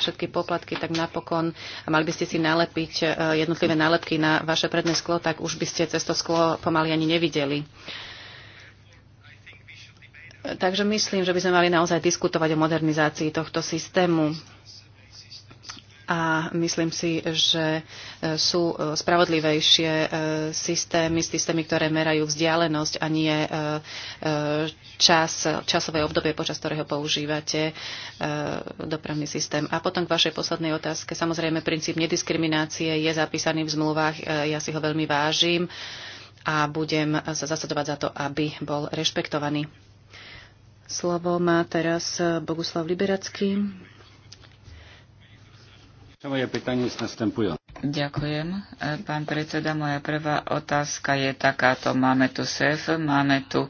B: všetky poplatky, tak napokon a mali by ste si nalepiť jednotlivé nálepky na vaše predné sklo, tak už by ste cez to sklo pomaly ani nevideli. Takže myslím, že by sme mali naozaj diskutovať o modernizácii tohto systému a myslím si, že e, sú e, spravodlivejšie e, systémy, systémy, ktoré merajú vzdialenosť a nie čas, časové obdobie, počas ktorého používate dopravný systém. A potom k vašej poslednej otázke. Samozrejme, princíp nediskriminácie je zapísaný v zmluvách. Ja si ho veľmi vážim a budem sa zasadovať za to, aby bol rešpektovaný. Slovo má teraz Boguslav Liberacký.
A: Moje pytanie następujące.
C: Ďakujem. E, pán predseda, moja prvá otázka je takáto. Máme tu SEF, máme tu e,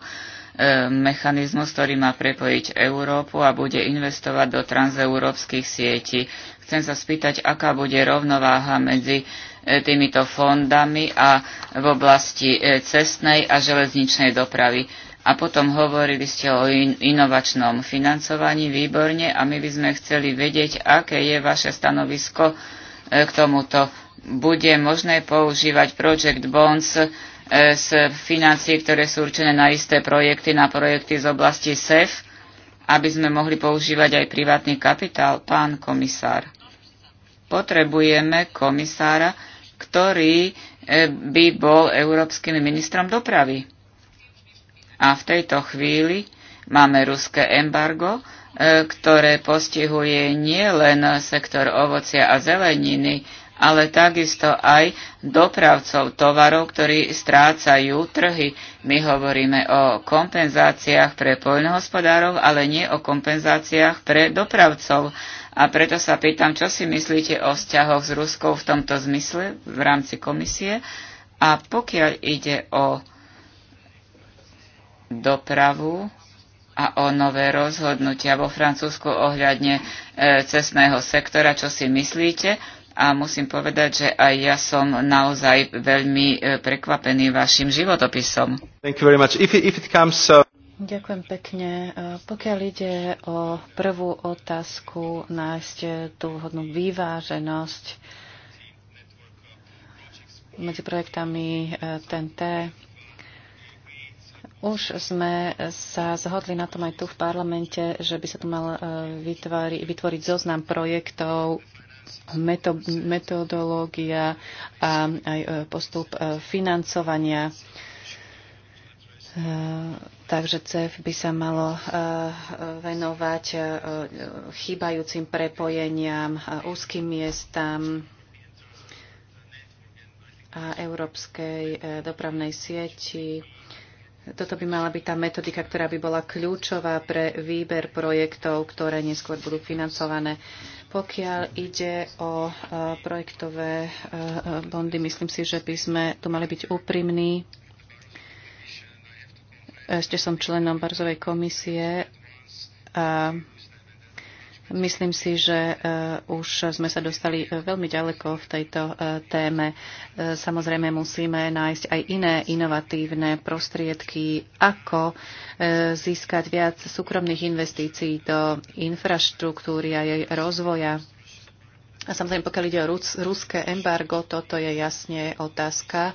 C: mechanizmus, ktorý má prepojiť Európu a bude investovať do transeurópskych sietí. Chcem sa spýtať, aká bude rovnováha medzi e, týmito fondami a v oblasti cestnej a železničnej dopravy. A potom hovorili ste o in- inovačnom financovaní, výborne, a my by sme chceli vedieť, aké je vaše stanovisko e, k tomuto. Bude možné používať Project Bonds e, z financií, ktoré sú určené na isté projekty, na projekty z oblasti SEF, aby sme mohli používať aj privátny kapitál, pán komisár. Potrebujeme komisára, ktorý e, by bol európskym ministrom dopravy a v tejto chvíli máme ruské embargo, e, ktoré postihuje nielen sektor ovocia a zeleniny, ale takisto aj dopravcov tovarov, ktorí strácajú trhy. My hovoríme o kompenzáciách pre poľnohospodárov, ale nie o kompenzáciách pre dopravcov. A preto sa pýtam, čo si myslíte o vzťahoch s Ruskou v tomto zmysle v rámci komisie. A pokiaľ ide o dopravu a o nové rozhodnutia vo Francúzsku ohľadne e, cestného sektora, čo si myslíte. A musím povedať, že aj ja som naozaj veľmi e, prekvapený vašim životopisom. Thank you very much. If it, if it comes, uh...
B: Ďakujem pekne. E, pokiaľ ide o prvú otázku, nájsť tú vhodnú vyváženosť medzi projektami TNT, e, už sme sa zhodli na tom aj tu v parlamente, že by sa tu mal e, vytvori, vytvoriť zoznam projektov, metodológia a aj e, postup e, financovania. Takže CEF by sa malo venovať chýbajúcim prepojeniam, úzkým miestam a európskej dopravnej sieti toto by mala byť tá metodika, ktorá by bola kľúčová pre výber projektov, ktoré neskôr budú financované. Pokiaľ ide o e, projektové e, e, bondy, myslím si, že by sme tu mali byť úprimní. Ešte som členom Barzovej komisie a Myslím si, že e, už sme sa dostali e, veľmi ďaleko v tejto e, téme. Samozrejme musíme nájsť aj iné inovatívne prostriedky, ako získať viac súkromných investícií do infraštruktúry a jej rozvoja. A samozrejme, pokiaľ ide o ruské embargo, toto je jasne otázka,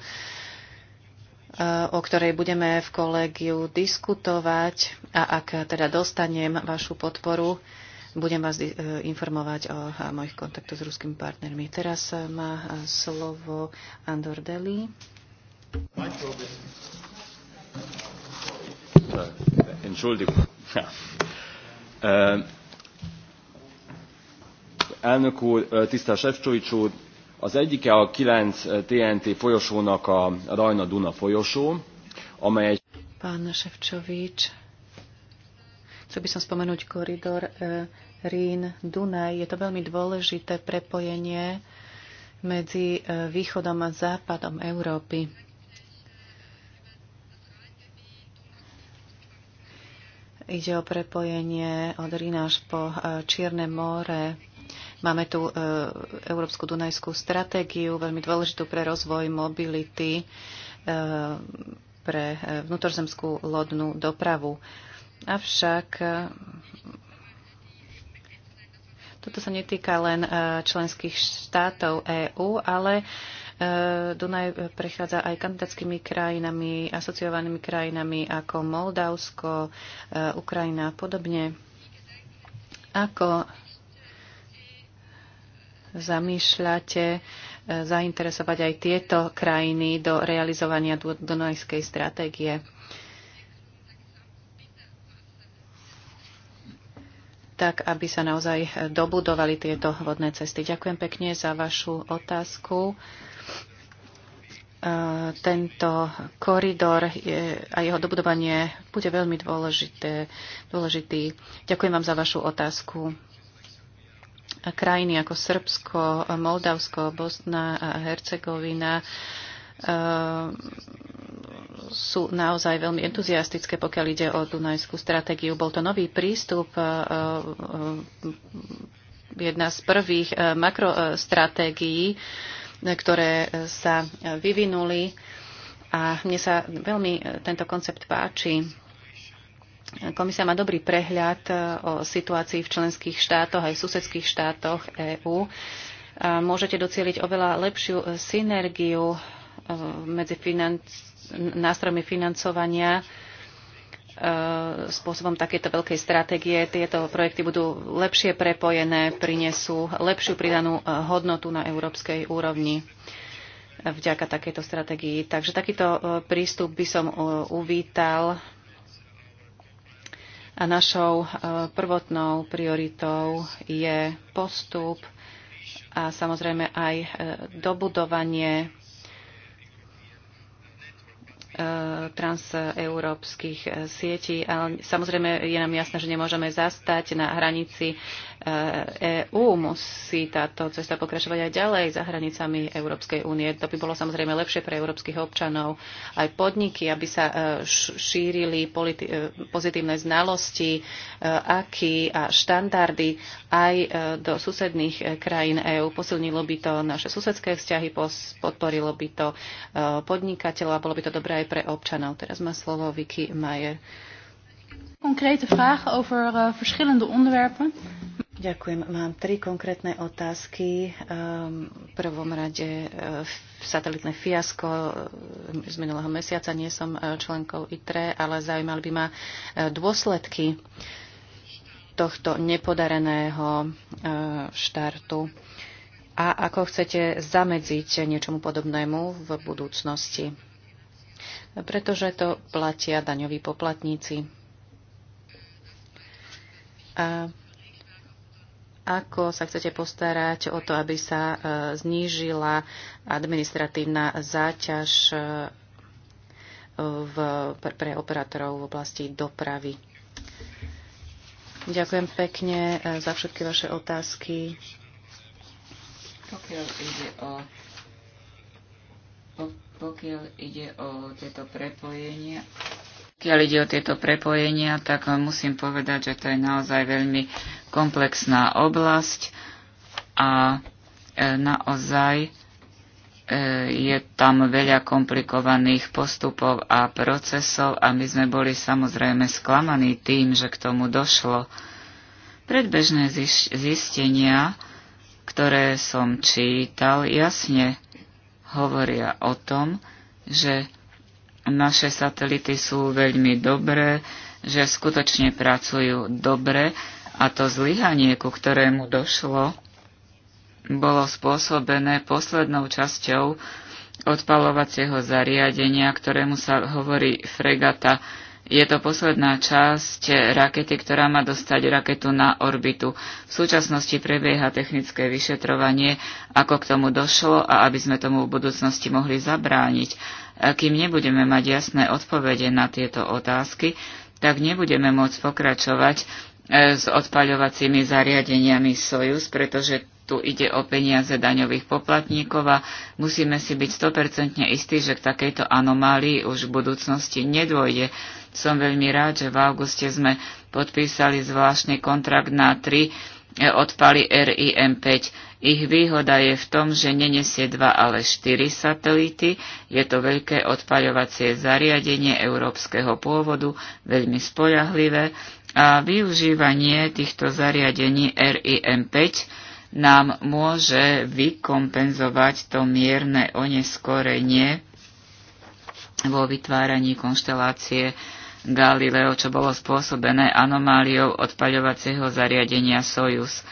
B: o ktorej budeme v kolegiu diskutovať a ak teda dostanem vašu podporu, budem vás e, informovať o mojich kontaktoch s ruskými partnermi. Teraz e, má e, slovo Andor Deli. Äh,
D: äh, elnök úr, äh, tisztel Sefcsovics úr, az egyike a 9 TNT folyosónak a Rajna-Duna folyosó, amely egy...
B: Pán Sefcsovics, Chcel by som spomenúť koridor e, Rín-Dunaj. Je to veľmi dôležité prepojenie medzi e, východom a západom Európy. Ide o prepojenie od Rína až po e, Čierne more. Máme tu Európsku Dunajskú stratégiu, veľmi dôležitú pre rozvoj mobility pre vnútorzemskú lodnú dopravu. Avšak eh, toto sa netýka len eh, členských štátov EÚ, ale eh, Dunaj prechádza aj kandidátskými krajinami, asociovanými krajinami ako Moldavsko, Ukrajina a podobne. Ako zamýšľate zainteresovať aj tieto krajiny do realizovania Dunajskej stratégie? tak aby sa naozaj dobudovali tieto vodné cesty. Ďakujem pekne za vašu otázku e, tento koridor a jeho dobudovanie bude veľmi dôležité, dôležitý. Ďakujem vám za vašu otázku. Krajiny ako Srbsko, Moldavsko, Bosna a Hercegovina e, sú naozaj veľmi entuziastické, pokiaľ ide o Dunajskú stratégiu. Bol to nový prístup, e, e, jedna z prvých e, makrostratégií, ktoré sa vyvinuli. A mne sa veľmi tento koncept páči. Komisia má dobrý prehľad o situácii v členských štátoch aj v susedských štátoch EÚ. Môžete docieliť oveľa lepšiu synergiu Eh, medzi financ- nástrojmi financovania eh, spôsobom takéto veľkej stratégie. Tieto projekty budú lepšie prepojené, prinesú lepšiu pridanú eh, hodnotu na európskej úrovni vďaka takejto stratégii. Takže takýto prístup by som uvítal. A našou prvotnou prioritou je postup a samozrejme aj dobudovanie Eh, transeurópskych eh, sietí. Ale samozrejme je nám jasné, že nemôžeme zastať na hranici EÚ. Eh, e Musí táto cesta pokračovať aj ďalej za hranicami Európskej únie. To by bolo samozrejme lepšie pre európskych občanov, aj podniky, aby sa šírili pozitívne znalosti, aky a štandardy aj do susedných krajín EÚ. Posilnilo by to naše susedské vzťahy, podporilo by to podnikateľov a bolo by to dobré aj pre občanov. Teraz má slovo Vicky Majer. Konkrétne vraag over uh, verschillende onderwerpen. Ďakujem. Mám tri konkrétne otázky. Ehm, v prvom rade eh, satelitné fiasko eh, z minulého mesiaca. Nie som členkou ITRE, ale zaujímali by ma dôsledky tohto nepodareného štartu a ako chcete zamedziť niečomu podobnému v budúcnosti pretože to platia daňoví poplatníci. A ako sa chcete postarať o to, aby sa e, znížila administratívna záťaž e, v, pre operátorov v oblasti dopravy. Ďakujem pekne e, za všetky vaše
C: otázky. Pokiaľ ide o pokiaľ ide o tieto prepojenia, pokiaľ ide o tieto prepojenia, tak musím povedať, že to je naozaj veľmi komplexná oblasť a e, naozaj e, je tam veľa komplikovaných postupov a procesov a my sme boli samozrejme sklamaní tým, že k tomu došlo. Predbežné zistenia, ktoré som čítal, jasne hovoria o tom, že naše satelity sú veľmi dobré, že skutočne pracujú dobre a to zlyhanie, ku ktorému došlo, bolo spôsobené poslednou časťou odpalovacieho zariadenia, ktorému sa hovorí fregata je to posledná časť rakety, ktorá má dostať raketu na orbitu. V súčasnosti prebieha technické vyšetrovanie, ako k tomu došlo a aby sme tomu v budúcnosti mohli zabrániť. A kým nebudeme mať jasné odpovede na tieto otázky, tak nebudeme môcť pokračovať e, s odpaľovacími zariadeniami Sojus, pretože tu ide o peniaze daňových poplatníkov a musíme si byť 100% istí, že k takejto anomálii už v budúcnosti nedôjde. Som veľmi rád, že v auguste sme podpísali zvláštny kontrakt na tri e, odpaly RIM-5. Ich výhoda je v tom, že nenesie dva, ale štyri satelity. Je to veľké odpaľovacie zariadenie európskeho pôvodu, veľmi spoľahlivé a využívanie týchto zariadení RIM-5 nám môže vykompenzovať to mierne oneskorenie vo vytváraní konštelácie Galileo, čo bolo spôsobené anomáliou odpaľovacieho zariadenia Sojus.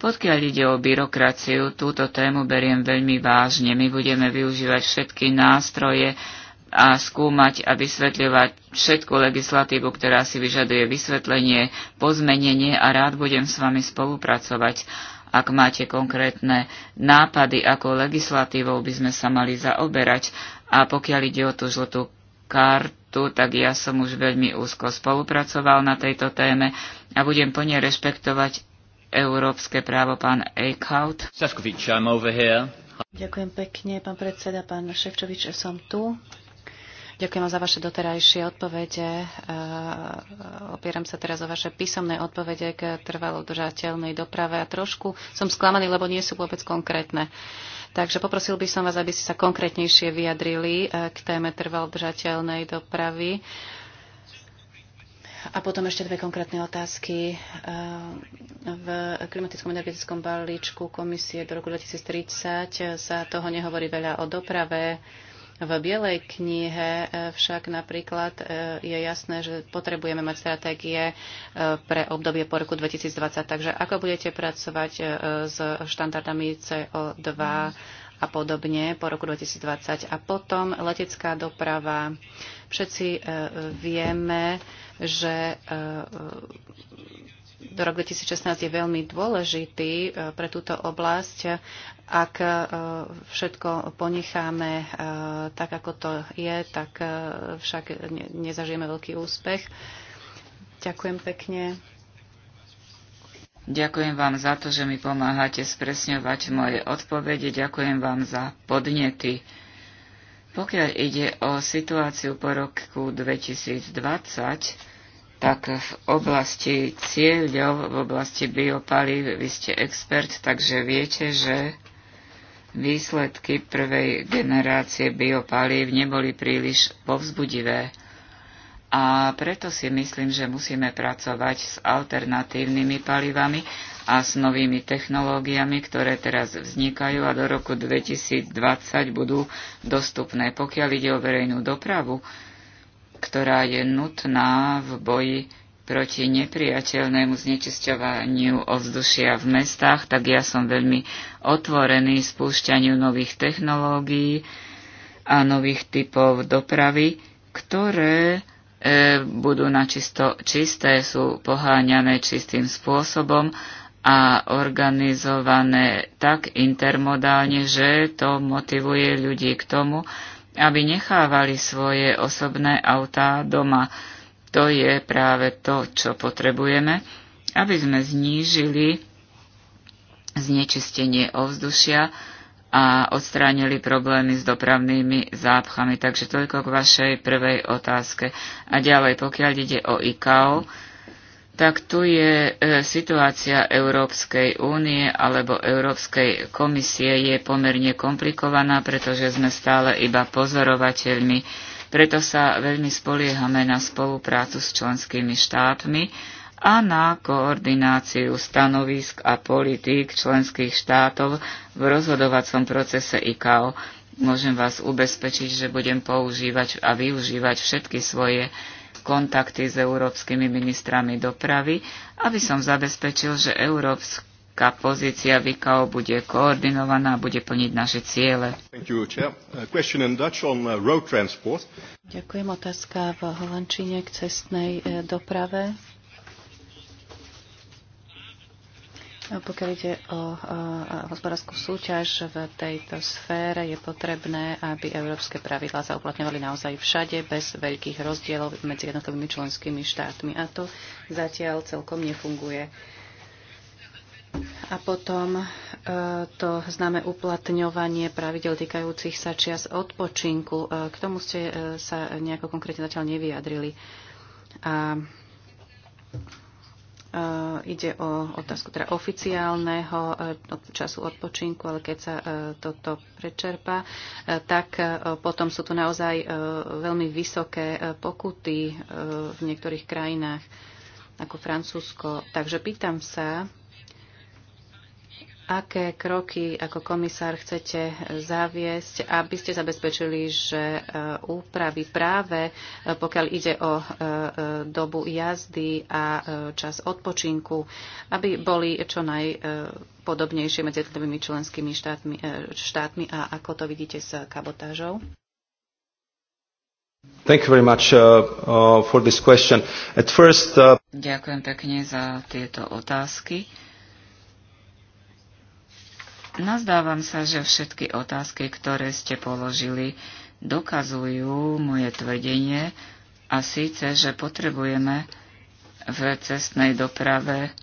C: Podkiaľ ide o byrokraciu, túto tému beriem veľmi vážne. My budeme využívať všetky nástroje a skúmať a vysvetľovať všetku legislatívu, ktorá si vyžaduje vysvetlenie, pozmenenie a rád budem s vami spolupracovať. Ak máte konkrétne nápady, ako legislatívou by sme sa mali zaoberať a pokiaľ ide o tú žltú kartu, tak ja som už veľmi úzko spolupracoval na tejto téme a budem plne rešpektovať európske právo pán Eichhout.
B: Ďakujem pekne, pán predseda, pán Ševčovič, som tu. Ďakujem vám za vaše doterajšie odpovede. E, e, opieram sa teraz o vaše písomné odpovede k trvalo držateľnej doprave a trošku som sklamaný, lebo nie sú vôbec konkrétne. Takže poprosil by som vás, aby ste sa konkrétnejšie vyjadrili e, k téme trvalo držateľnej dopravy. A potom ešte dve konkrétne otázky. V klimatickom energetickom balíčku komisie do roku 2030 sa toho nehovorí veľa o doprave. V Bielej knihe e, však napríklad e, je jasné, že potrebujeme mať stratégie e, pre obdobie po roku 2020. Takže ako budete pracovať s štandardami CO2 a podobne po roku 2020. A potom letecká doprava. Všetci vieme, že do roku 2016 je veľmi dôležitý e, pre túto oblasť. Ak e, všetko ponecháme e, tak, ako to je, tak však nezažijeme veľký úspech. Ďakujem pekne.
C: Ďakujem vám za to, že mi pomáhate spresňovať moje odpovede. Ďakujem vám za podnety. Pokiaľ ide o situáciu po roku 2020, tak v oblasti cieľov, v oblasti biopalív, vy ste expert, takže viete, že výsledky prvej generácie biopalív neboli príliš povzbudivé. A preto si myslím, že musíme pracovať s alternatívnymi palivami a s novými technológiami, ktoré teraz vznikajú a do roku 2020 budú dostupné. Pokiaľ ide o verejnú dopravu, ktorá je nutná v boji proti nepriateľnému znečisťovaniu ovzdušia v mestách, tak ja som veľmi otvorený spúšťaniu nových technológií a nových typov dopravy, ktoré e, budú na čisto, čisté, sú poháňané čistým spôsobom a organizované tak intermodálne, že to motivuje ľudí k tomu, aby nechávali svoje osobné autá doma. To je práve to, čo potrebujeme, aby sme znížili znečistenie ovzdušia a odstránili problémy s dopravnými zápchami. Takže toľko k vašej prvej otázke. A ďalej, pokiaľ ide o ICAO, tak tu je e, situácia Európskej únie alebo Európskej komisie je pomerne komplikovaná, pretože sme stále iba pozorovateľmi. Preto sa veľmi spoliehame na spoluprácu s členskými štátmi a na koordináciu stanovisk a politík členských štátov v rozhodovacom procese ICAO. Môžem vás ubezpečiť, že budem používať a využívať všetky svoje kontakty s európskymi ministrami dopravy, aby som zabezpečil, že európska pozícia VIKAO bude koordinovaná a bude plniť naše ciele. Uh,
B: Ďakujem. Otázka v Holandčine k cestnej eh, doprave. Pokiaľ ide o hospodárskú súťaž v tejto sfére, je potrebné, aby európske pravidlá sa uplatňovali naozaj všade, bez veľkých rozdielov medzi jednotlivými členskými štátmi. A to zatiaľ celkom nefunguje. A potom e, to známe uplatňovanie pravidel týkajúcich sa čias odpočinku. E, k tomu ste e, sa nejako konkrétne zatiaľ nevyjadrili. A Eh, ide o otázku teda oficiálneho eh, času odpočinku, ale keď sa eh, toto prečerpa, tak potom sú tu naozaj veľmi vysoké pokuty v niektorých krajinách ako Francúzsko. Takže pýtam sa, Aké kroky ako komisár chcete zaviesť, aby ste zabezpečili, že e, úpravy práve, e, pokiaľ ide o e, dobu jazdy a čas odpočinku, aby boli čo najpodobnejšie medzi jednotlivými členskými štátmi, štátmi a ako to vidíte s kabotážou?
D: Thank you very much uh, uh, for this At first, uh...
C: Ďakujem pekne za tieto otázky. Nazdávam sa, že všetky otázky, ktoré ste položili, dokazujú moje tvrdenie a síce, že potrebujeme v cestnej doprave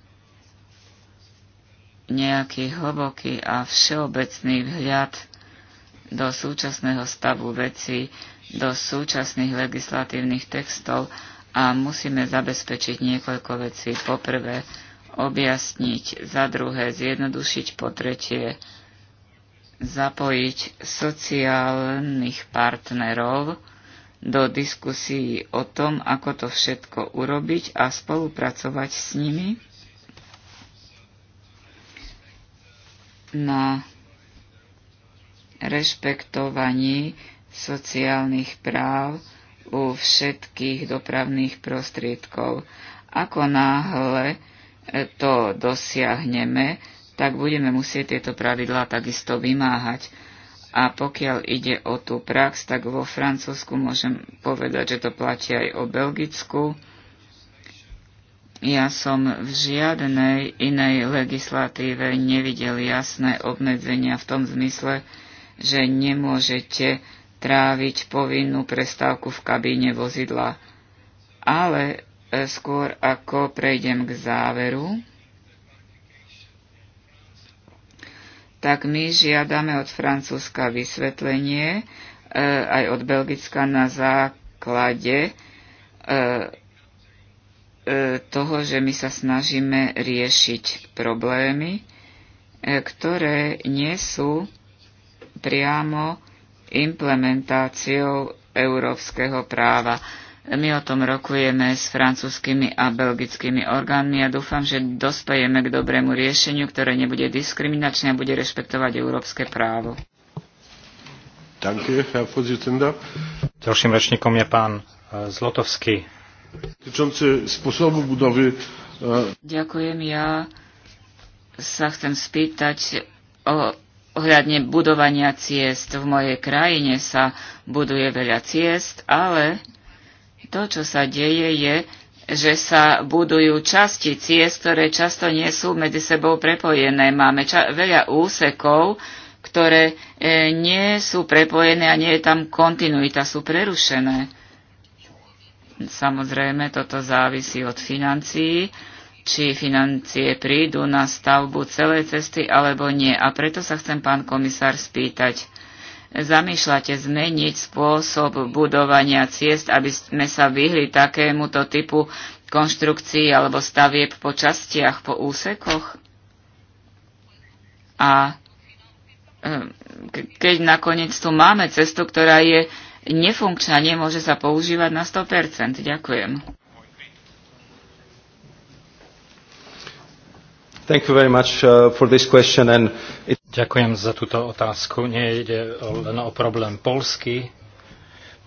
C: nejaký hlboký a všeobecný vhľad do súčasného stavu veci, do súčasných legislatívnych textov a musíme zabezpečiť niekoľko vecí. Poprvé, objasniť, za druhé zjednodušiť, po tretie zapojiť sociálnych partnerov do diskusí o tom, ako to všetko urobiť a spolupracovať s nimi na rešpektovaní sociálnych práv u všetkých dopravných prostriedkov. Ako náhle to dosiahneme, tak budeme musieť tieto pravidlá takisto vymáhať. A pokiaľ ide o tú prax, tak vo Francúzsku môžem povedať, že to platí aj o Belgicku. Ja som v žiadnej inej legislatíve nevidel jasné obmedzenia v tom zmysle, že nemôžete tráviť povinnú prestávku v kabíne vozidla. Ale skôr ako prejdem k záveru, tak my žiadame od Francúzska vysvetlenie, e, aj od Belgicka na základe e, e, toho, že my sa snažíme riešiť problémy, ktoré nie sú priamo implementáciou európskeho práva. My o tom rokujeme s francúzskými a belgickými orgánmi a dúfam, že dospejeme k dobrému riešeniu, ktoré nebude diskriminačné a bude rešpektovať európske právo.
A: Ďalším rečníkom je pán e, Zlotovský. E,
C: Ďakujem, ja sa chcem spýtať o ohľadne budovania ciest. V mojej krajine sa buduje veľa ciest, ale to, čo sa deje, je, že sa budujú časti ciest, ktoré často nie sú medzi sebou prepojené. Máme veľa úsekov, ktoré e, nie sú prepojené a nie je tam kontinuita, sú prerušené. Samozrejme, toto závisí od financií, či financie prídu na stavbu celej cesty alebo nie. A preto sa chcem, pán komisár, spýtať, zamýšľate zmeniť spôsob budovania ciest, aby sme sa vyhli takémuto typu konštrukcií alebo stavieb po častiach, po úsekoch? A e, keď nakoniec tu máme cestu, ktorá je nefunkčná, nemôže sa používať na 100%. Ďakujem.
D: Thank you very much uh, for
A: this question and it Ďakujem za túto otázku. Nie ide len o problém Polsky.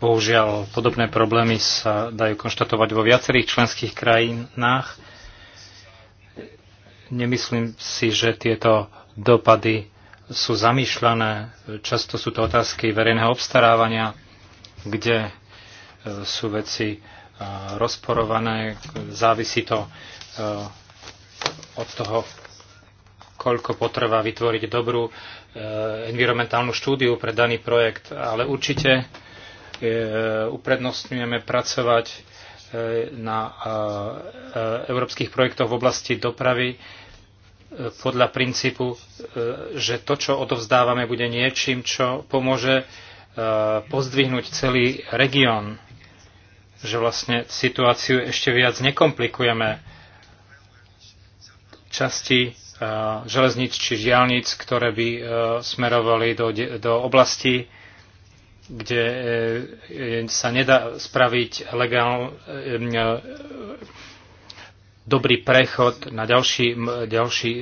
A: Bohužiaľ, podobné problémy sa dajú konštatovať vo viacerých členských krajinách. Nemyslím si, že tieto dopady sú zamýšľané. Často sú to otázky verejného obstarávania, kde e, sú veci e, rozporované. Závisí to e, od toho, koľko potreba vytvoriť dobrú e, environmentálnu štúdiu pre daný projekt, ale určite e, uprednostňujeme pracovať e, na európskych projektoch v oblasti dopravy podľa princípu, že to, čo odovzdávame, bude niečím, čo pomôže pozdvihnúť celý región, že vlastne situáciu ešte viac nekomplikujeme. Časti E, železníc či diálnic, ktoré by e, smerovali do, do oblasti, kde e, sa nedá spraviť legál, dobrý prechod na ďalší, ďalší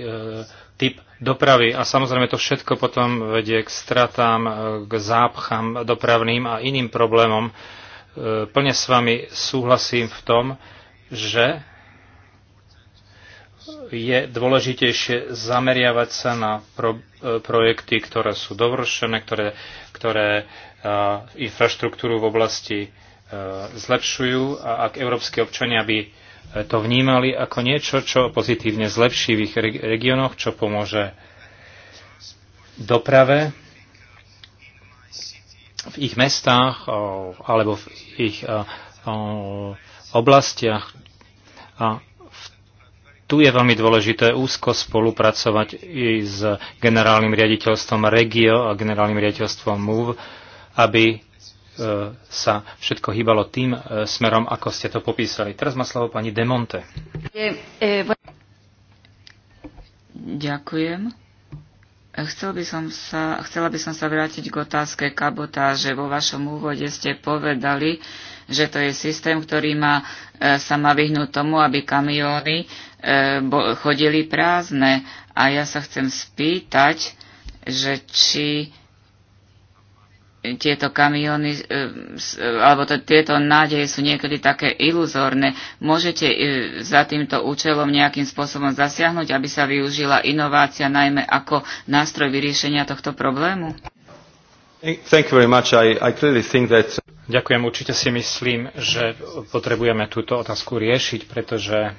A: typ dopravy. A samozrejme to všetko potom vedie k stratám, k zápcham dopravným a iným problémom. Plne s vami súhlasím v tom, že je dôležitejšie zameriavať sa na pro, e, projekty, ktoré sú dovršené, ktoré, ktoré uh, infraštruktúru v oblasti uh, zlepšujú a ak európske občania by to vnímali ako niečo, čo pozitívne zlepší v ich regiónoch, čo pomôže doprave v ich mestách alebo v ich uh, oblastiach. A tu je veľmi dôležité úzko spolupracovať i s generálnym riaditeľstvom Regio a generálnym riaditeľstvom MOVE, aby e, sa všetko hýbalo tým e, smerom, ako ste to popísali. Teraz má slovo pani Demonte.
C: E, Ďakujem. Chcel by som sa, chcela by som sa vrátiť k otázke kabotáže. Vo vašom úvode ste povedali, že to je systém, ktorý má, sa má vyhnúť tomu, aby kamióny Eh, chodili prázdne. A ja sa chcem spýtať, že či tieto kamiony, eh, eh, alebo to, tieto nádeje sú niekedy také iluzórne. Môžete za týmto účelom nejakým spôsobom zasiahnuť, aby sa využila inovácia najmä ako nástroj vyriešenia tohto problému?
A: Thank you very much. I, I clearly think that... Ďakujem, určite si myslím, že potrebujeme túto otázku riešiť, pretože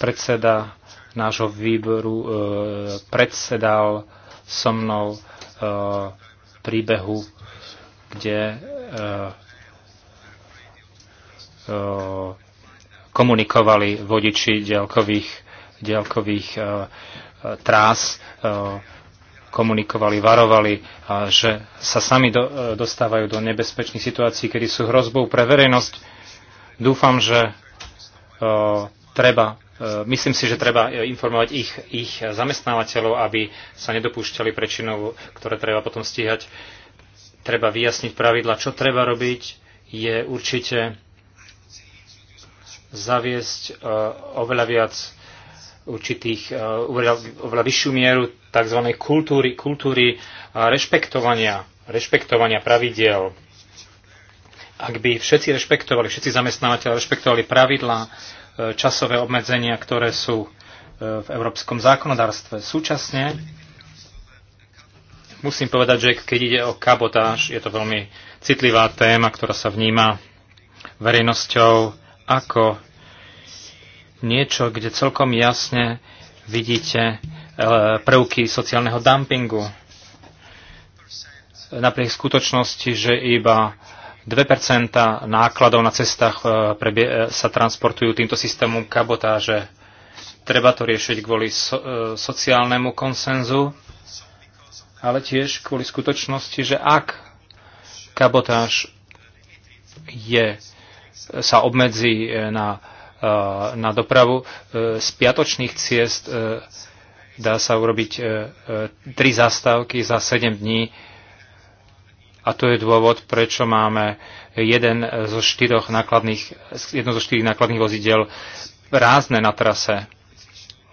A: Predseda nášho výboru e, predsedal so mnou e, príbehu, kde e, komunikovali vodiči dielkových, dielkových trás, komunikovali, varovali, že sa sami do, dostávajú do nebezpečných situácií, kedy sú hrozbou pre verejnosť. Dúfam, že treba Eh, myslím si, že treba eh, informovať ich, ich zamestnávateľov, aby sa nedopúšťali prečinov, ktoré treba potom stíhať. Treba vyjasniť pravidla, čo treba robiť, je určite zaviesť eh, oveľa viac určitých, oveľa, oveľa vyššiu mieru tzv. kultúry, kultúry rešpektovania, rešpektovania pravidiel ak by všetci rešpektovali, všetci zamestnávateľe rešpektovali pravidlá, e, časové obmedzenia, ktoré sú e, v európskom zákonodárstve. Súčasne musím povedať, že keď ide o kabotáž, je to veľmi citlivá téma, ktorá sa vníma verejnosťou ako niečo, kde celkom jasne vidíte e, prvky sociálneho dumpingu. Napriek skutočnosti, že iba 2% nákladov na cestách e, e, sa transportujú týmto systémom kabotáže. Treba to riešiť kvôli so, e, sociálnemu konsenzu, ale tiež kvôli skutočnosti, že ak kabotáž je, sa obmedzí na, na dopravu z piatočných ciest, dá sa urobiť tri zastávky za 7 dní, a to je dôvod, prečo máme jeden zo štyroch nákladných, jedno zo štyroch nákladných vozidel rázne na trase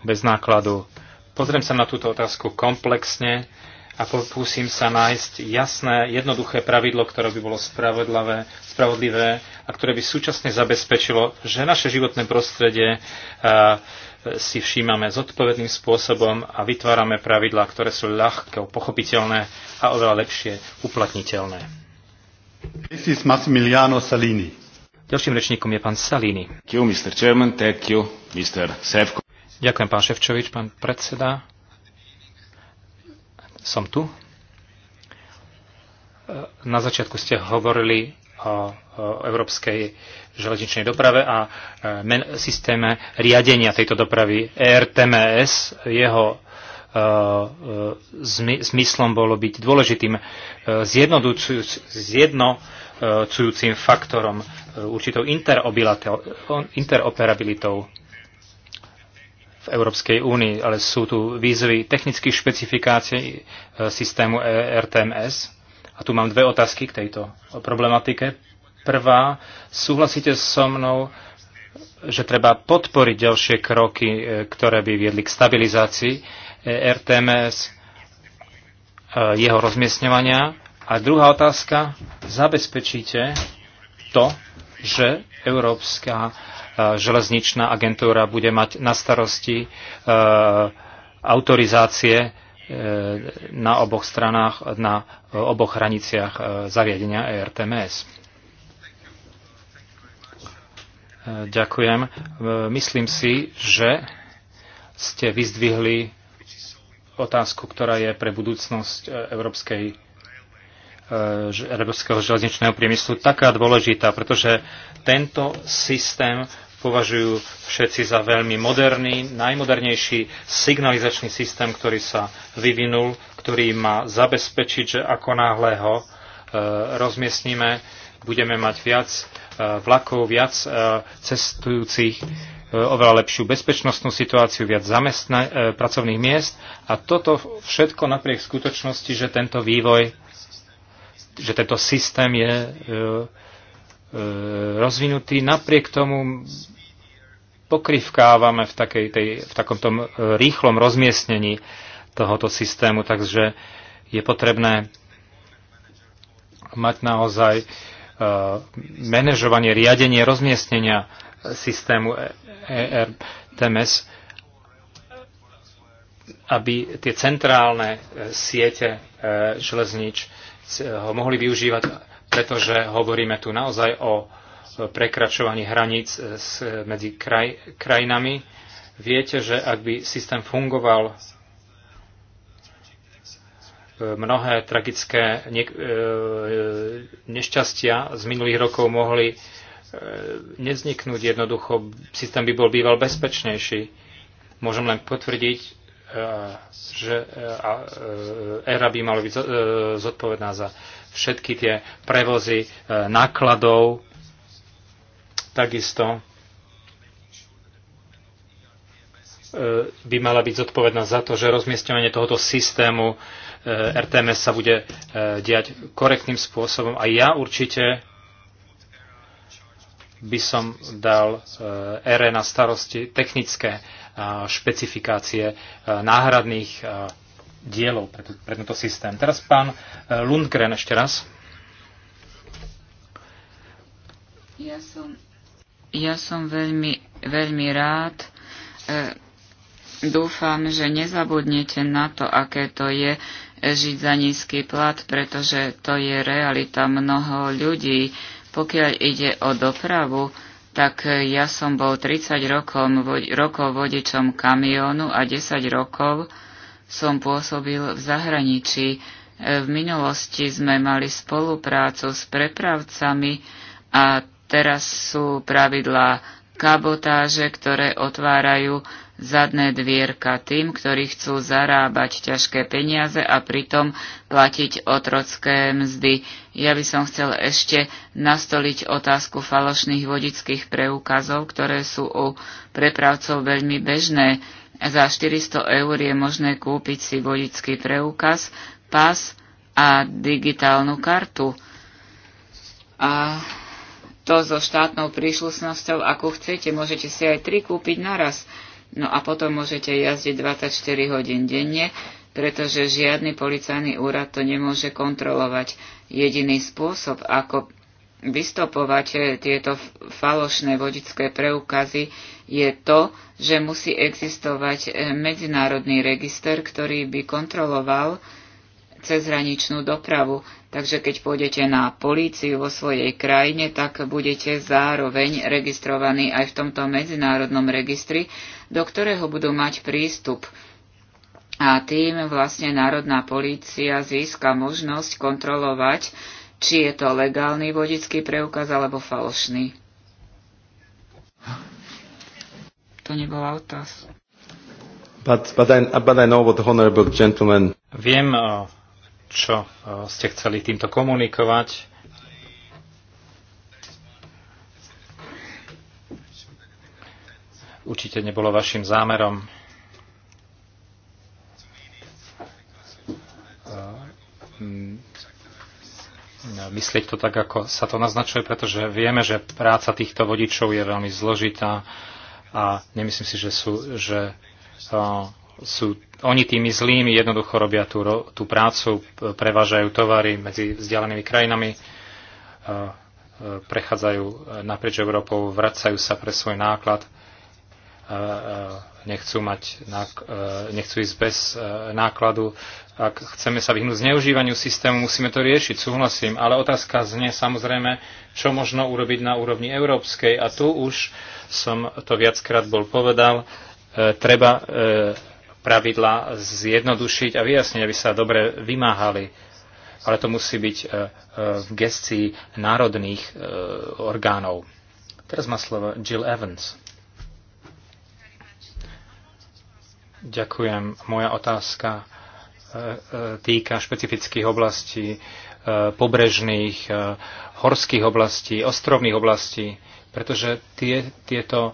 A: bez nákladu. Pozriem sa na túto otázku komplexne a pokúsim sa nájsť jasné, jednoduché pravidlo, ktoré by bolo spravodlivé, spravodlivé a ktoré by súčasne zabezpečilo, že naše životné prostredie si všímame zodpovedným spôsobom a vytvárame pravidlá, ktoré sú ľahko pochopiteľné a oveľa lepšie uplatniteľné. This is Massimiliano Salini. Ďalším rečníkom je pán Salini. Thank you, Mr. Chairman. Thank you, Mr. Ďakujem, pán Ševčovič, pán predseda som tu. E, na začiatku ste hovorili o, o európskej železničnej doprave a e, men, systéme riadenia tejto dopravy ERTMS. Jeho e, zmy, zmyslom bolo byť dôležitým zjednocujúcim faktorom určitou interoperabilitou v Európskej únii, ale sú tu výzvy technických špecifikácií e, systému e, RTMS. A tu mám dve otázky k tejto problematike. Prvá, súhlasíte so mnou, že treba podporiť ďalšie kroky, e, ktoré by viedli k stabilizácii RTMS, jeho rozmiestňovania. A druhá otázka, zabezpečíte to, že Európska železničná agentúra bude mať na starosti e, autorizácie e, na oboch stranách, na oboch hraniciach e, zariadenia ERTMS. Ďakujem. Myslím si, že ste vyzdvihli otázku, ktorá je pre budúcnosť európskej európskeho železničného priemyslu taká dôležitá, pretože tento systém považujú všetci za veľmi moderný, najmodernejší signalizačný systém, ktorý sa vyvinul, ktorý má zabezpečiť, že ako náhle ho e, rozmiestnime, budeme mať viac e, vlakov, viac e, cestujúcich, e, oveľa lepšiu bezpečnostnú situáciu, viac zamestna- e, pracovných miest a toto všetko napriek skutočnosti, že tento vývoj, že tento systém je e, E, rozvinutý. Napriek tomu pokrivkávame v, takej tej, v takomto e, rýchlom rozmiestnení tohoto systému, takže je potrebné mať naozaj e, manažovanie, riadenie rozmiestnenia systému ERTMS, aby tie centrálne siete železnič ho mohli využívať pretože hovoríme tu naozaj o prekračovaní hraníc e, medzi kraj, krajinami. Viete, že ak by systém fungoval, e, mnohé tragické ne, e, nešťastia z minulých rokov mohli nevzniknúť jednoducho. Systém by bol býval bezpečnejší. Môžem len potvrdiť, že ERA by mala byť zodpovedná za všetky tie prevozy e, nákladov, takisto e, by mala byť zodpovedná za to, že rozmiestňovanie tohoto systému e, RTMS sa bude diať korektným spôsobom. A ja určite by som dal ERE na starosti technické špecifikácie náhradných dielov pre, pre tento systém. Teraz pán eh, Lundgren ešte raz.
C: Ja som, ja som veľmi, veľmi rád. E, dúfam, že nezabudnete na to, aké to je eh, žiť za nízky plat, pretože to je realita mnoho ľudí. Pokiaľ ide o dopravu, tak ja som bol 30 rokov, rokov vodičom kamiónu a 10 rokov som pôsobil v zahraničí. E, v minulosti sme mali spoluprácu s prepravcami a teraz sú pravidlá kabotáže, ktoré otvárajú zadné dvierka tým, ktorí chcú zarábať ťažké peniaze a pritom platiť otrocké mzdy. Ja by som chcel ešte nastoliť otázku falošných vodických preukazov, ktoré sú u prepravcov veľmi bežné. Za 400 eur je možné kúpiť si vodický preukaz, pas a digitálnu kartu. A to so štátnou príšlusnosťou, ako chcete, môžete si aj tri kúpiť naraz. No a potom môžete jazdiť 24 hodín denne, pretože žiadny policajný úrad to nemôže kontrolovať. Jediný spôsob, ako vystopovať e, tieto falošné vodické preukazy je to, že musí existovať e, medzinárodný register, ktorý by kontroloval cezhraničnú dopravu. Takže keď pôjdete na políciu vo svojej krajine, tak budete zároveň registrovaní aj v tomto medzinárodnom registri, do ktorého budú mať prístup. A tým vlastne národná polícia získa možnosť kontrolovať či je to legálny vodický preukaz alebo falošný. To nebola otázka.
D: But, but, but
A: Viem, eh, čo eh, ste chceli týmto komunikovať. Určite nebolo vašim zámerom myslieť to tak, ako sa to naznačuje, pretože vieme, že práca týchto vodičov je veľmi zložitá a nemyslím si, že sú, že, uh, sú oni tými zlými, jednoducho robia tú, tú prácu, prevážajú tovary medzi vzdialenými krajinami, uh, prechádzajú naprieč Európou, vracajú sa pre svoj náklad, uh, nechcú, mať, nechcú ísť bez nákladu, ak chceme sa vyhnúť zneužívaniu systému, musíme to riešiť, súhlasím. Ale otázka znie samozrejme, čo možno urobiť na úrovni európskej. A tu už som to viackrát bol povedal, e, treba e, pravidla zjednodušiť a vyjasniť, aby sa dobre vymáhali. Ale to musí byť e, e, v gestii národných e, orgánov. Teraz má slovo Jill Evans. Ďakujem. Moja otázka týka špecifických oblastí, e, pobrežných, e, horských oblastí, ostrovných oblastí, pretože tie, tieto e,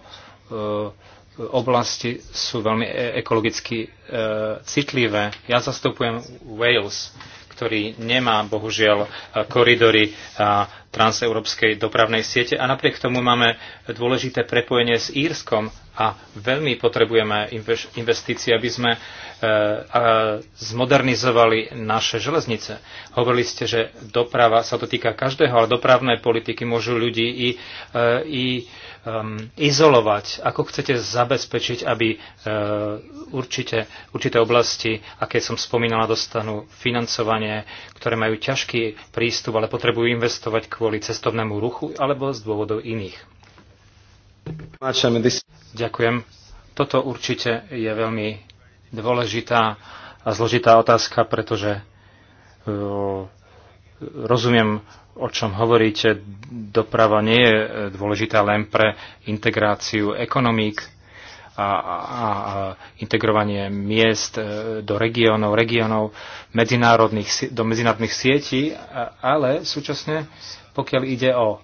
A: oblasti sú veľmi ekologicky citlivé. Ja zastupujem Wales, ktorý nemá bohužiaľ e, koridory e, transeurópskej dopravnej siete a napriek tomu máme dôležité prepojenie s Írskom a veľmi potrebujeme investície, aby sme e, zmodernizovali naše železnice. Hovorili ste, že doprava sa to týka každého, ale dopravné politiky môžu ľudí i, i um, izolovať? Ako chcete zabezpečiť, aby uh, určite, určité oblasti, aké som spomínala, dostanú financovanie, ktoré majú ťažký prístup, ale potrebujú investovať kvôli cestovnému ruchu alebo z dôvodov iných? Ďakujem. Toto určite je veľmi dôležitá a zložitá otázka, pretože uh, rozumiem o čom hovoríte, doprava nie je e, dôležitá len pre integráciu ekonomík a, a, a integrovanie miest e, do regiónov, regiónov medzinárodných, do medzinárodných sietí, ale súčasne, pokiaľ ide o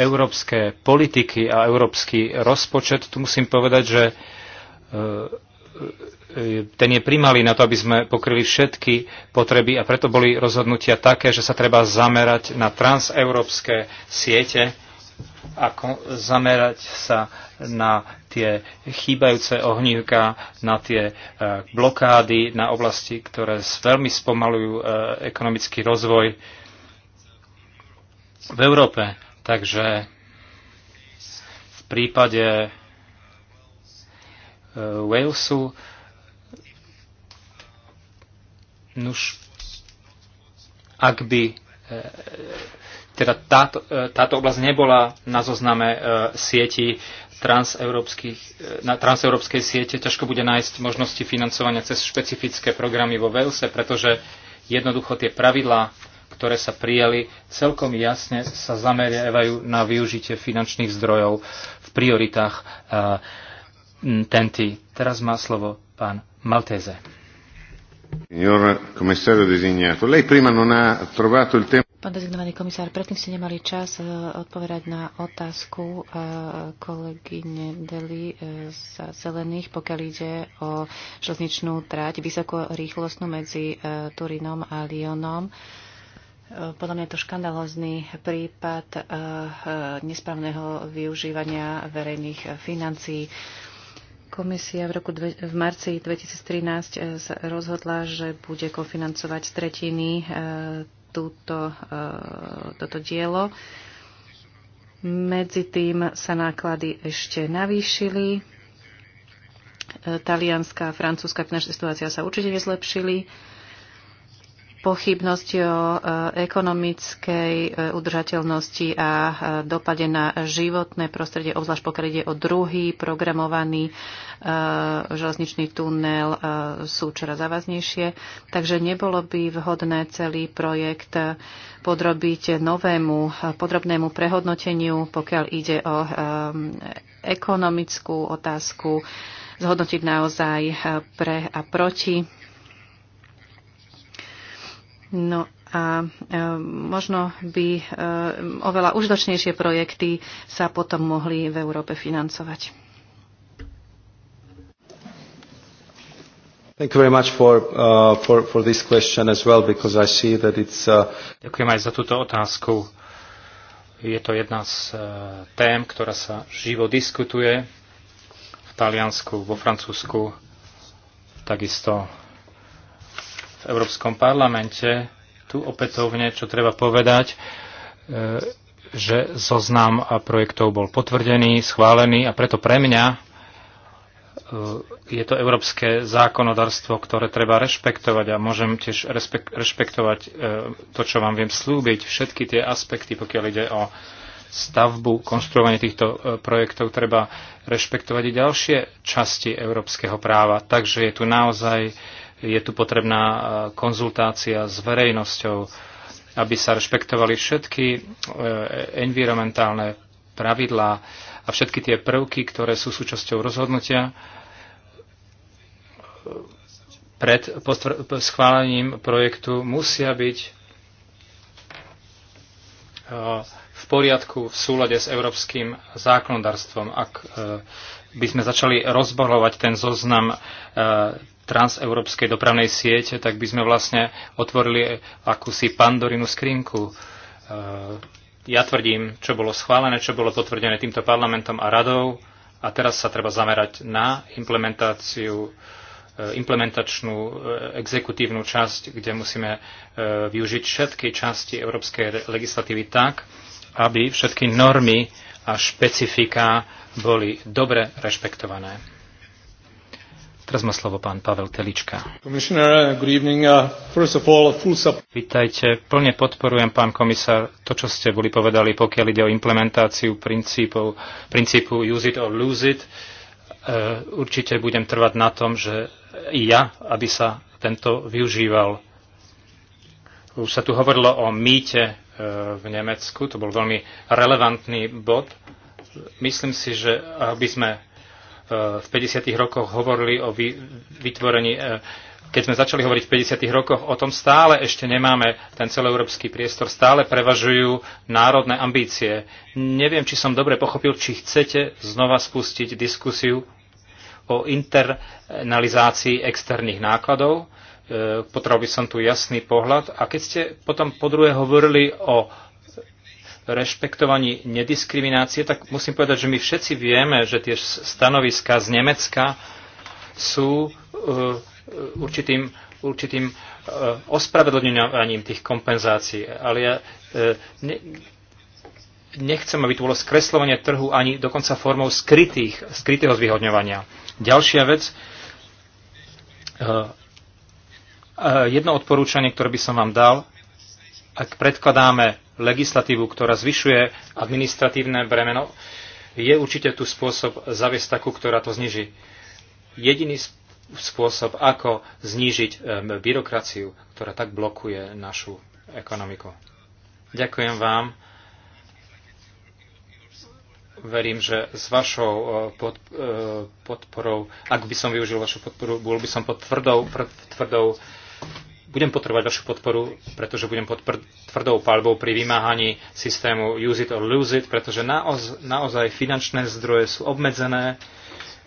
A: európske politiky a európsky rozpočet, tu musím povedať, že e, E, ten je primalý na to, aby sme pokryli všetky potreby a preto boli rozhodnutia také, že sa treba zamerať na transeurópske siete a zamerať sa na tie chýbajúce ohnívka, na tie e, blokády, na oblasti, ktoré veľmi spomalujú e, ekonomický rozvoj v Európe. Takže v prípade Walesu Nuž, ak by e, teda táto, e, táto oblasť nebola na zozname e, sieti na transeurópskej siete, ťažko bude nájsť možnosti financovania cez špecifické programy vo Velse, pretože jednoducho tie pravidlá, ktoré sa prijali, celkom jasne sa zameriavajú na využitie finančných zdrojov v prioritách TENTY. Teraz má slovo pán Malteze.
B: Pán dezignovaný komisár, predtým ste nemali čas eh, odpovedať na otázku eh, kolegyne Deli eh, z Zelených, pokiaľ ide o železničnú trať vysokorýchlostnú medzi Turinom a Lyonom. Podľa mňa je to škandalozný prípad nesprávneho využívania verejných financií. Komisia v, roku dve, v marci 2013 e, sa rozhodla, že bude kofinancovať z tretiny e, túto, e, toto dielo. Medzi tým sa náklady ešte navýšili. Talianská a francúzska finančná situácia sa určite nezlepšili pochybnosť o e, ekonomickej e, udržateľnosti a e, dopade na životné prostredie, obzvlášť pokiaľ ide o druhý programovaný železničný tunel, sú čoraz závaznejšie. Takže nebolo by vhodné celý projekt podrobiť novému podrobnému prehodnoteniu, pokiaľ ide o ekonomickú otázku, zhodnotiť naozaj pre a proti No a e, možno by e, oveľa užitočnejšie projekty sa potom mohli v Európe financovať.
D: E,
A: Ďakujem aj za túto otázku. Je to jedna z uh, tém, ktorá sa živo diskutuje v Taliansku, vo Francúzsku, takisto v Európskom parlamente. Tu opätovne, čo treba povedať, e, že zoznam a projektov bol potvrdený, schválený a preto pre mňa e, je to európske zákonodarstvo, ktoré treba rešpektovať a môžem tiež rešpektovať e, to, čo vám viem slúbiť, všetky tie aspekty, pokiaľ ide o stavbu, konštruovanie týchto projektov, treba rešpektovať i ďalšie časti európskeho práva. Takže je tu naozaj je tu potrebná e, konzultácia s verejnosťou, aby sa rešpektovali všetky e, environmentálne pravidlá a všetky tie prvky, ktoré sú súčasťou rozhodnutia e, pred schválením projektu musia byť v poriadku v súlade s európskym zákonodárstvom. Ak by sme začali rozborovať ten zoznam transeurópskej dopravnej siete, tak by sme vlastne otvorili akúsi pandorinu skrinku. E, ja tvrdím, čo bolo schválené, čo bolo potvrdené týmto parlamentom a radou a teraz sa treba zamerať na implementáciu e, implementačnú e, exekutívnu časť, kde musíme využiť všetky časti európskej legislatívy tak, aby všetky normy a špecifika boli dobre rešpektované. Teraz má slovo pán Pavel Telička. Uh, Vítajte, plne podporujem, pán komisár, to, čo ste boli povedali, pokiaľ ide o implementáciu princípov, princípu use it or lose it. E, určite budem trvať na tom, že i ja, aby sa tento využíval. Už sa tu hovorilo o mýte e, v Nemecku, to bol veľmi relevantný bod. Myslím si, že aby sme v 50. rokoch hovorili o vytvorení, e, keď sme začali hovoriť v 50. rokoch, o tom stále ešte nemáme ten celoeurópsky priestor, stále prevažujú národné ambície. Neviem, či som dobre pochopil, či chcete znova spustiť diskusiu o internalizácii externých nákladov. E, potreboval by som tu jasný pohľad. A keď ste potom po druhé hovorili o rešpektovaní nediskriminácie, tak musím povedať, že my všetci vieme, že tie stanoviska z Nemecka sú uh, určitým, určitým uh, ospravedlňovaním tých kompenzácií. Ale ja uh, ne, nechcem, aby tu bolo skreslovanie trhu ani dokonca formou skrytých, skrytého zvyhodňovania. Ďalšia vec, jedno odporúčanie, ktoré by som vám dal, ak predkladáme legislatívu, ktorá zvyšuje administratívne bremeno, je určite tu spôsob zaviesť takú, ktorá to zniží. Jediný spôsob, ako znížiť byrokraciu, ktorá tak blokuje našu ekonomiku. Ďakujem vám. Verím, že s vašou pod, e, podporou, ak by som využil vašu podporu, bol by som pod tvrdou, tvrdou budem potrebovať vašu podporu, pretože budem pod tvrdou palbou pri vymáhaní systému use it or lose it, pretože naoz, naozaj finančné zdroje sú obmedzené.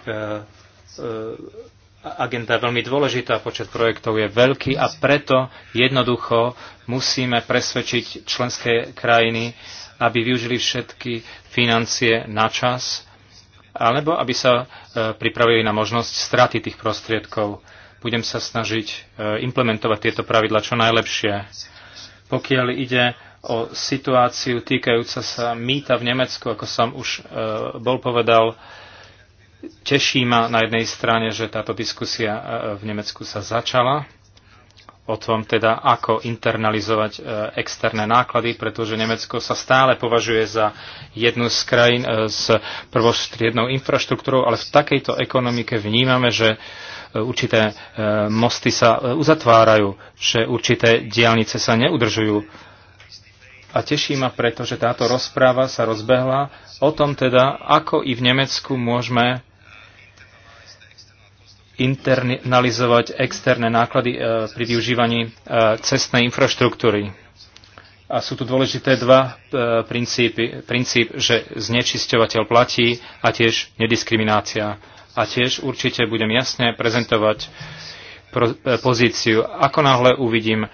A: E, e, agenda veľmi dôležitá, počet projektov je veľký a preto jednoducho musíme presvedčiť členské krajiny, aby využili všetky financie na čas, alebo aby sa e, pripravili na možnosť straty tých prostriedkov budem sa snažiť e, implementovať tieto pravidla čo najlepšie. Pokiaľ ide o situáciu týkajúca sa mýta v Nemecku, ako som už e, bol povedal, teší ma na jednej strane, že táto diskusia e, v Nemecku sa začala o tom teda, ako internalizovať externé náklady, pretože Nemecko sa stále považuje za jednu z krajín s prvostriednou infraštruktúrou, ale v takejto ekonomike vnímame, že E, určité e, mosty sa e, uzatvárajú, že určité diálnice sa neudržujú. A teší ma preto, že táto rozpráva sa rozbehla o tom teda, ako i v Nemecku môžeme internalizovať externé náklady pri využívaní cestnej infraštruktúry. A sú tu dôležité dva princípy. Princíp, že znečisťovateľ platí a tiež nediskriminácia a tiež určite budem jasne prezentovať e, pozíciu. Ako náhle uvidím e,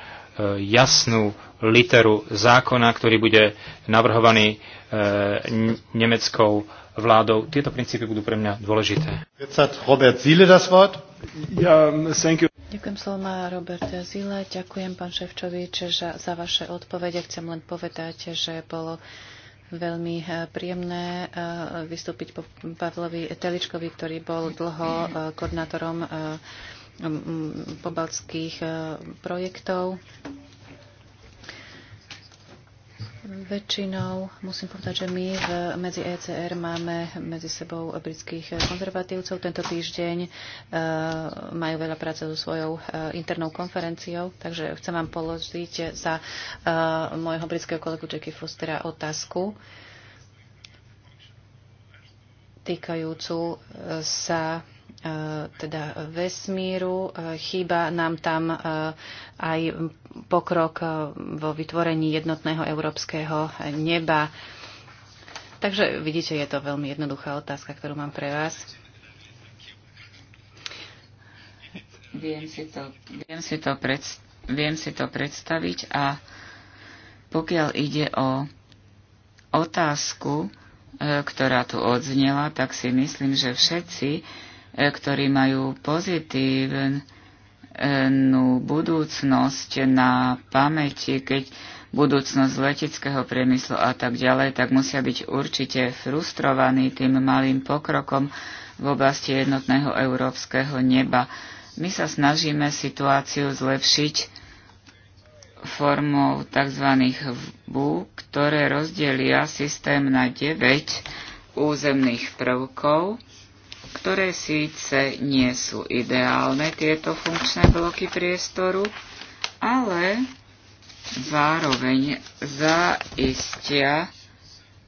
A: jasnú literu zákona, ktorý bude navrhovaný e, nemeckou vládou. Tieto princípy budú pre mňa dôležité. Mm,
B: Ďakujem slovo má Robert Zile. Ďakujem pán Ševčovič za vaše odpovede. Chcem len povedať, že bolo veľmi eh, príjemné eh, vystúpiť po Pavlovi Teličkovi, ktorý bol dlho eh, koordinátorom pobaltských projektov. Väčšinou musím povedať, že my v, medzi ECR máme medzi sebou britských konzervatívcov. Tento týždeň e, majú veľa práce so svojou e, internou konferenciou, takže chcem vám položiť za e, môjho britského kolegu Jackie Fostera otázku týkajúcu e, sa e, E, teda vesmíru. E, chýba nám tam e, aj pokrok vo vytvorení jednotného európskeho neba. Takže vidíte, je to veľmi jednoduchá otázka, ktorú mám pre vás.
C: Viem si to, viem si to, predst- viem si to predstaviť a pokiaľ ide o otázku, ktorá tu odznela, tak si myslím, že všetci E, ktorí majú pozitívnu budúcnosť na pamäti, keď budúcnosť leteckého priemyslu a tak ďalej, tak musia byť určite frustrovaní tým malým pokrokom v oblasti jednotného európskeho neba. My sa snažíme situáciu zlepšiť formou tzv. VBU, ktoré rozdelia systém na 9 územných prvkov ktoré síce nie sú ideálne, tieto funkčné bloky priestoru, ale zároveň zaistia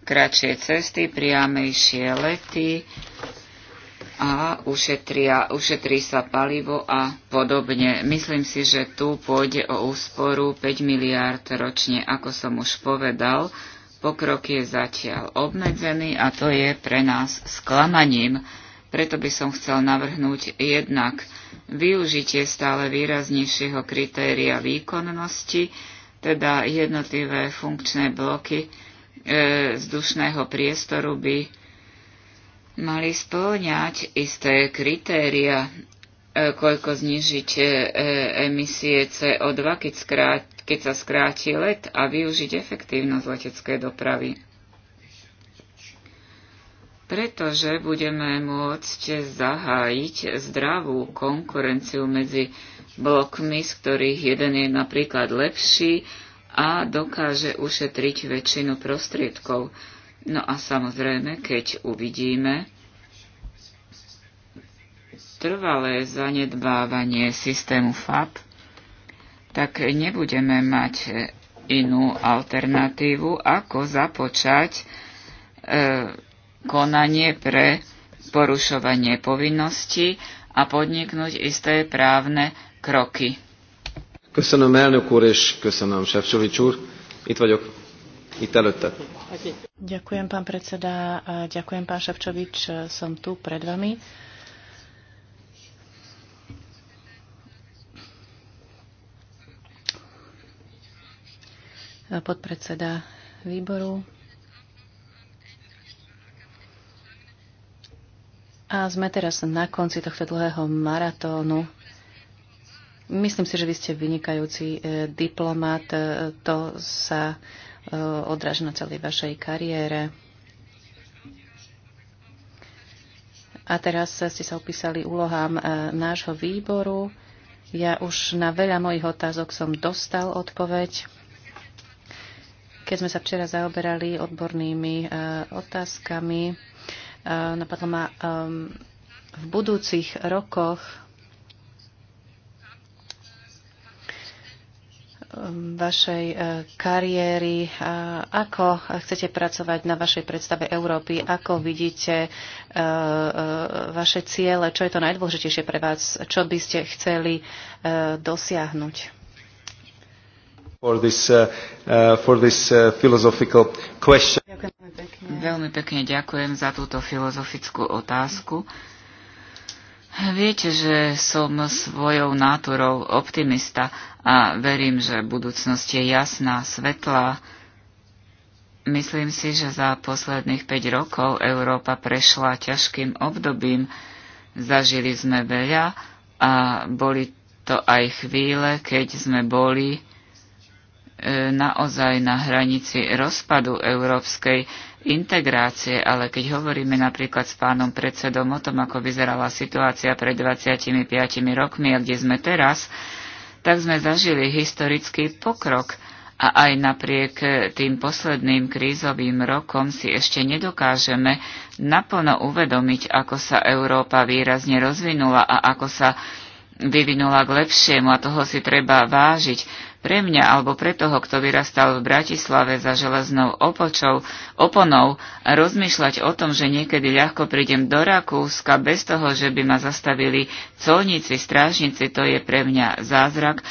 C: kratšie cesty, priamejšie lety a ušetria, ušetrí sa palivo a podobne. Myslím si, že tu pôjde o úsporu 5 miliárd ročne, ako som už povedal. Pokrok je zatiaľ obmedzený a to je pre nás sklamaním. Preto by som chcel navrhnúť jednak využitie stále výraznejšieho kritéria výkonnosti, teda jednotlivé funkčné bloky e, vzdušného priestoru by mali spĺňať isté kritéria, e, koľko znižiť e, emisie CO2, keď, keď sa skráti let a využiť efektívnosť leteckej dopravy pretože budeme môcť zahájiť zdravú konkurenciu medzi blokmi, z ktorých jeden je napríklad lepší a dokáže ušetriť väčšinu prostriedkov. No a samozrejme, keď uvidíme trvalé zanedbávanie systému FAP, tak nebudeme mať inú alternatívu, ako započať e, konanie pre porušovanie povinností a podniknúť isté právne kroky.
D: Köszönöm elnök úr, és köszönöm Sefcovics úr. Itt vagyok, itt előtte.
B: Ďakujem, pán predseda, a ďakujem, pán Ševčovič, som tu pred vami. Podpredseda výboru A sme teraz na konci tohto dlhého maratónu. Myslím si, že vy ste vynikajúci e, diplomat. E, to sa e, odráža na celej vašej kariére. A teraz ste sa opísali úlohám nášho výboru. Ja už na veľa mojich otázok som dostal odpoveď. Keď sme sa včera zaoberali odbornými otázkami, Eh, Napadlo ma v budúcich rokoch vašej eh, kariéry, eh, ako chcete pracovať na vašej predstave Európy, ako vidíte vaše ciele, čo je to najdôležitejšie pre vás, čo by ste chceli
C: dosiahnuť
D: for this, uh, uh, for this uh, philosophical question.
C: Veľmi pekne ďakujem za túto filozofickú otázku. Viete, že som svojou náturou optimista a verím, že budúcnosť je jasná, svetlá. Myslím si, že za posledných 5 rokov Európa prešla ťažkým obdobím. Zažili sme veľa a boli to aj chvíle, keď sme boli naozaj na hranici rozpadu európskej integrácie, ale keď hovoríme napríklad s pánom predsedom o tom, ako vyzerala situácia pred 25 rokmi a kde sme teraz, tak sme zažili historický pokrok a aj napriek e, tým posledným krízovým rokom si ešte nedokážeme naplno uvedomiť, ako sa Európa výrazne rozvinula a ako sa vyvinula k lepšiemu a toho si treba vážiť pre mňa alebo pre toho, kto vyrastal v Bratislave za železnou opočou, oponou, rozmýšľať o tom, že niekedy ľahko prídem do Rakúska bez toho, že by ma zastavili colníci, strážnici, to je pre mňa zázrak, e,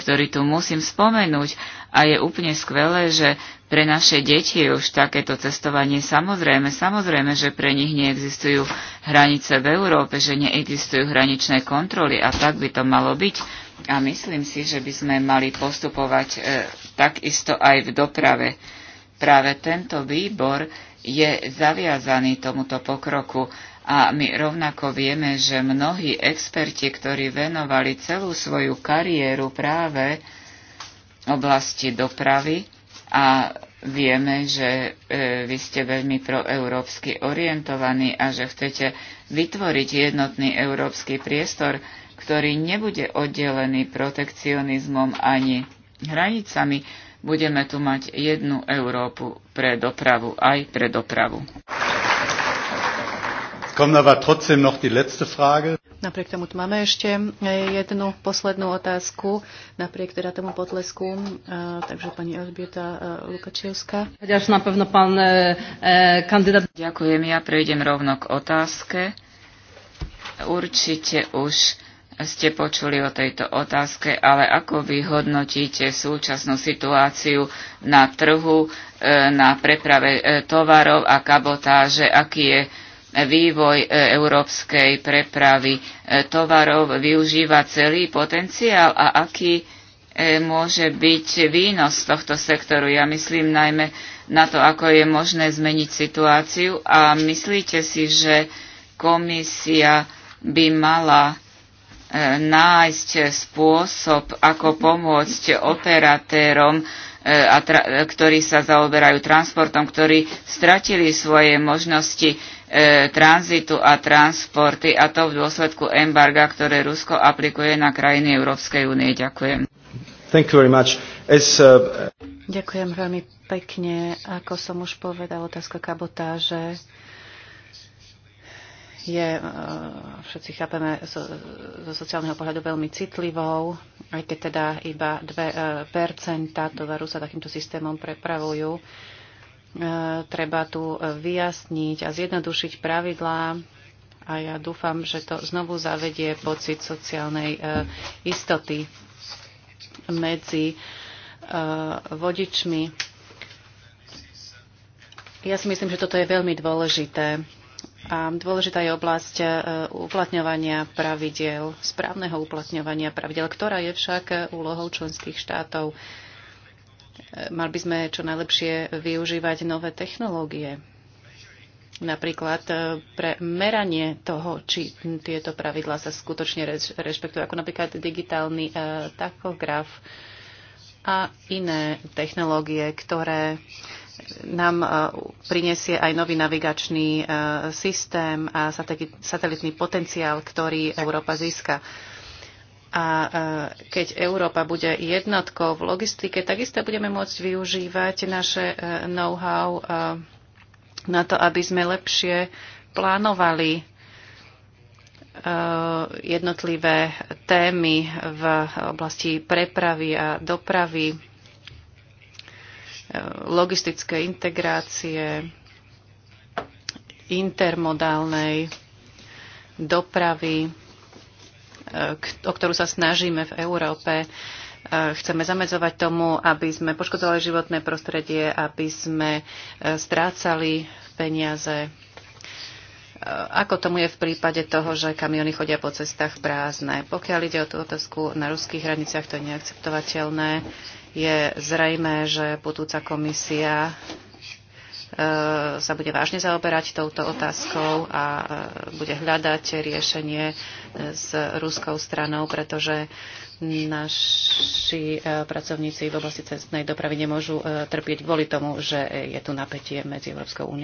C: ktorý tu musím spomenúť. A je úplne skvelé, že pre naše deti je už takéto cestovanie samozrejme, samozrejme, že pre nich neexistujú hranice v Európe, že neexistujú hraničné kontroly a tak by to malo byť. A myslím si, že by sme mali postupovať e, takisto aj v doprave. Práve tento výbor je zaviazaný tomuto pokroku a my rovnako vieme, že mnohí experti, ktorí venovali celú svoju kariéru práve oblasti dopravy, a vieme, že e, vy ste veľmi proeurópsky orientovaní a že chcete vytvoriť jednotný európsky priestor, ktorý nebude oddelený protekcionizmom ani hranicami. Budeme tu mať jednu Európu pre dopravu, aj pre dopravu.
D: Napriek
B: tomu tu máme ešte e, jednu poslednú otázku, napriek teda tomu potlesku, e, takže pani Elžbieta e, Lukačevská.
C: Ďakujem, ja prejdem rovno k otázke. Určite už ste počuli o tejto otázke, ale ako vy hodnotíte súčasnú situáciu na trhu, na preprave tovarov a kabotáže, aký je vývoj e, európskej prepravy e, tovarov využíva celý potenciál a aký e, môže byť výnos tohto sektoru. Ja myslím najmä na to, ako je možné zmeniť situáciu a myslíte si, že komisia by mala nájsť spôsob, ako pomôcť operatérom, ktorí sa zaoberajú transportom, ktorí stratili svoje možnosti e, tranzitu a transporty a to v dôsledku embarga, ktoré Rusko aplikuje na krajiny Európskej únie. Ďakujem.
D: Thank you very much. As, uh...
B: Ďakujem veľmi pekne. Ako som už povedal, otázka kabotáže je, e, všetci chápeme, zo, zo sociálneho pohľadu veľmi citlivou, aj keď teda iba 2% e, tovaru sa takýmto systémom prepravujú. E, treba tu vyjasniť a zjednodušiť pravidlá a ja dúfam, že to znovu zavedie pocit sociálnej e, istoty medzi e, vodičmi. Ja si myslím, že toto je veľmi dôležité. A dôležitá je oblasť uplatňovania pravidel, správneho uplatňovania pravidel, ktorá je však úlohou členských štátov. Mal by sme čo najlepšie využívať nové technológie, napríklad e, pre meranie toho, či tieto pravidlá sa skutočne rešpektujú, ako napríklad digitálny e, tachograf a iné technológie, ktoré nám e, prinesie aj nový navigačný systém a satelitný potenciál, ktorý Európa získa. A keď Európa bude jednotkou v logistike, takisto budeme môcť využívať naše e, know-how e, na to, aby sme lepšie plánovali e, jednotlivé témy v oblasti prepravy a dopravy, logistické integrácie, intermodálnej dopravy o ktorú sa snažíme v Európe. E, chceme zamedzovať tomu, aby sme poškodzovali životné prostredie, aby sme e, strácali peniaze. E, ako tomu je v prípade toho, že kamiony chodia po cestách prázdne? Pokiaľ ide o tú otázku na ruských hraniciach, to je neakceptovateľné. Je zrejme, že budúca komisia E, sa bude vážne zaoberať touto otázkou a e, bude hľadať riešenie e, s ruskou stranou, pretože naši pracovníci v oblasti cestnej dopravy nemôžu trpieť kvôli tomu, že je tu napätie medzi Európskou úniou.